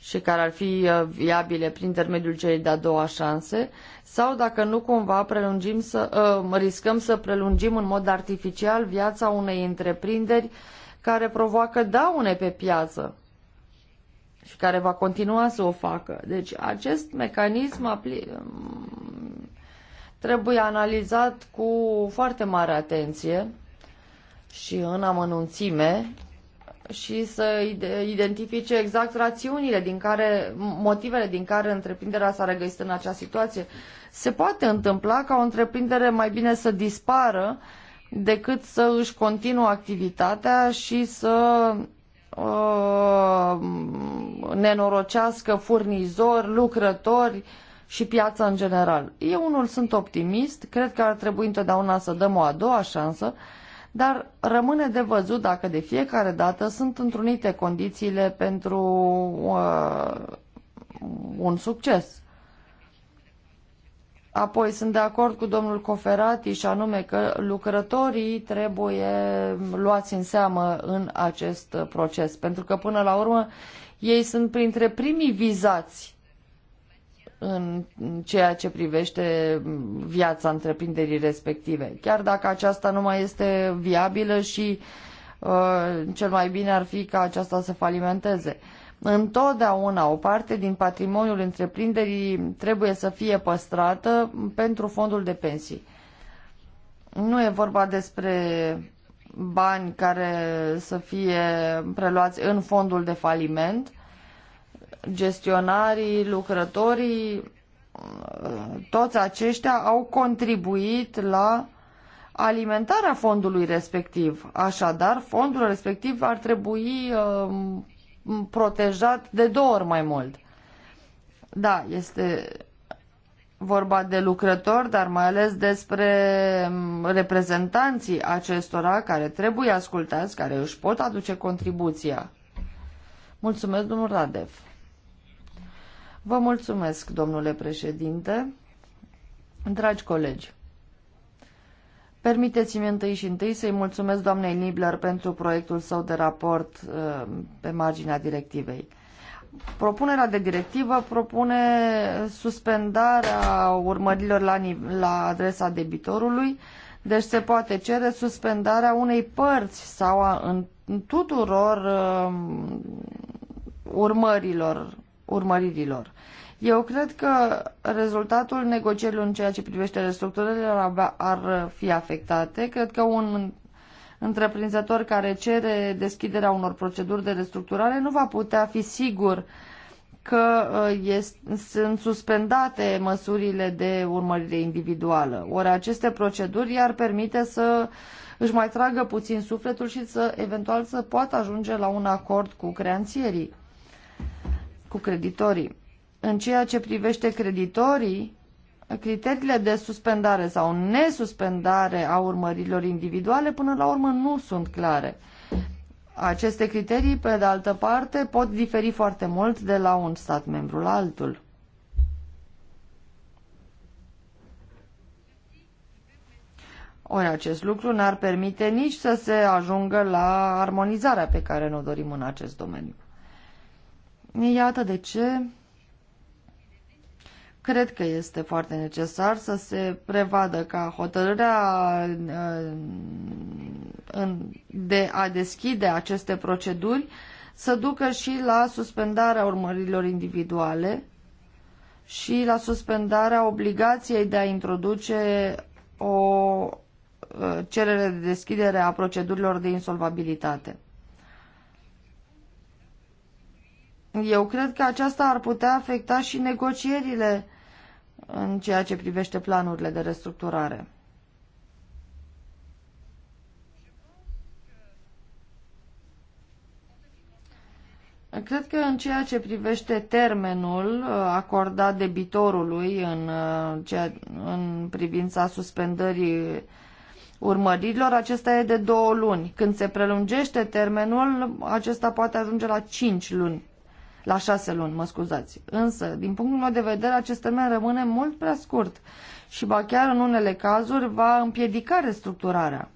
și care ar fi uh, viabile prin intermediul celei de-a doua șanse, sau dacă nu cumva prelungim să, uh, riscăm să prelungim în mod artificial viața unei întreprinderi uh, care provoacă daune pe piață și care va continua să o facă. Deci acest mecanism trebuie analizat cu foarte mare atenție și în amănunțime și să identifice exact rațiunile din care, motivele din care întreprinderea s-a regăsit în acea situație. Se poate întâmpla ca o întreprindere mai bine să dispară uh, decât să își continuă activitatea și să uh, nenorocească furnizori, lucrători și piața în general. Eu unul sunt optimist, cred că ar trebui întotdeauna să dăm o a doua șansă, dar rămâne de văzut dacă de fiecare dată sunt întrunite condițiile pentru uh, un succes. Apoi sunt de acord cu domnul Coferati și anume că lucrătorii trebuie luați în seamă în acest proces, pentru că până la urmă ei sunt printre primii vizați în ceea ce privește viața întreprinderii respective. Chiar dacă aceasta nu mai este viabilă și uh, cel mai bine ar fi ca aceasta să falimenteze. Uh, Întotdeauna o parte din patrimoniul întreprinderii trebuie să fie păstrată pentru fondul de pensii. Nu e vorba despre bani care să fie preluați în fondul de faliment. Gestionarii, lucrătorii, toți aceștia au contribuit la alimentarea fondului respectiv. Așadar, fondul respectiv ar trebui um, protejat de două ori mai mult. Da, este vorba de lucrători, dar mai ales despre mm, reprezentanții acestora care trebuie ascultați, care își pot aduce contribuția. Mulțumesc, domnul Radev. Vă mulțumesc, domnule președinte. Dragi colegi, Permiteți-mi întâi și întâi să-i mulțumesc doamnei Nibler pentru proiectul său de raport uh, pe marginea directivei. Propunerea de directivă propune suspendarea urmărilor la, la adresa debitorului, deci se poate cere suspendarea unei părți sau a, în, în tuturor uh, urmărilor, urmăririlor. Uh, eu cred că rezultatul negocierilor în ceea ce privește restructurările ar fi afectate. Cred că un întreprinzător care cere deschiderea unor proceduri de restructurare nu va putea fi sigur că uh, este, sunt suspendate măsurile de urmărire individuală. Ori aceste proceduri i-ar permite să își mai tragă puțin sufletul și să eventual să poată ajunge la un acord cu creanțierii, cu creditorii. În ceea ce privește creditorii, criteriile de suspendare sau nesuspendare a urmărilor individuale până la urmă nu sunt clare. Aceste criterii, pe de altă parte, pot diferi foarte mult de la un stat membru la altul. Ori acest lucru n-ar permite nici să se ajungă la armonizarea pe care ne-o dorim în acest domeniu. Iată de ce Cred că este foarte necesar să se prevadă ca hotărârea uh, de a deschide aceste proceduri să ducă și la suspendarea urmărilor individuale și la suspendarea obligației de a introduce o uh, cerere de deschidere a procedurilor de insolvabilitate. Eu cred că aceasta ar putea afecta și negocierile în ceea ce privește planurile de restructurare. Cred că în ceea ce privește termenul uh, acordat debitorului în, uh, ceea, în privința suspendării urmărilor, acesta e de două luni. Când se prelungește termenul, acesta poate ajunge la cinci luni la șase luni, mă scuzați. Însă, din punctul meu de vedere, acest termen rămâne mult prea scurt și ba chiar în unele cazuri va împiedica restructurarea.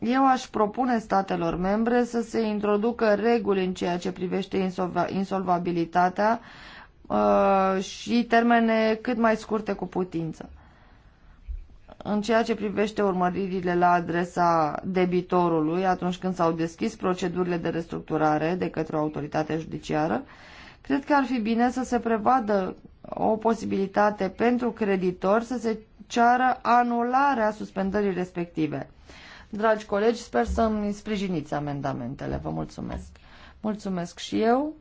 Eu aș propune statelor membre să se introducă reguli în ceea ce privește insolvabilitatea uh, și termene cât mai scurte cu putință. În ceea ce privește urmăririle la adresa debitorului atunci când s-au deschis procedurile de restructurare de către o autoritate judiciară, cred că ar fi bine să se prevadă o posibilitate pentru creditor să se ceară anularea suspendării respective. Dragi colegi, sper să-mi sprijiniți amendamentele. Vă mulțumesc. Mulțumesc și eu.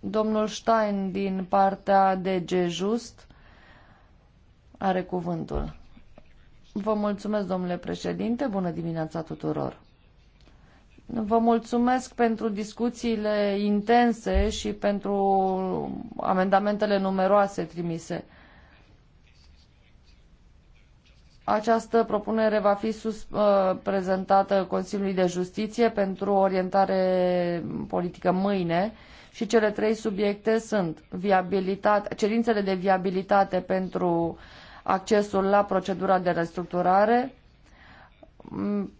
Domnul Stein din partea DG Just are cuvântul. Vă mulțumesc, domnule președinte, bună dimineața tuturor! Vă mulțumesc pentru discuțiile intense și pentru amendamentele numeroase trimise. Această propunere va fi sus, uh, prezentată Consiliului de Justiție pentru orientare politică mâine și cele trei subiecte sunt viabilitate, cerințele de viabilitate pentru uh, accesul la procedura de restructurare,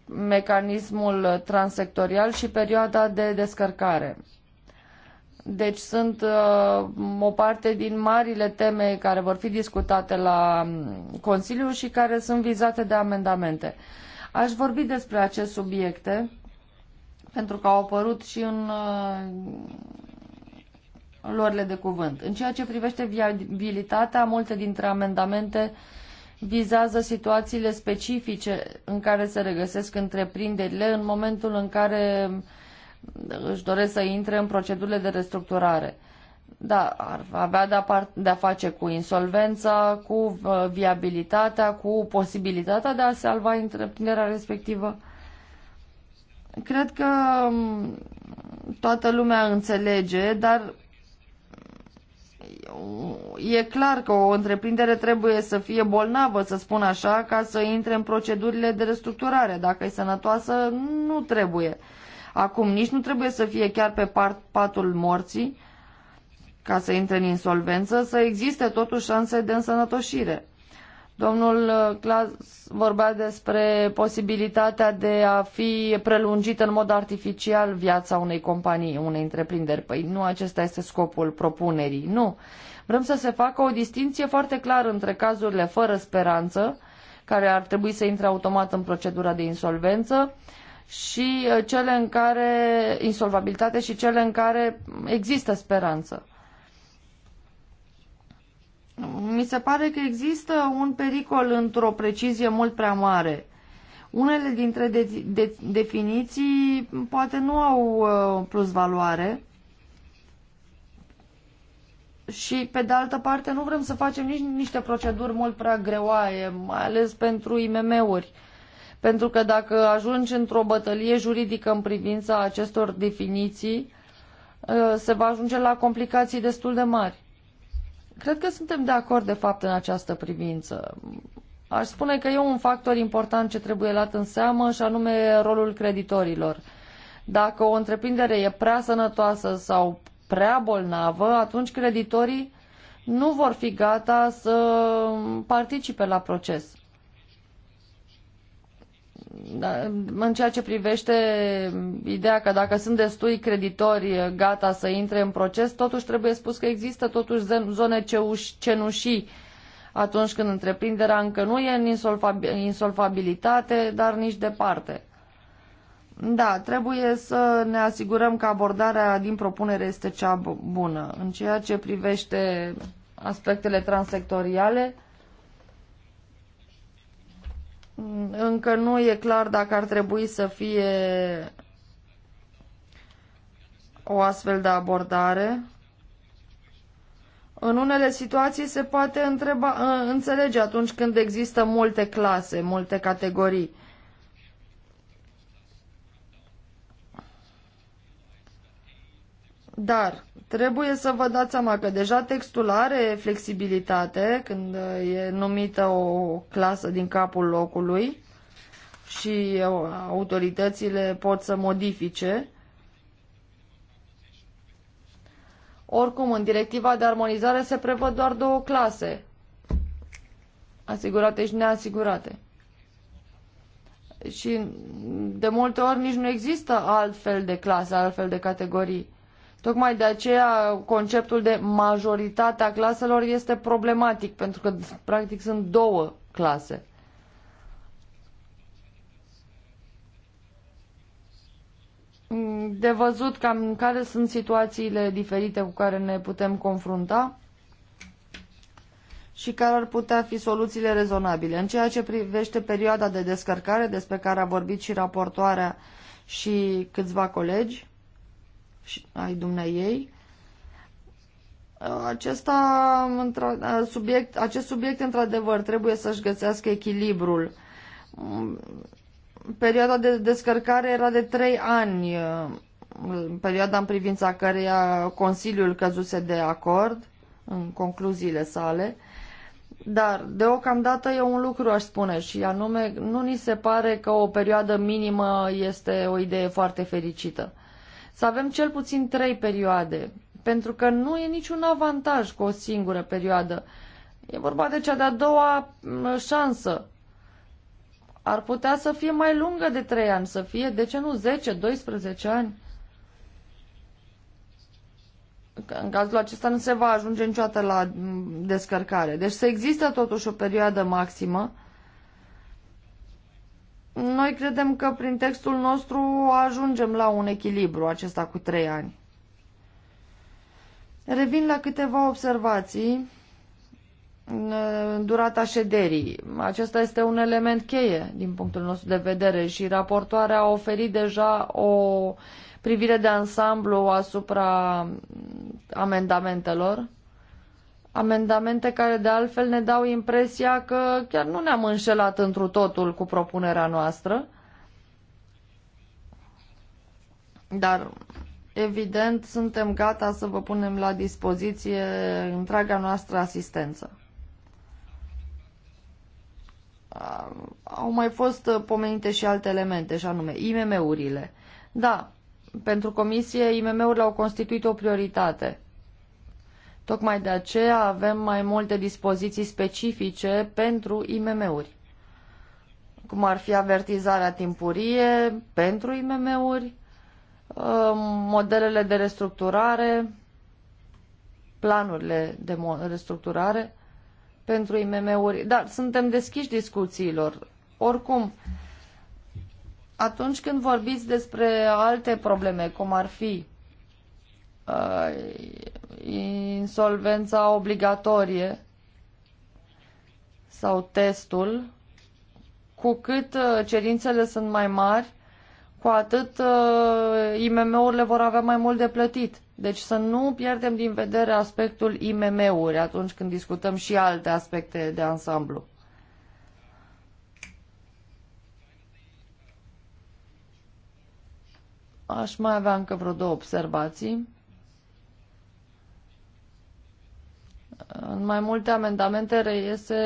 mecanismul transectorial și perioada de descărcare. Deci sunt uh, o parte din marile teme care vor fi discutate la mm, Consiliu și care sunt vizate de amendamente. Aș vorbi despre aceste subiecte pentru că au apărut și în uh, luările de cuvânt. În ceea ce privește viabilitatea, multe dintre amendamente vizează situațiile specifice în care se regăsesc întreprinderile în momentul în care își doresc să intre în procedurile de restructurare. Da, ar avea de-a, face cu insolvența, cu uh, viabilitatea, cu posibilitatea de a salva întreprinderea respectivă. Cred că um, toată lumea înțelege, dar e clar că o întreprindere trebuie să fie bolnavă, să spun așa, ca să intre în procedurile de restructurare. Dacă e sănătoasă, nu trebuie. Acum nici nu trebuie să fie chiar pe patul morții, ca să intre în insolvență, să existe totuși șanse de însănătoșire. Domnul uh, Clas vorbea despre posibilitatea de a fi prelungită în mod artificial viața unei companii, unei întreprinderi. Păi nu acesta este scopul propunerii, nu. Vrem să se facă o distinție foarte clară între cazurile fără speranță, care ar trebui să intre automat în procedura de insolvență, și uh, cele în care insolvabilitate și cele în care există speranță. Mi se pare că există un pericol într-o precizie mult prea mare. Unele dintre de- de- definiții poate nu au uh, plus valoare și, pe de altă parte, nu vrem să facem nici niște proceduri mult prea greoaie, mai ales pentru IMM-uri. Pentru că dacă ajungi într-o bătălie juridică în privința acestor definiții, uh, se va ajunge la complicații destul de mari. Cred că suntem de acord, de fapt, în această privință. Aș spune că e un factor important ce trebuie luat în seamă și anume rolul creditorilor. Dacă o întreprindere e prea sănătoasă sau prea bolnavă, atunci creditorii nu vor fi gata să participe la proces. Da, în ceea ce privește ideea că dacă sunt destui creditori gata să intre în proces, totuși trebuie spus că există totuși zone cenușii atunci când întreprinderea încă nu e în insolvabilitate, dar nici departe. Da, trebuie să ne asigurăm că abordarea din propunere este cea bună. În ceea ce privește aspectele transsectoriale, Mm, încă nu e clar dacă ar trebui să fie o astfel de abordare. În unele situații se poate întreba, ă, înțelege atunci când există multe clase, multe categorii. Dar Trebuie să vă dați seama că deja textul are flexibilitate când uh, e numită o clasă din capul locului și uh, autoritățile pot să modifice. Oricum, în directiva de armonizare se prevăd doar două clase, asigurate și neasigurate. Și de multe ori nici nu există altfel de clase, altfel de categorii. Tocmai de aceea conceptul de majoritatea claselor este problematic, pentru că practic sunt două clase. De văzut cam care sunt situațiile diferite cu care ne putem confrunta și care ar putea fi soluțiile rezonabile. În ceea ce privește perioada de descărcare despre care a vorbit și raportoarea și câțiva colegi, ai dumneiei. Acesta, subiect, acest subiect, într-adevăr, trebuie să-și găsească echilibrul. Perioada de descărcare era de trei ani, perioada în privința căreia Consiliul căzuse de acord în concluziile sale. Dar, deocamdată, e un lucru, aș spune, și anume, nu ni se pare că o perioadă minimă este o idee foarte fericită să avem cel puțin trei perioade, pentru că nu e niciun avantaj cu o singură perioadă. E vorba de cea de-a doua șansă. Ar putea să fie mai lungă de trei ani, să fie, de ce nu, 10-12 ani? în cazul acesta nu se va ajunge niciodată la descărcare. Deci să există totuși o perioadă maximă noi credem că prin textul nostru ajungem la un echilibru acesta cu trei ani. Revin la câteva observații durata șederii. Acesta este un element cheie din punctul nostru de vedere și raportoarea a oferit deja o privire de ansamblu asupra amendamentelor. Amendamente care de altfel ne dau impresia că chiar nu ne-am înșelat întru totul cu propunerea noastră. Dar evident suntem gata să vă punem la dispoziție întreaga noastră asistență. Au mai fost pomenite și alte elemente, și anume IMM-urile. Da, pentru comisie IMM-urile au constituit o prioritate – Tocmai de aceea avem mai multe dispoziții specifice pentru IMM-uri, cum ar fi avertizarea timpurie pentru IMM-uri, uh, modelele de restructurare, planurile de restructurare pentru IMM-uri. Dar suntem deschiși discuțiilor. Oricum, atunci când vorbiți despre alte probleme, cum ar fi insolvența obligatorie sau testul, cu cât uh, cerințele sunt mai mari, cu atât uh, IMM-urile vor avea mai mult de plătit. Deci să nu pierdem din vedere aspectul IMM-uri atunci când discutăm și alte aspecte de ansamblu. Aș mai avea încă vreo două observații. În mai multe amendamente reiese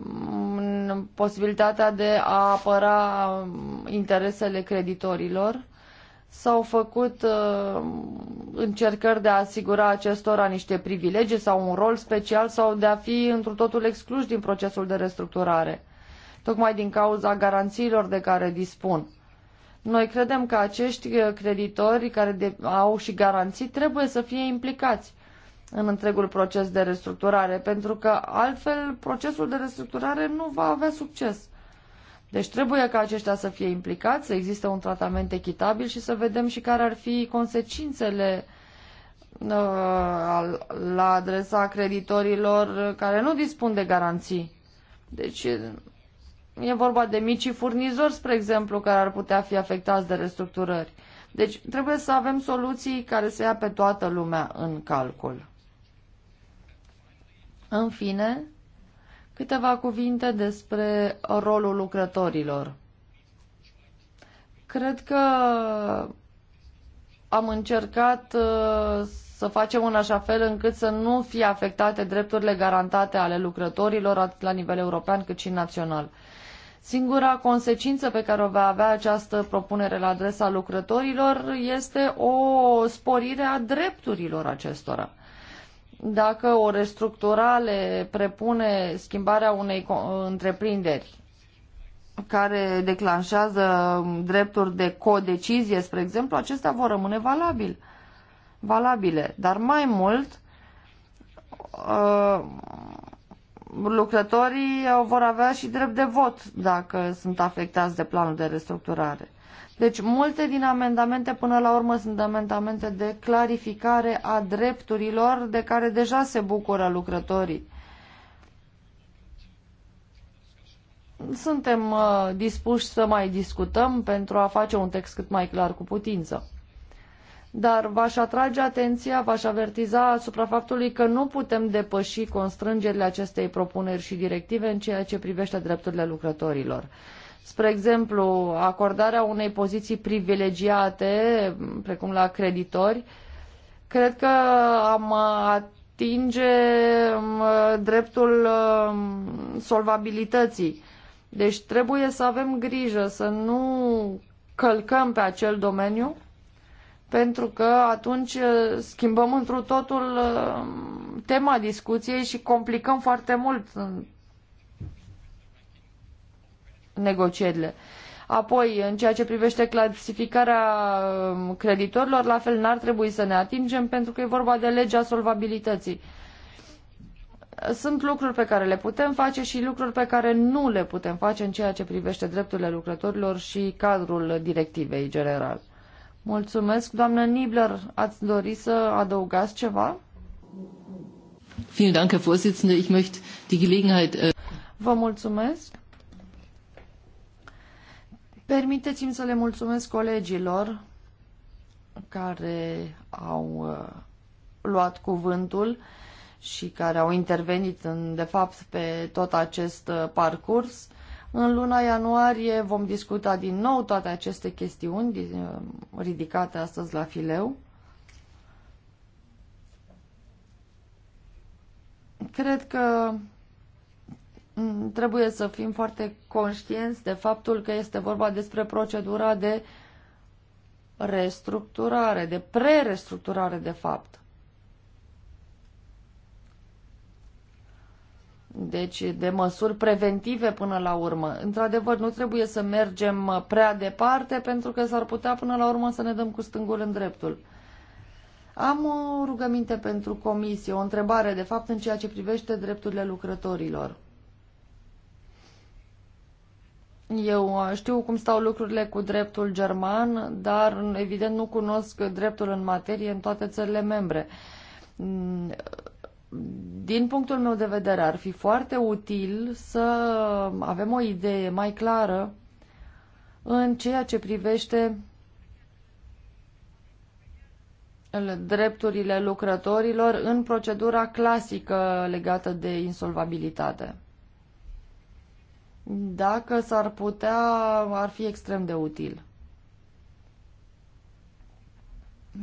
um, posibilitatea de a apăra um, interesele creditorilor. S-au făcut uh, încercări de a asigura acestora niște privilegii sau un rol special sau de a fi într totul excluși din procesul de restructurare, tocmai din cauza garanțiilor de care dispun. Noi credem că acești uh, creditori care au și garanții trebuie să fie implicați în întregul proces de restructurare, pentru că altfel procesul de restructurare nu va avea succes. Deci trebuie ca aceștia să fie implicați, să existe un tratament echitabil și să vedem și care ar fi consecințele uh, la adresa creditorilor care nu dispun de garanții. Deci e vorba de micii furnizori, spre exemplu, care ar putea fi afectați de restructurări. Deci trebuie să avem soluții care să ia pe toată lumea în calcul. În fine, câteva cuvinte despre rolul lucrătorilor. Cred că am încercat uh, să facem în așa fel încât să nu fie afectate drepturile garantate ale lucrătorilor atât la nivel european cât și național. Singura consecință pe care o va avea această propunere la adresa lucrătorilor este o sporire a drepturilor acestora dacă o restructurare prepune schimbarea unei întreprinderi care declanșează drepturi de codecizie, spre exemplu, acestea vor rămâne valabil, valabile. Dar mai mult, uh, lucrătorii vor avea și drept de vot dacă sunt afectați de planul de restructurare. Deci multe din amendamente până la urmă sunt amendamente de clarificare a drepturilor de care deja se bucură lucrătorii. Suntem uh, dispuși să mai discutăm pentru a face un text cât mai clar cu putință. Dar v-aș atrage atenția, v-aș avertiza asupra faptului că nu putem depăși constrângerile acestei propuneri și directive în ceea ce privește drepturile lucrătorilor spre exemplu, acordarea unei poziții privilegiate, precum la creditori, cred că am atinge um, dreptul um, solvabilității. Deci trebuie să avem grijă să nu călcăm pe acel domeniu, pentru că atunci uh, schimbăm întru totul um, tema discuției și complicăm foarte mult negocierile. Apoi, în ceea ce privește clasificarea um, creditorilor, la fel n-ar trebui să ne atingem pentru că e vorba de legea solvabilității. Sunt lucruri pe care le putem face și lucruri pe care nu le putem face în ceea ce privește drepturile lucrătorilor și cadrul directivei general. Mulțumesc. Doamnă Nibler, ați dori să adăugați ceva? Vielen Dank, Herr Vorsitzende. Ich möchte die Gelegenheit... Äh, Vă mulțumesc. Permiteți-mi să le mulțumesc colegilor care au uh, luat cuvântul și care au intervenit, în, de fapt, pe tot acest uh, parcurs. În luna ianuarie vom discuta din nou toate aceste chestiuni uh, ridicate astăzi la fileu. Cred că Mm, trebuie să fim foarte conștienți de faptul că este vorba despre procedura de restructurare, de pre-restructurare de fapt. Deci de măsuri preventive până la urmă. Într-adevăr, nu trebuie să mergem prea departe pentru că s-ar putea până la urmă să ne dăm cu stângul în dreptul. Am o rugăminte pentru comisie, o întrebare de fapt în ceea ce privește drepturile lucrătorilor. Eu uh, știu cum stau lucrurile cu dreptul german, dar evident nu cunosc dreptul în materie în toate țările membre. Mm, din punctul meu de vedere, ar fi foarte util să avem o idee mai clară în ceea ce privește drepturile lucrătorilor în procedura clasică legată de insolvabilitate. Dacă s-ar putea, ar fi extrem de util.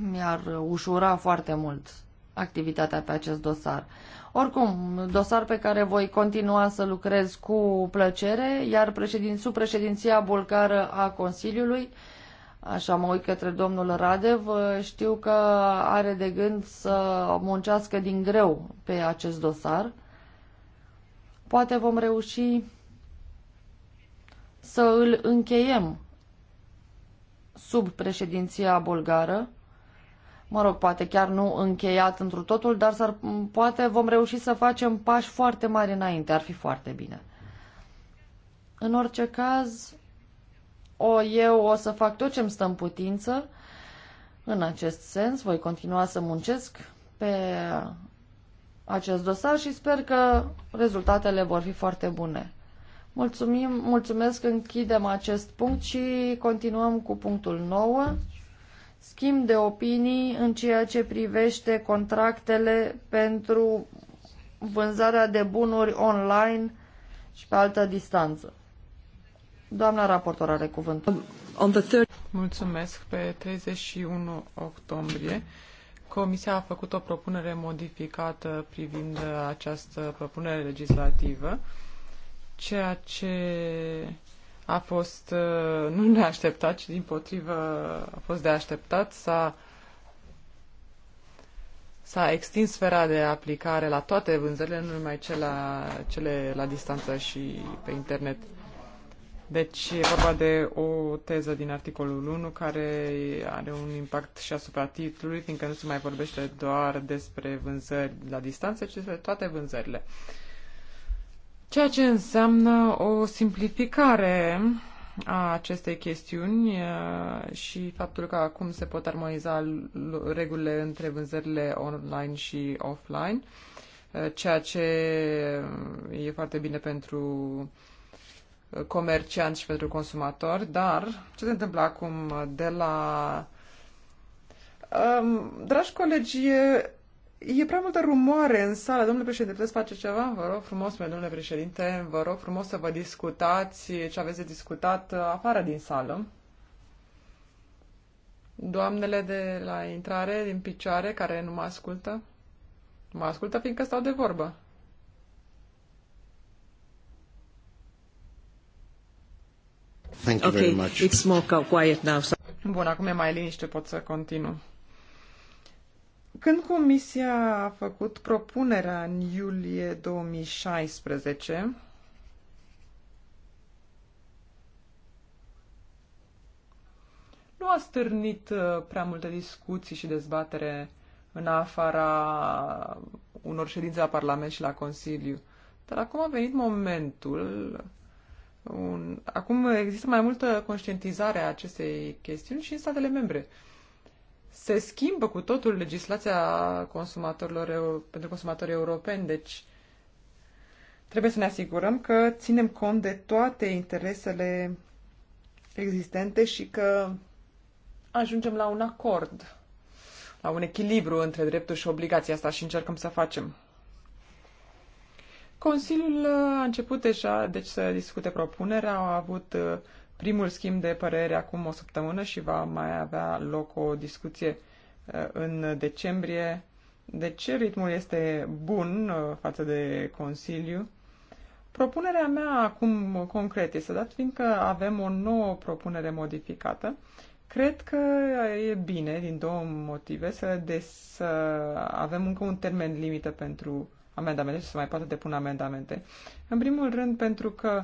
Mi-ar ușura foarte mult activitatea pe acest dosar. Oricum, dosar pe care voi continua să lucrez cu plăcere, iar președin, sub președinția bulgară a Consiliului, așa mă uit către domnul Radev, știu că are de gând să muncească din greu pe acest dosar. Poate vom reuși să îl încheiem sub președinția bulgară. Mă rog, poate chiar nu încheiat întru totul, dar s-ar, poate vom reuși să facem pași foarte mari înainte. Ar fi foarte bine. În orice caz, o, eu o să fac tot ce-mi stă în putință. În acest sens, voi continua să muncesc pe acest dosar și sper că rezultatele vor fi foarte bune. Mulțumim, mulțumesc, închidem acest punct și continuăm cu punctul 9. Schimb de opinii în ceea ce privește contractele pentru vânzarea de bunuri online și pe altă distanță. Doamna raportor are cuvântul. Mulțumesc. Pe 31 octombrie, Comisia a făcut o propunere modificată privind această propunere legislativă ceea ce a fost uh, nu neașteptat, ci din potrivă a fost de așteptat. S-a, s-a extins sfera de aplicare la toate vânzările, nu numai cele la, cele la distanță și pe internet. Deci e vorba de o teză din articolul 1 care are un impact și asupra titlului, fiindcă nu se mai vorbește doar despre vânzări la distanță, ci despre toate vânzările. Uh, ceea ce înseamnă o simplificare a acestei chestiuni și faptul că acum se pot armoniza regulile între vânzările online și offline, ceea ce e foarte bine pentru comercianți și pentru consumatori, dar ce se întâmplă acum de la... Um, dragi colegi, E prea multă rumoare în sală. Domnule președinte, puteți face ceva? Vă rog frumos, meu domnule președinte, vă rog frumos să vă discutați ce aveți de discutat uh, afară din sală. Doamnele de la intrare, din picioare, care nu mă ascultă, mă ascultă fiindcă stau de vorbă. Thank you okay, very much. It's more quiet now. So... Bun, acum e mai liniște, pot să continu. Când Comisia a făcut propunerea în iulie 2016, nu a stârnit uh, prea multe discuții și dezbatere în afara unor ședințe la Parlament și la Consiliu. Dar acum a venit momentul, un, acum există mai multă conștientizare a acestei chestiuni și în statele membre. Uh, se schimbă cu totul legislația consumatorilor, pentru consumatori europeni, deci trebuie să ne asigurăm că ținem cont de toate interesele existente și că ajungem la un acord, la un echilibru între dreptul și obligația asta și încercăm să facem. Consiliul a început deja, deci, să discute propunerea, au avut primul schimb de părere acum o săptămână și va mai avea loc o discuție uh, în decembrie. De ce ritmul este bun uh, față de Consiliu? Propunerea mea acum concret este dat fiindcă avem o nouă propunere modificată. Cred că e bine, din două motive, să, des, să avem încă un termen limită pentru amendamente și să mai poată depune amendamente. În primul rând, pentru că uh,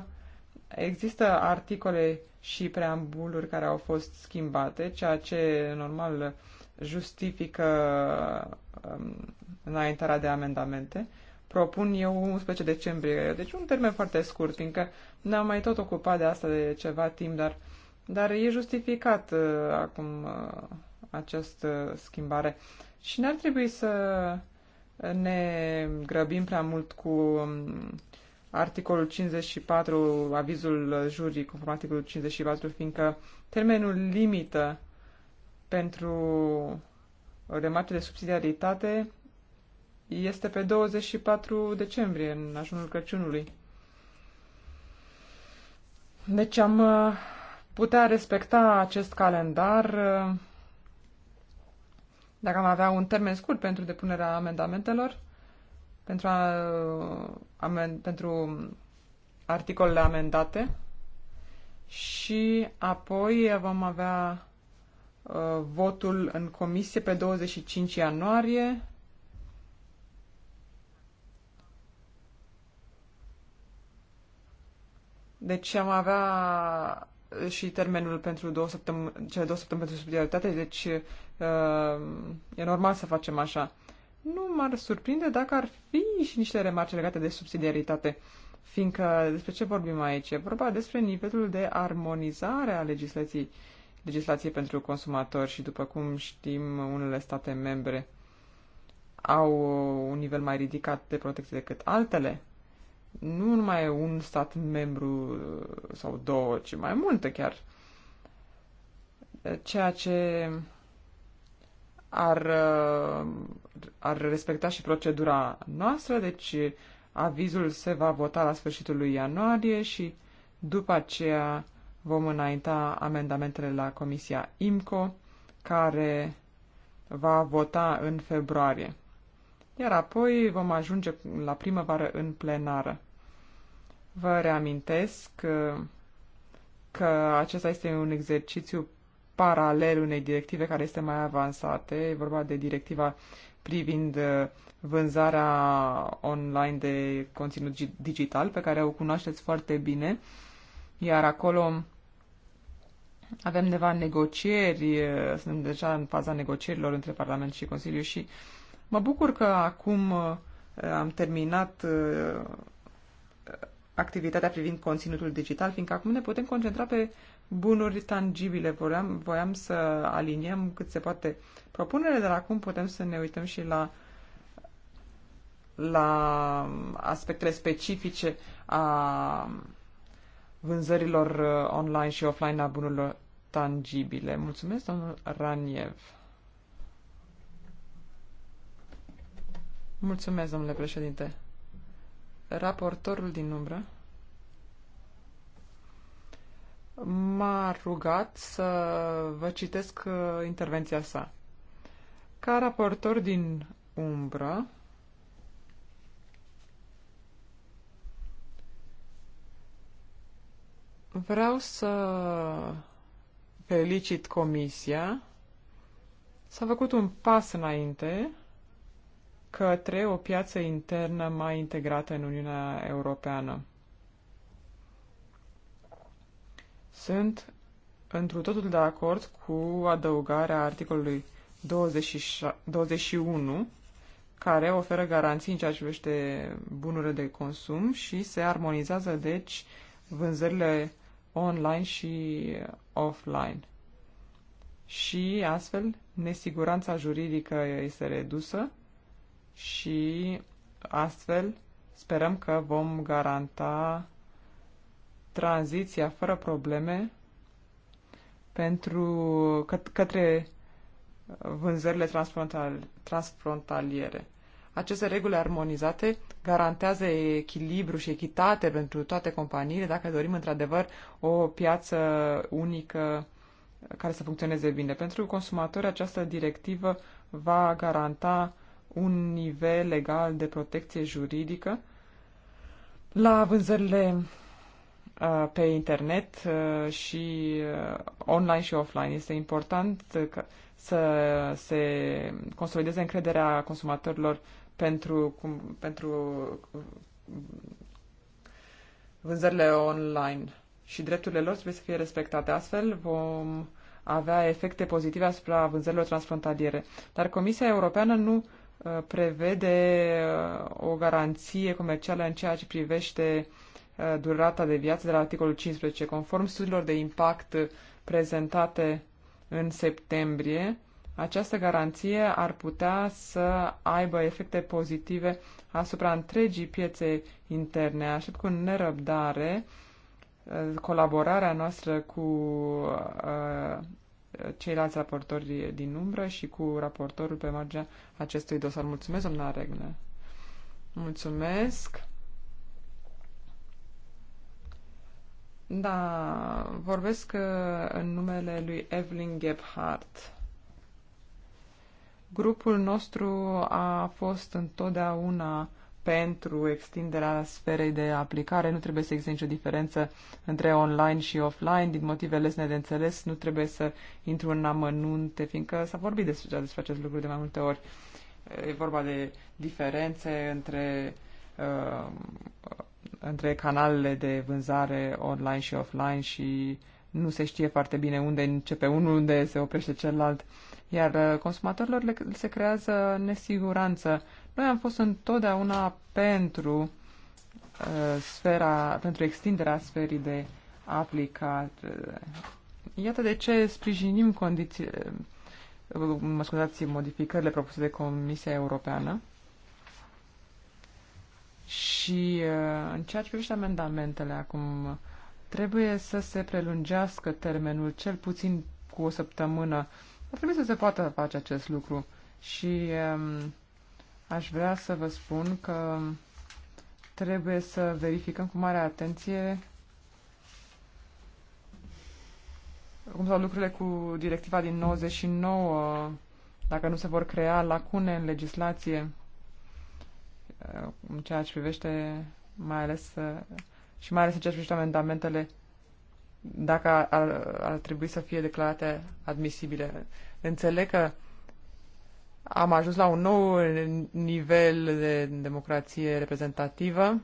Există articole și preambuluri care au fost schimbate, ceea ce normal justifică um, înaintarea de amendamente. Propun eu 11 decembrie, deci un termen foarte scurt, fiindcă ne-am mai tot ocupat de asta de ceva timp, dar, dar e justificat uh, acum uh, această schimbare. Și n-ar trebui să ne grăbim prea mult cu um, articolul 54, avizul jurii conform articolul 54, fiindcă termenul limită pentru remarcile de subsidiaritate este pe 24 decembrie, în ajunul Crăciunului. Deci am uh, putea respecta acest calendar uh, dacă am avea un termen scurt pentru depunerea amendamentelor pentru, a, amen, pentru articolele amendate și apoi vom avea uh, votul în comisie pe 25 ianuarie. Deci am avea uh, și termenul pentru două săptămâni, cele două săptămâni pentru subsidiaritate, deci uh, e normal să facem așa nu m-ar surprinde dacă ar fi și niște remarci legate de subsidiaritate, fiindcă despre ce vorbim aici? E vorba despre nivelul de armonizare a legislației, legislației pentru consumatori și, după cum știm, unele state membre au un nivel mai ridicat de protecție decât altele. Nu numai un stat membru sau două, ci mai multe chiar. Ceea ce ar ar respecta și procedura noastră, deci avizul se va vota la sfârșitul lui ianuarie și după aceea vom înainta amendamentele la Comisia IMCO, care va vota în februarie. Iar apoi vom ajunge la primăvară în plenară. Vă reamintesc că, uh, că acesta este un exercițiu paralel unei directive care este mai avansate. E vorba de directiva privind uh, vânzarea online de conținut digital, pe care o cunoașteți foarte bine, iar acolo avem neva negocieri, uh, suntem deja în faza negocierilor între Parlament și Consiliu și mă bucur că acum uh, am terminat activitatea privind conținutul digital, fiindcă acum ne putem concentra pe bunuri tangibile. Voiam, voiam să aliniem cât se poate propunerea dar acum putem să ne uităm și la la aspectele specifice a vânzărilor uh, online și offline a bunurilor tangibile. Mulțumesc, domnul Raniev. Mulțumesc, domnule președinte. Raportorul din umbră m-a rugat să vă citesc uh, intervenția sa. Ca raportor din umbră, vreau să felicit comisia. S-a făcut un pas înainte către o piață internă mai integrată în Uniunea Europeană. Sunt întru totul de acord cu adăugarea articolului 26, 21, care oferă garanții în ceea ce privește bunurile de consum și se armonizează, deci, vânzările online și offline. Și, astfel, nesiguranța juridică este redusă și, astfel, sperăm că vom garanta tranziția fără probleme pentru către uh, vânzările transfrontal, transfrontaliere. Aceste reguli armonizate garantează echilibru și echitate pentru toate companiile dacă dorim într-adevăr o piață unică care să funcționeze bine. Pentru consumatori, această directivă va garanta un nivel legal de protecție juridică la vânzările Uh, pe internet uh, și uh, online și offline. Este important să se consolideze încrederea consumatorilor pentru, cum, pentru vânzările online și drepturile lor trebuie să fie respectate. Astfel vom avea efecte pozitive asupra vânzărilor transfrontaliere. Dar Comisia Europeană nu prevede o garanție comercială în ceea ce privește uh, Uh, durata de viață de la articolul 15. Conform studiilor de impact prezentate în septembrie, această garanție ar putea să aibă efecte pozitive asupra întregii piețe interne. Aștept cu nerăbdare uh, colaborarea noastră cu uh, ceilalți raportori din umbră și cu raportorul pe marginea acestui dosar. Mulțumesc, domnule Regne. Mulțumesc. Da, vorbesc uh, în numele lui Evelyn Gebhardt. Grupul nostru a fost întotdeauna pentru extinderea sferei de aplicare. Nu trebuie să existe nicio diferență între online și offline. Din motive lesne de înțeles, nu trebuie să intru în amănunte, fiindcă s-a vorbit despre, despre acest lucru de mai multe ori. E vorba de diferențe între uh, între canalele de vânzare online și offline și nu se știe foarte bine unde începe unul, unde se oprește celălalt, iar uh, consumatorilor le, se creează nesiguranță. Noi am fost întotdeauna pentru uh, sfera, pentru extinderea sferii de aplicat. Iată de ce sprijinim condiții, uh, mă scuzați, modificările propuse de Comisia Europeană și uh, în ceea ce privește amendamentele acum, trebuie să se prelungească termenul cel puțin cu o săptămână. Ar trebui să se poată face acest lucru. Și um, aș vrea să vă spun că trebuie să verificăm cu mare atenție cum stau lucrurile cu directiva din 99, dacă nu se vor crea lacune în legislație în ceea ce privește mai ales și mai ales în ceea ce privește amendamentele dacă ar, ar trebui să fie declarate admisibile. Înțeleg că am ajuns la un nou nivel de democrație reprezentativă.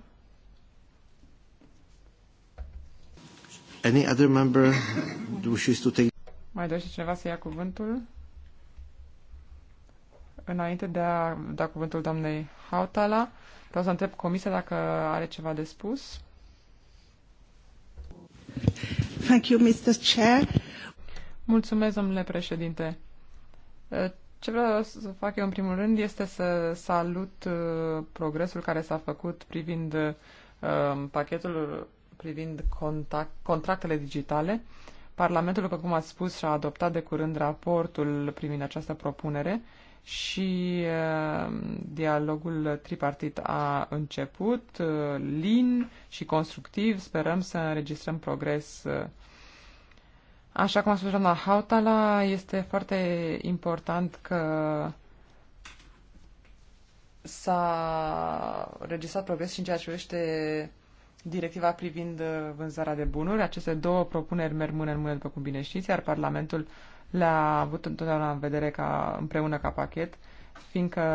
Any other member wishes to take... Mai dorește cineva să ia cuvântul? Înainte de a da cuvântul doamnei Hautala, vreau să întreb comisia dacă are ceva de spus. Thank you, Mr. Chair. Mulțumesc, domnule președinte. Ce vreau să fac eu în primul rând este să salut uh, progresul care s-a făcut privind um, pachetul privind contact, contractele digitale. Parlamentul, după cum ați spus, și-a adoptat de curând raportul privind această propunere și uh, dialogul tripartit a început, uh, lin și constructiv. Sperăm să înregistrăm progres. Uh. Așa cum a spus doamna Hautala, este foarte important că s-a registrat progres și în ceea ce privește directiva privind vânzarea de bunuri. Aceste două propuneri merg mână în mână, după cum bine știți, iar Parlamentul uh, le-a avut întotdeauna în vedere ca, împreună ca pachet, fiindcă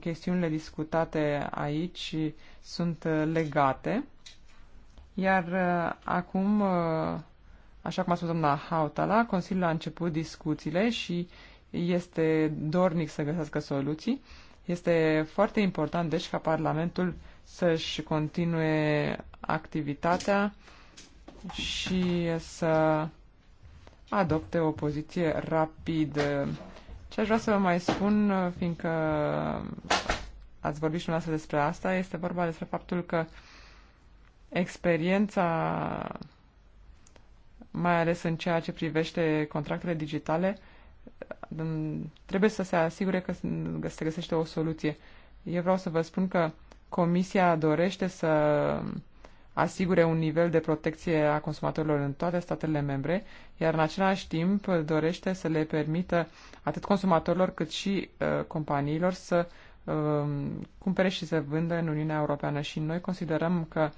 chestiunile discutate aici sunt uh, legate. Iar uh, acum, uh, așa cum a spus doamna Hautala, Consiliul a început discuțiile și este dornic să găsească soluții. Este foarte important, deci, ca Parlamentul să-și continue activitatea și să adopte o poziție rapidă. Ce aș vrea să vă mai spun, fiindcă ați vorbit și noastră despre asta, este vorba despre faptul că experiența, mai ales în ceea ce privește contractele digitale, trebuie să se asigure că se găsește o soluție. Eu vreau să vă spun că Comisia dorește să asigure un nivel de protecție a consumatorilor în toate statele membre, iar în același timp dorește să le permită atât consumatorilor cât și uh, companiilor să uh, cumpere și să vândă în Uniunea Europeană. Și noi considerăm că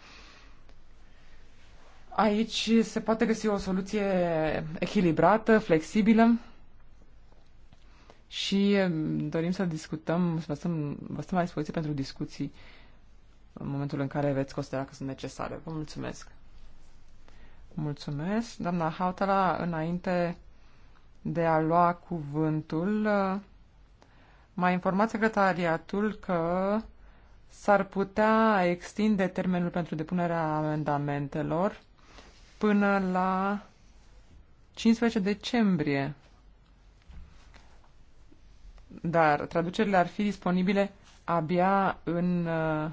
aici se poate găsi o soluție echilibrată, flexibilă și um, dorim să discutăm, să vă stăm, vă la dispoziție pentru discuții uh, în momentul în care veți considera că sunt necesare. Vă mulțumesc! Mulțumesc! Doamna Hautala, înainte de a lua cuvântul, m-a informat secretariatul că s-ar putea extinde termenul pentru depunerea amendamentelor până la 15 decembrie. Dar traducerile ar fi disponibile abia în uh,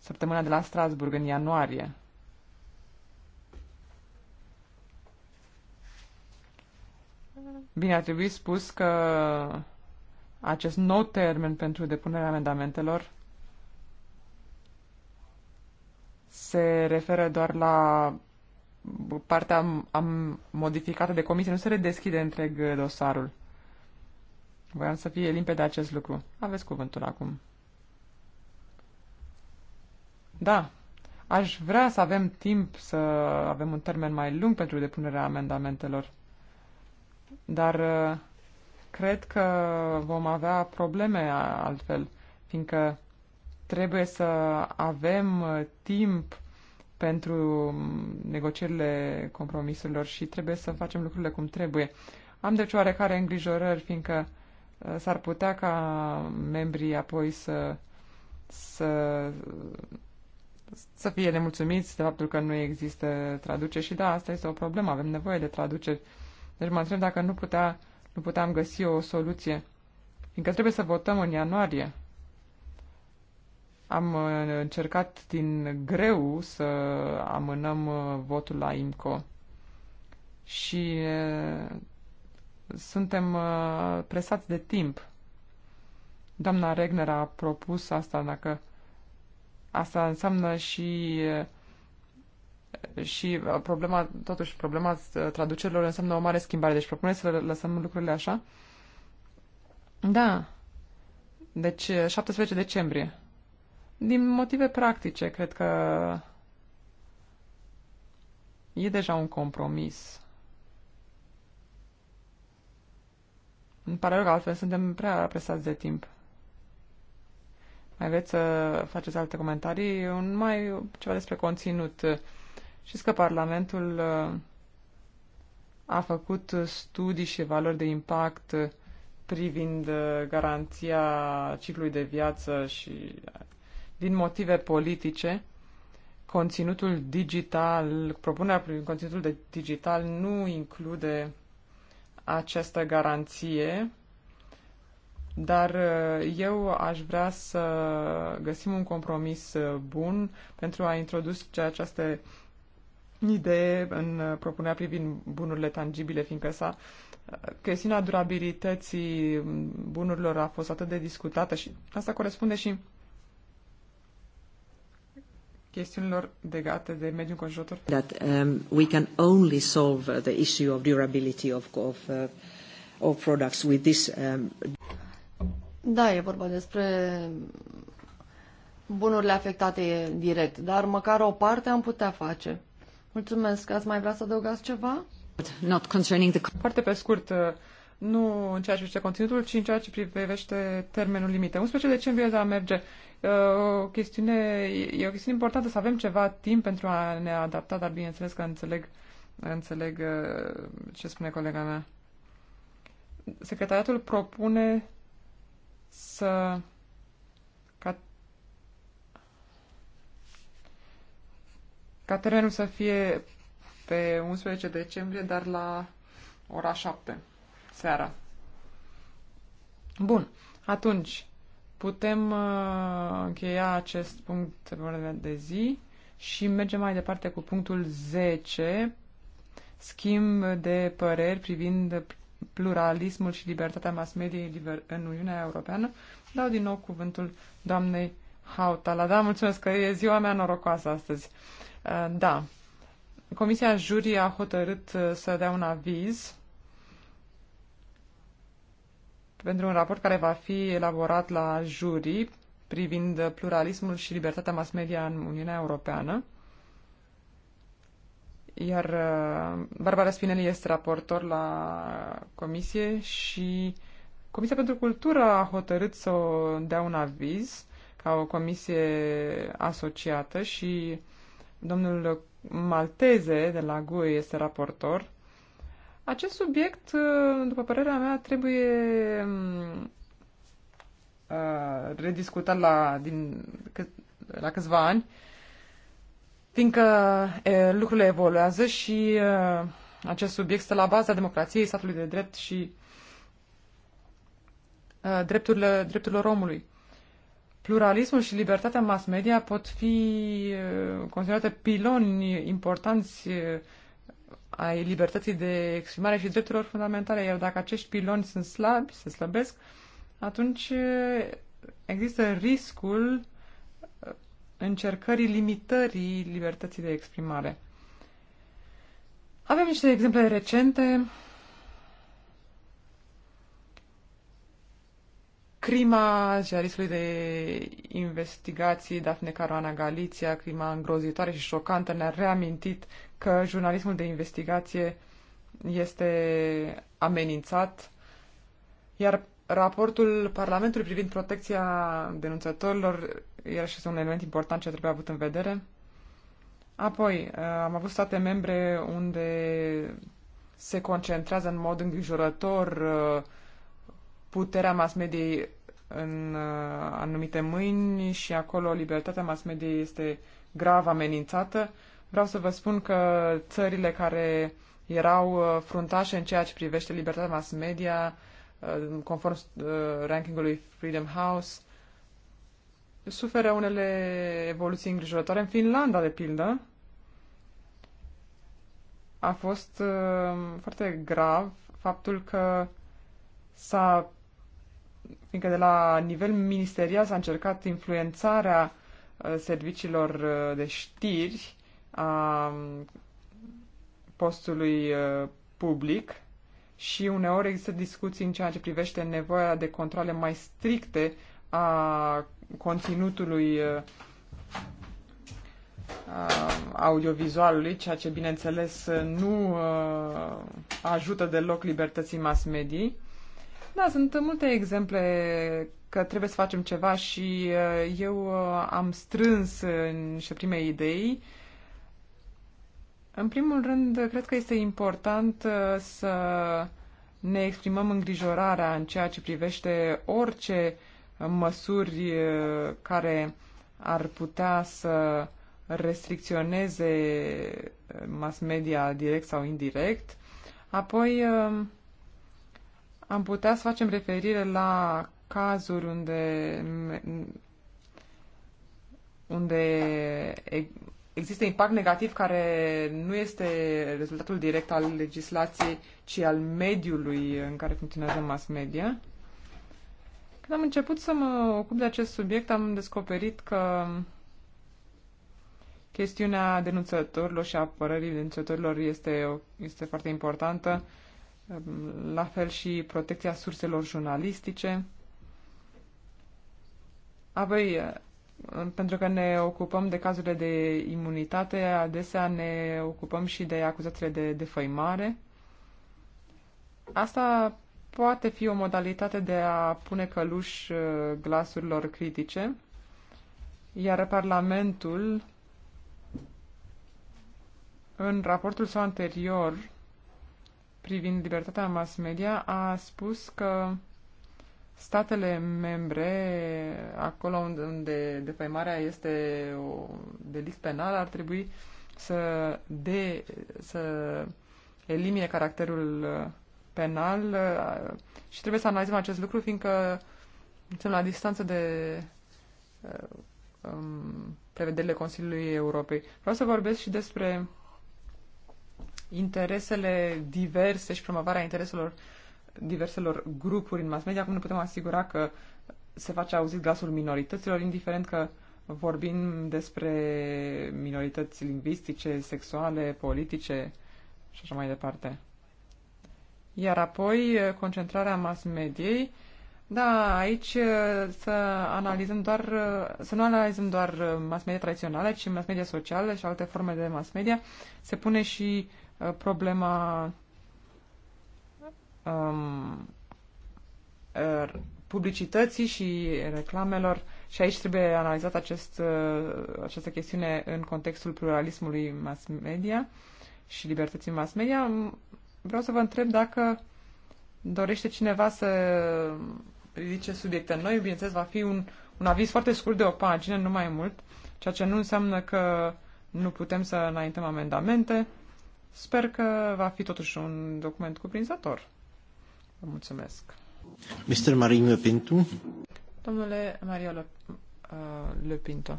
săptămâna de la Strasburg, în ianuarie. Bine, ar trebui spus că acest nou termen pentru depunerea amendamentelor se referă doar la partea am, am modificată de comisie, nu se redeschide întreg dosarul. Voiam să fie limpede acest lucru. Aveți cuvântul acum. Da, aș vrea să avem timp, să avem un termen mai lung pentru depunerea amendamentelor. Dar uh, cred că vom avea probleme altfel, fiindcă trebuie să avem uh, timp pentru mm, negocierile compromisurilor și trebuie să facem lucrurile cum trebuie. Am deci oarecare îngrijorări, fiindcă uh, s-ar putea ca membrii apoi să, să să fie nemulțumiți de faptul că nu există traduceri și da, asta este o problemă, avem nevoie de traduceri. Deci mă întreb dacă nu, putea, nu puteam găsi o soluție. Fiindcă trebuie să votăm în ianuarie. Am uh, încercat din greu să amânăm uh, votul la IMCO și uh, suntem presați de timp. Doamna Regner a propus asta dacă Asta înseamnă și și problema, totuși, problema traducerilor înseamnă o mare schimbare. Deci propuneți să lăsăm lucrurile așa? Da. Deci 17 decembrie. Din motive practice, cred că e deja un compromis. Îmi pare rău că altfel suntem prea presați de timp mai vreți să faceți alte comentarii, un mai ceva despre conținut. Știți că Parlamentul uh, a făcut studii și valori de impact privind uh, garanția ciclului de viață și uh, din motive politice, conținutul digital, propunerea privind conținutul de digital nu include această garanție dar uh, eu aș vrea să găsim un compromis uh, bun pentru a introduce această idee în uh, propunerea privind bunurile tangibile, fiindcă s-a chestiunea durabilității bunurilor a fost atât de discutată și asta corespunde și chestiunilor legate de mediul înconjurător. That um, we can only solve the issue of durability of, of, uh, of products with this um... Da, e vorba despre bunurile afectate direct, dar măcar o parte am putea face. Mulțumesc. Ați mai vrea să adăugați ceva? Not concerning the... Foarte pe scurt, uh, nu în ceea ce privește conținutul, ci în ceea ce privește termenul limită. 11 decembrie va merge. Uh, o chestiune, e o chestiune importantă să avem ceva timp pentru a ne adapta, dar bineînțeles că înțeleg, înțeleg uh, ce spune colega mea. Secretariatul propune să ca, ca terenul să fie pe 11 decembrie, dar la ora 7 seara. Bun, atunci putem uh, încheia acest punct de zi și mergem mai departe cu punctul 10, schimb de păreri privind pluralismul și libertatea mass media în Uniunea Europeană, dau din nou cuvântul doamnei Hautala. Da, mulțumesc că e ziua mea norocoasă astăzi. Uh, da, Comisia Jurii a hotărât uh, să dea un aviz pentru un raport care va fi elaborat la jurii privind pluralismul și libertatea mass media în Uniunea Europeană. Iar uh, Barbara Spinelli este raportor la comisie și Comisia pentru Cultură a hotărât să dea un aviz ca o comisie asociată și domnul Malteze de la GUE este raportor. Acest subiect, uh, după părerea mea, trebuie um, uh, rediscutat la, din, la câțiva ani fiindcă e, lucrurile evoluează și e, acest subiect stă la baza democrației, statului de drept și e, drepturile, drepturilor omului. Pluralismul și libertatea mass media pot fi considerate piloni importanți ai libertății de exprimare și drepturilor fundamentale, iar dacă acești piloni sunt slabi, se slăbesc, atunci există riscul uh, încercării limitării libertății de exprimare. Avem niște exemple recente. Crima ziaristului de investigații Dafne Caruana Galiția, crima îngrozitoare și șocantă, ne-a reamintit că jurnalismul de investigație este amenințat, iar raportul Parlamentului privind protecția denunțătorilor era este un element important ce trebuie avut în vedere. Apoi, uh, am avut state membre unde se concentrează în mod îngrijorător uh, puterea mass mediei în uh, anumite mâini și acolo libertatea mass mediei este grav amenințată. Vreau să vă spun că țările care erau fruntașe în ceea ce privește libertatea mass media, conform rankingului Freedom House, suferă unele evoluții îngrijorătoare. În Finlanda, de pildă, a fost uh, foarte grav faptul că s-a, fiindcă de la nivel ministerial s-a încercat influențarea uh, serviciilor uh, de știri a um, postului uh, public și uneori există discuții în ceea ce privește nevoia de controle mai stricte a conținutului uh, uh, audiovizualului, ceea ce, bineînțeles, uh, nu ajută deloc libertății mass mediei. Da, sunt multe exemple că trebuie să facem ceva și eu am strâns niște prime idei. În primul rând, cred că este important să ne exprimăm îngrijorarea în ceea ce privește orice uh, măsuri uh, care ar putea să restricționeze uh, mass media direct sau indirect. Apoi um, am putea să facem referire la cazuri unde unde există impact negativ care nu este rezultatul direct al legislației, ci al mediului în care funcționează mass media. Când am început să mă ocup de acest subiect, am descoperit că chestiunea denunțătorilor și apărării denunțătorilor este, este foarte importantă, la fel și protecția surselor jurnalistice. Apoi, pentru că ne ocupăm de cazurile de imunitate, adesea ne ocupăm și de acuzațiile de defăimare. Asta poate fi o modalitate de a pune căluș uh, glasurilor critice, iar Parlamentul, în raportul său anterior privind libertatea mass media, a spus că statele membre, acolo unde defăimarea este o delict penal, ar trebui să, de, să elimine caracterul uh, penal uh, și trebuie să analizăm acest lucru, fiindcă suntem la distanță de uh, um, prevederile Consiliului Europei. Vreau să vorbesc și despre interesele diverse și promovarea intereselor diverselor grupuri în mass media, cum ne putem asigura că se face auzit glasul minorităților, indiferent că vorbim despre minorități lingvistice, sexuale, politice și așa mai departe. Iar apoi concentrarea mass mediei. Da, aici să analizăm doar, să nu analizăm doar mass media tradițională, ci mass media socială și alte forme de mass media. Se pune și problema um, publicității și reclamelor și aici trebuie analizat acest, această chestiune în contextul pluralismului mass media și libertății mass media. Vreau să vă întreb dacă dorește cineva să ridice subiecte noi. Bineînțeles, va fi un, un aviz foarte scurt de o pagină, nu mai mult, ceea ce nu înseamnă că nu putem să înaintăm amendamente. Sper că va fi totuși un document cuprinzător. Vă mulțumesc. Mr. Marin Pintu. Domnule Maria Le, uh, Le Pinto.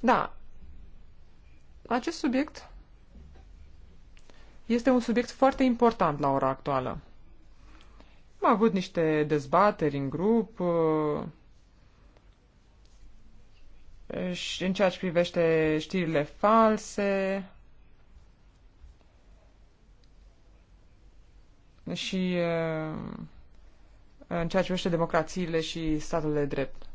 Da, acest subiect este un subiect foarte important la ora actuală. Am avut niște dezbateri în grup uh, și în ceea ce privește știrile false și uh, în ceea ce privește democrațiile și statul de drept.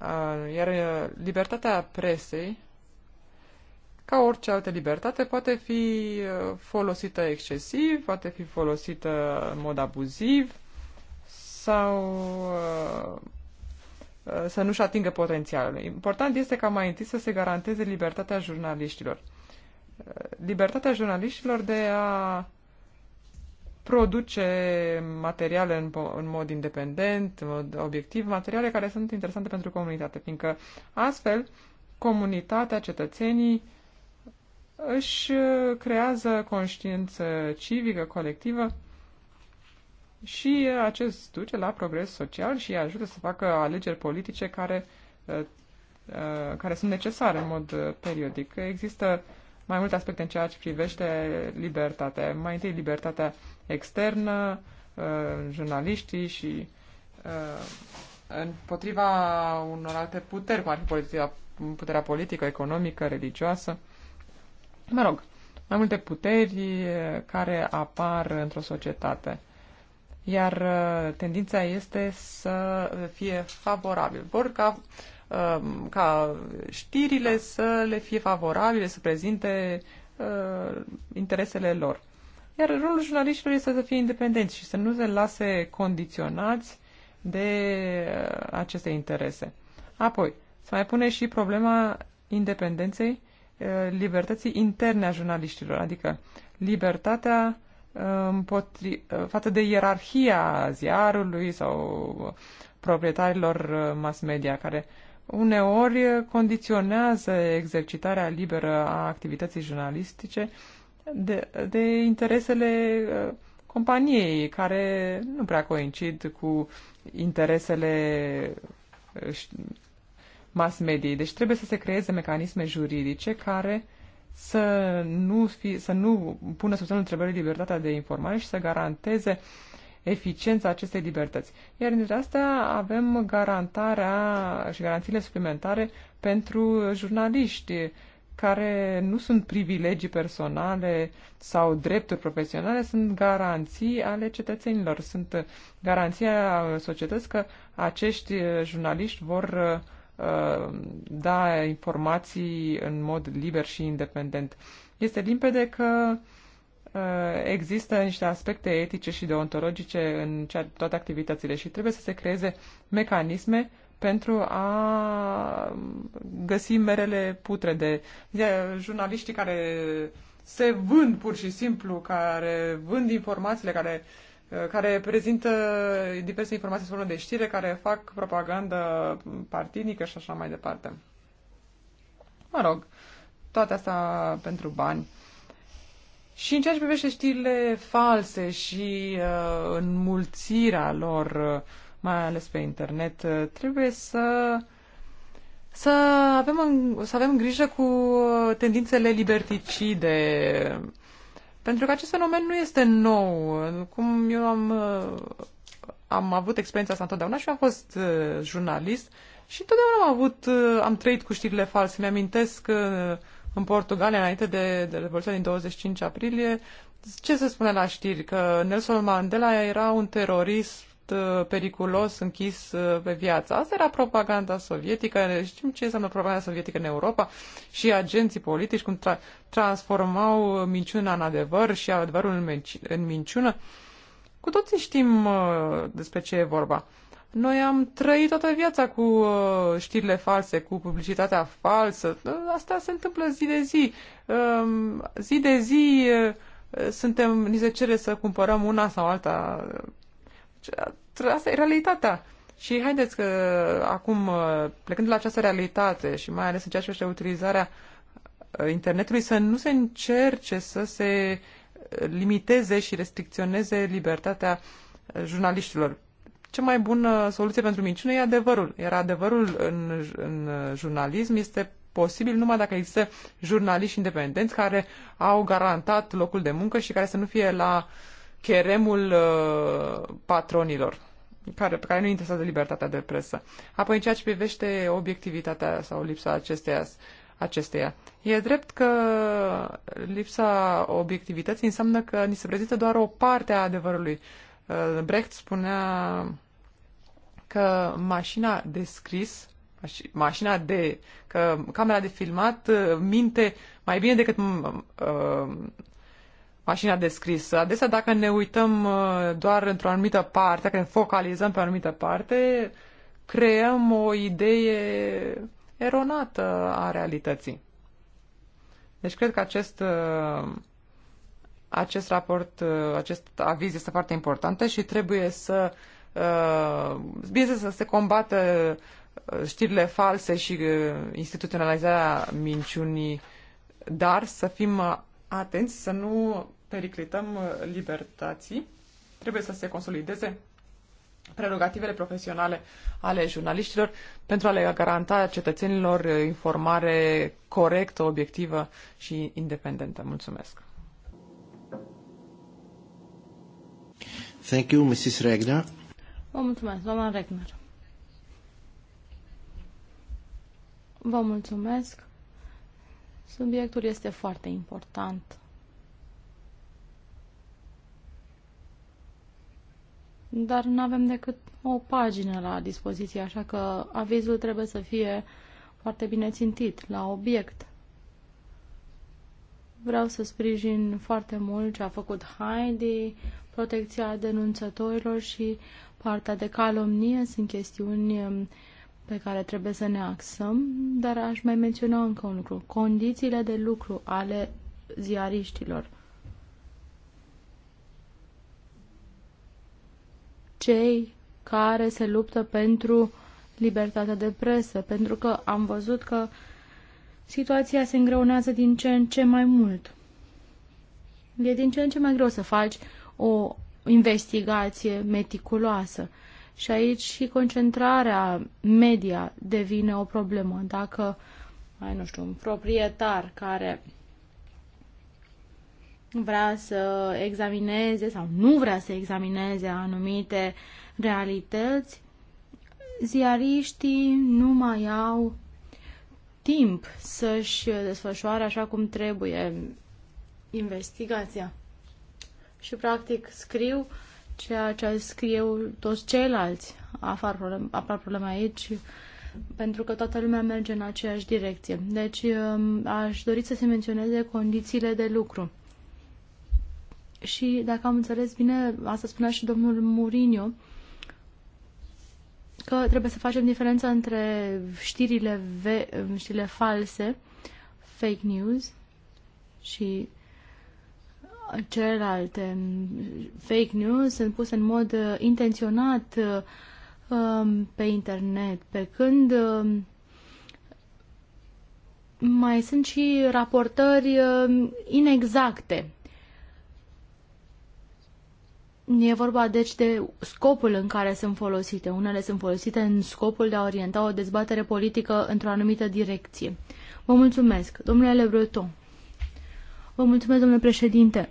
Uh, iar libertatea presei ca orice altă libertate, poate fi uh, folosită excesiv, poate fi folosită în mod abuziv sau uh, uh, să nu-și atingă potențialul. Important este ca mai întâi să se garanteze libertatea jurnaliștilor. Libertatea jurnaliștilor de a produce materiale în, în mod independent, în mod obiectiv, materiale care sunt interesante pentru comunitate, fiindcă astfel comunitatea, cetățenii, își uh, creează conștiință civică, colectivă și uh, acest duce la progres social și ajută să facă alegeri politice care, uh, care sunt necesare în mod periodic. Există mai multe aspecte în ceea ce privește libertatea. Mai întâi libertatea externă, jurnaliștii și împotriva unor alte puteri, cum ar fi puterea politică, economică, religioasă. Mă rog, mai multe puteri eh, care apar într-o societate. Iar eh, tendința este să fie favorabil. Vor ca, eh, ca știrile să le fie favorabile, să prezinte interesele lor. Iar rolul jurnaliștilor este să fie independenți și să nu se lase condiționați de aceste interese. Apoi, să mai pune și problema independenței Eh, libertății interne a jurnaliștilor, adică libertatea eh, împotri, eh, față de ierarhia ziarului sau proprietarilor mass media, care uneori condiționează exercitarea liberă a activității jurnalistice de, de interesele companiei, care nu prea coincid cu interesele mass mediei. Deci trebuie să se creeze mecanisme juridice care să nu, fi, să nu pună sub semnul întrebării libertatea de informare și să garanteze eficiența acestei libertăți. Iar dintre astea avem garantarea și garanțiile suplimentare pentru jurnaliști care nu sunt privilegii personale sau drepturi profesionale, sunt garanții ale cetățenilor, sunt garanția societății că acești jurnaliști vor da informații în mod liber și independent. Este limpede că uh, există niște aspecte etice și deontologice în toate activitățile și trebuie să se creeze mecanisme pentru a găsi merele putrede. Jurnaliștii care se vând pur și simplu, care vând informațiile, care uh, Uh, care prezintă diverse informații sub de știre, care fac propagandă partidnică și așa mai departe. Mă rog, toate astea pentru bani. Și în ceea ce privește știrile false și uh, înmulțirea lor, uh, mai ales pe internet, uh, trebuie să să avem, în, să avem grijă cu tendințele liberticide pentru că acest fenomen nu este nou. Cum eu am, uh, am avut experiența asta întotdeauna și am fost uh, jurnalist și întotdeauna am avut, uh, am trăit cu știrile false. Mi-amintesc că în Portugalia, înainte de, de Revoluția din 25 aprilie, ce se spune la știri? Că Nelson Mandela era un terorist Uh, periculos închis uh, pe viață. Asta era propaganda sovietică, știm ce înseamnă propaganda sovietică în Europa și agenții politici cum tra- transformau uh, minciuna în adevăr și adevărul în, menci- în minciună. Cu toții știm uh, despre ce e vorba. Noi am trăit toată viața cu uh, știrile false, cu publicitatea falsă. Asta se întâmplă zi de zi. Uh, zi de zi uh, suntem, ni se cere să cumpărăm una sau alta Asta e realitatea. Și haideți că uh, acum, uh, plecând de la această realitate și mai ales în ceea ce este utilizarea uh, internetului, să nu se încerce să se limiteze și restricționeze libertatea jurnaliștilor. Cea mai bună soluție pentru minciună e adevărul. Iar adevărul în, în jurnalism este posibil numai dacă există jurnaliști independenți care au garantat locul de muncă și care să nu fie la uh, cheremul uh, patronilor, care, pe care nu interesează libertatea de presă. Apoi, în ceea ce privește obiectivitatea sau lipsa acesteia, acesteia. E drept că lipsa obiectivității înseamnă că ni se prezintă doar o parte a adevărului. Uh, Brecht spunea că mașina de scris, mașina de, că camera de filmat uh, minte mai bine decât uh, mașina de scris. Adesea, dacă ne uităm uh, doar într-o anumită parte, dacă ne focalizăm pe o anumită parte, creăm o idee eronată a realității. Deci cred că acest, uh, acest raport, uh, acest aviz este foarte important și trebuie să bine să se combată știrile false și instituționalizarea minciunii, dar să fim atenți să nu periclităm uh, libertății, trebuie să se consolideze prerogativele profesionale ale jurnaliștilor pentru a le garanta cetățenilor uh, informare corectă, obiectivă și independentă. Mulțumesc! Thank you, Mrs. Regner. Vă mulțumesc, doamna Regner. Vă mulțumesc. Subiectul este foarte important. dar nu avem decât o pagină la dispoziție, așa că avizul trebuie să fie foarte bine țintit, la obiect. Vreau să sprijin foarte mult ce a făcut Heidi, protecția denunțătorilor și partea de calomnie sunt chestiuni um, pe care trebuie să ne axăm, dar aș mai menționa încă un lucru. Condițiile de lucru ale ziariștilor. cei care se luptă pentru libertatea de presă, pentru că am văzut că situația se îngreunează din ce în ce mai mult. E din ce în ce mai greu să faci o investigație meticuloasă. Și aici și concentrarea media devine o problemă. Dacă ai, nu știu, un proprietar care vrea să examineze sau nu vrea să examineze anumite realități, ziariștii nu mai au timp să-și desfășoare așa cum trebuie investigația. Și practic scriu ceea ce scriu toți ceilalți. Apar probleme, aici pentru că toată lumea merge în aceeași direcție. Deci um, aș dori să se menționeze condițiile de lucru. Și dacă am înțeles bine, asta spunea și domnul Mourinho, că trebuie să facem diferența între știrile, ve- știrile false, fake news, și celelalte fake news sunt puse în mod uh, intenționat uh, um, pe internet, pe când um, mai sunt și raportări uh, inexacte E vorba deci de scopul în care sunt folosite. Unele sunt folosite în scopul de a orienta o dezbatere politică într-o anumită direcție. Vă mulțumesc, domnule Le Breton. Vă mulțumesc, domnule președinte.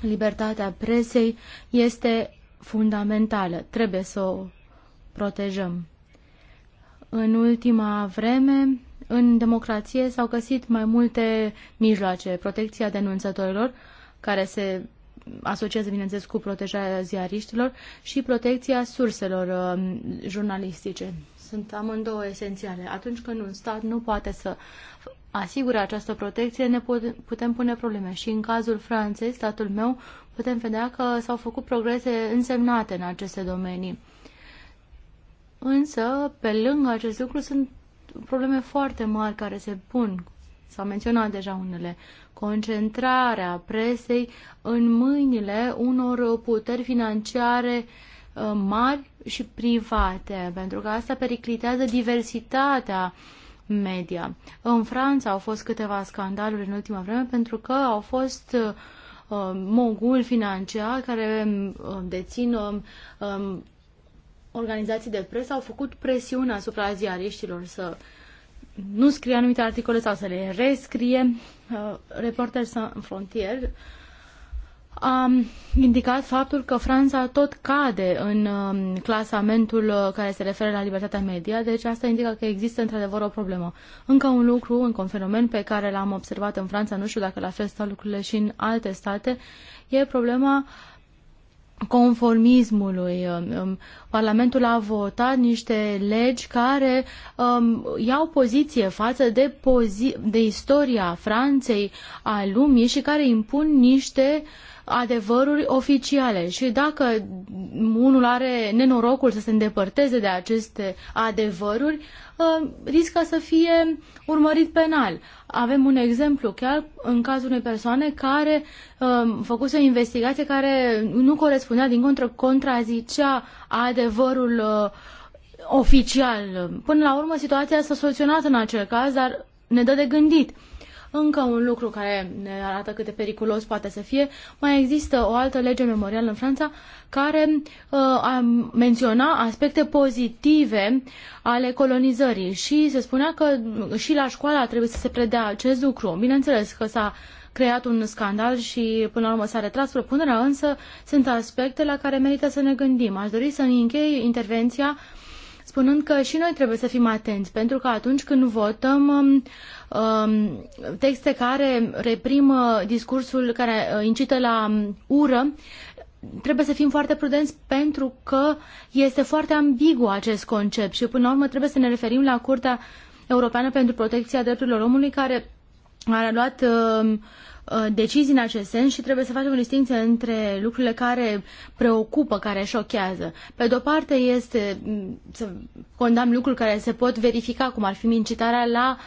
Libertatea presei este fundamentală. Trebuie să o protejăm. În ultima vreme, în democrație s-au găsit mai multe mijloace. Protecția denunțătorilor, care se asociază, bineînțeles, cu protejarea ziariștilor și protecția surselor um, jurnalistice. Sunt amândouă esențiale. Atunci când un stat nu poate să asigure această protecție, ne putem pune probleme. Și în cazul Franței, statul meu, putem vedea că s-au făcut progrese însemnate în aceste domenii. Însă, pe lângă acest lucru, sunt probleme foarte mari care se pun s a menționat deja unele, concentrarea presei în mâinile unor puteri financiare uh, mari și private, pentru că asta periclitează diversitatea media. În Franța au fost câteva scandaluri în ultima vreme pentru că au fost uh, uh mogul financiar care um, uh, dețin um, um, organizații de presă au făcut presiune asupra ziariștilor să nu scrie anumite articole sau să le rescrie. Uh, Reporter Sans Frontier a indicat faptul că Franța tot cade în um, clasamentul uh, care se referă la libertatea media, deci asta indică că există într-adevăr o problemă. Încă un lucru, încă un fenomen pe care l-am observat în Franța, nu știu dacă la fel stau lucrurile și în alte state, e problema uh, conformismului. Um, um, Parlamentul a votat niște legi care um, iau poziție față de, pozi- de istoria Franței, a lumii și care impun niște adevăruri oficiale. Și dacă unul are nenorocul să se îndepărteze de aceste adevăruri, Uh, riscă să fie urmărit penal. Avem un exemplu chiar în cazul unei persoane care um, făcuse o investigație care nu corespundea, din contră, contrazicea adevărul uh, oficial. Până la urmă, situația s-a soluționat în acel caz, dar ne dă de gândit. Încă un lucru care ne arată cât de periculos poate să fie, mai există o altă lege memorială în Franța care uh, a menționa aspecte pozitive ale colonizării și se spunea că și la școală trebuie să se predea acest lucru. Bineînțeles că s-a creat un scandal și până la urmă s-a retras propunerea, însă sunt aspecte la care merită să ne gândim. Aș dori să închei intervenția spunând că și noi trebuie să fim atenți, pentru că atunci când votăm um, Um, texte care reprimă uh, discursul care uh, incită la um, ură, trebuie să fim foarte prudenți pentru că este foarte ambigu acest concept și până la urmă trebuie să ne referim la Curtea Europeană pentru Protecția Drepturilor Omului care a luat um, uh, decizii în acest sens și trebuie să facem o distinție între lucrurile care preocupă, care șochează. Pe de-o parte este mm, să condamn lucruri care se pot verifica, cum ar fi incitarea la uh,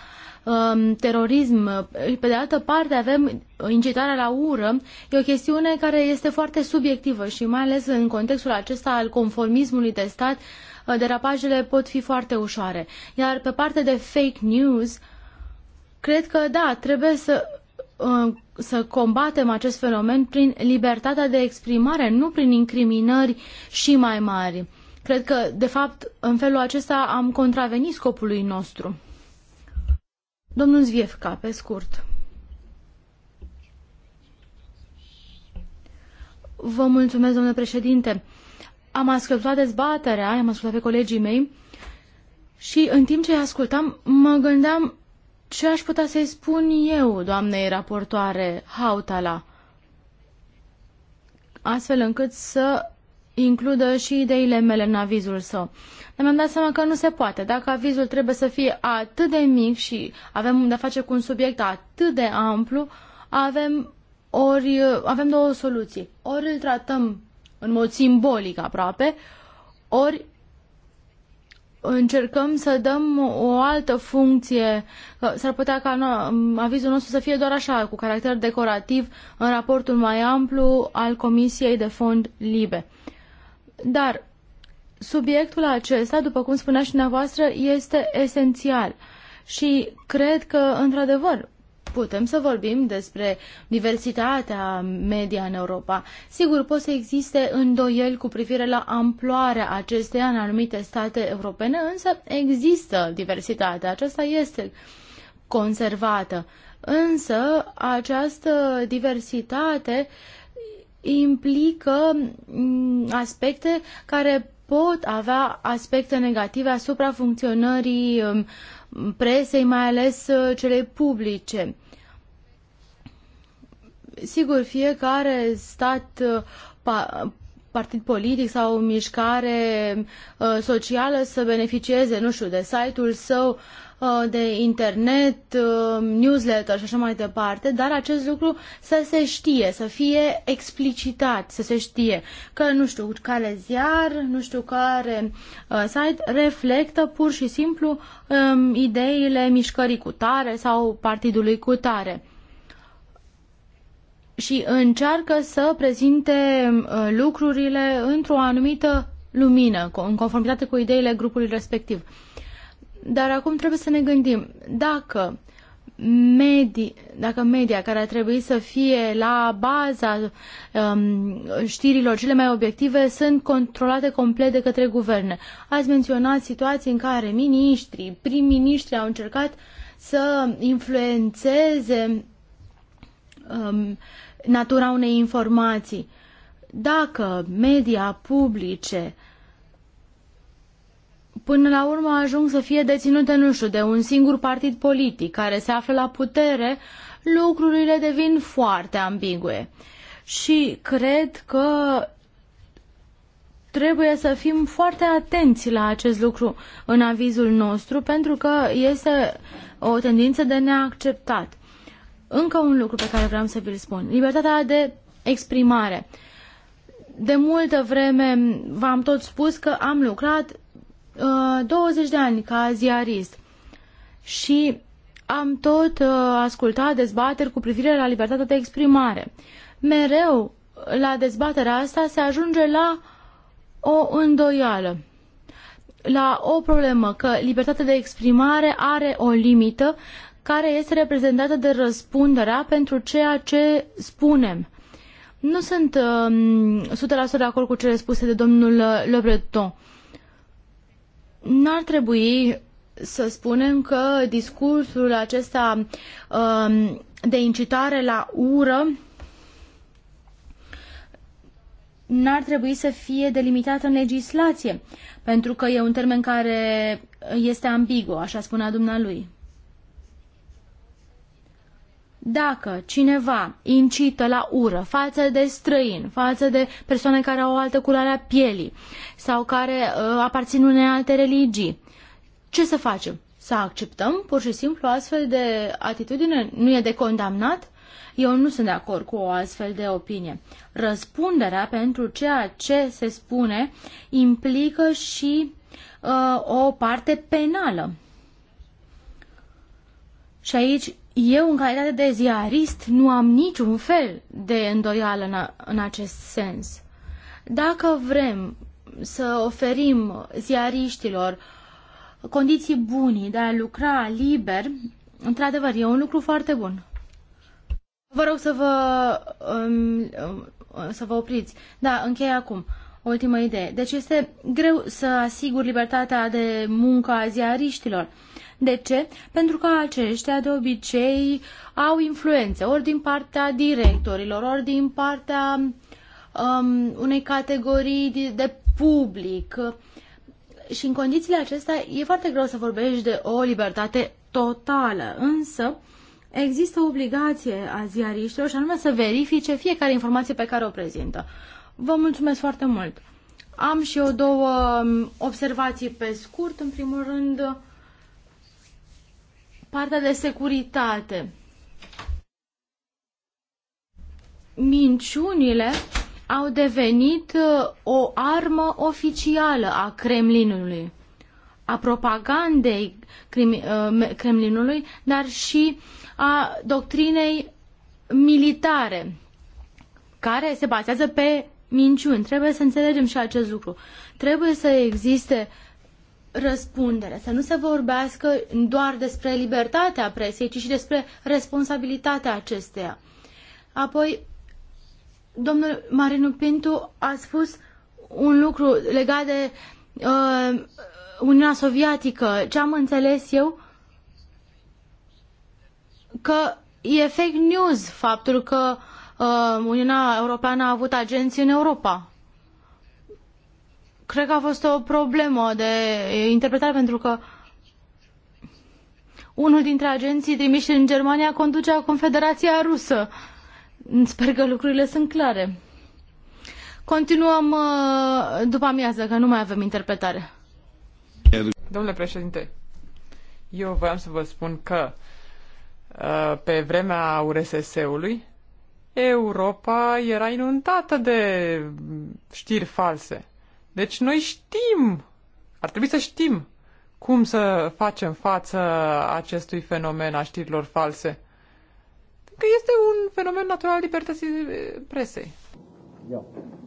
Um, terorism, pe de altă parte avem incitarea la ură, e o chestiune care este foarte subiectivă și mai ales în contextul acesta al conformismului de stat, uh, derapajele pot fi foarte ușoare. Iar pe partea de fake news, cred că da, trebuie să uh, să combatem acest fenomen prin libertatea de exprimare, nu prin incriminări și mai mari. Cred că, de fapt, în felul acesta am contravenit scopului nostru. Domnul Zviefca, pe scurt. Vă mulțumesc, domnule președinte. Am ascultat dezbaterea, am ascultat pe colegii mei și în timp ce îi ascultam, mă gândeam ce aș putea să-i spun eu, doamnei raportoare Hautala, astfel încât să includă și ideile mele în avizul său. Dar mi-am dat seama că nu se poate. Dacă avizul trebuie să fie atât de mic și avem de-a face cu un subiect atât de amplu, avem, ori, avem două soluții. Ori îl tratăm în mod simbolic aproape, ori încercăm să dăm o altă funcție. S-ar putea ca avizul nostru să fie doar așa, cu caracter decorativ, în raportul mai amplu al Comisiei de Fond Libe. Dar subiectul acesta, după cum spunea și dumneavoastră, este esențial. Și cred că, într-adevăr, putem să vorbim despre diversitatea media în Europa. Sigur, pot să existe îndoieli cu privire la amploarea acesteia în anumite state europene, însă există diversitate. Aceasta este conservată. Însă, această diversitate uh, implică mm, aspecte care pot avea aspecte negative asupra funcționării mm, presei, mai ales uh, cele publice. Sigur, fiecare stat uh, partid politic sau o mișcare uh, socială să beneficieze, nu știu, de site-ul său, uh, de internet, uh, newsletter și așa mai departe, dar acest lucru să se știe, să fie explicitat, să se știe că nu știu care ziar, nu știu care site reflectă pur și simplu um, ideile mișcării cu tare sau partidului cu tare și încearcă să prezinte uh, lucrurile într-o anumită lumină, în conformitate cu ideile grupului respectiv. Dar acum trebuie să ne gândim dacă medi, dacă media care ar trebui să fie la baza um, știrilor cele mai obiective sunt controlate complet de către guverne. Ați menționat situații în care miniștri, prim-miniștri au încercat să influențeze um, natura unei informații. Dacă media publice până la urmă ajung să fie deținute, nu știu, de un singur partid politic care se află la putere, lucrurile devin foarte ambigue. Și cred că trebuie să fim foarte atenți la acest lucru în avizul nostru, pentru că este o tendință de neacceptat. Încă un lucru pe care vreau să vi-l spun. Libertatea de exprimare. De multă vreme v-am tot spus că am lucrat uh, 20 de ani ca ziarist și am tot uh, ascultat dezbateri cu privire la libertatea de exprimare. Mereu la dezbaterea asta se ajunge la o îndoială, la o problemă că libertatea de exprimare are o limită care este reprezentată de răspunderea pentru ceea ce spunem. Nu sunt uh, um, 100% de acord cu cele spuse de domnul Le Breton. N-ar trebui să spunem că discursul acesta uh, de incitare la ură n-ar trebui să fie delimitat în legislație, pentru că e un termen care este ambigu, așa spunea dumnealui. Dacă cineva incită la ură față de străini, față de persoane care au o altă culoare a pielii sau care uh, aparțin unei alte religii, ce să facem? Să acceptăm pur și simplu astfel de atitudine? Nu e de condamnat? Eu nu sunt de acord cu o astfel de opinie. Răspunderea pentru ceea ce se spune implică și uh, o parte penală. Și aici eu, în calitate de ziarist, nu am niciun fel de îndoială în, a, în acest sens. Dacă vrem să oferim ziariștilor condiții bune de a lucra liber, într-adevăr, e un lucru foarte bun. Vă rog să vă, um, um să vă opriți. Da, închei acum. Ultima idee. Deci este greu să asigur libertatea de muncă a ziariștilor. De ce? Pentru că aceștia de obicei au influențe, ori din partea directorilor, ori din partea um, unei categorii de, de public. Și în condițiile acestea e foarte greu să vorbești de o libertate totală, însă există o obligație a ziariștilor și anume să verifice fiecare informație pe care o prezintă. Vă mulțumesc foarte mult! Am și eu două um, observații pe scurt. În primul rând, Partea de securitate. Minciunile au devenit uh, o armă oficială a Kremlinului, a propagandei uh, Kremlinului, dar și a doctrinei militare, care se bazează pe minciuni. Trebuie să înțelegem și acest lucru. Trebuie să existe uh, răspundere, să nu se vorbească doar despre libertatea presei, ci și despre responsabilitatea acesteia. Apoi, domnul Marinu Pintu a spus un lucru legat de uh, Uniunea Sovietică. Ce am înțeles eu? Că e fake news faptul că uh, Uniunea Europeană a avut agenții în Europa cred că a fost o problemă de interpretare pentru că unul dintre agenții trimiși în Germania conducea Confederația Rusă. Sper că lucrurile sunt clare. Continuăm uh, după amiază, că nu mai avem interpretare. Domnule președinte, eu voiam să vă spun că uh, pe vremea URSS-ului, Europa era inundată de știri false. Deci noi știm, ar trebui să știm cum să facem față acestui fenomen a știrilor false. Că este un fenomen natural al libertății presei. Yeah.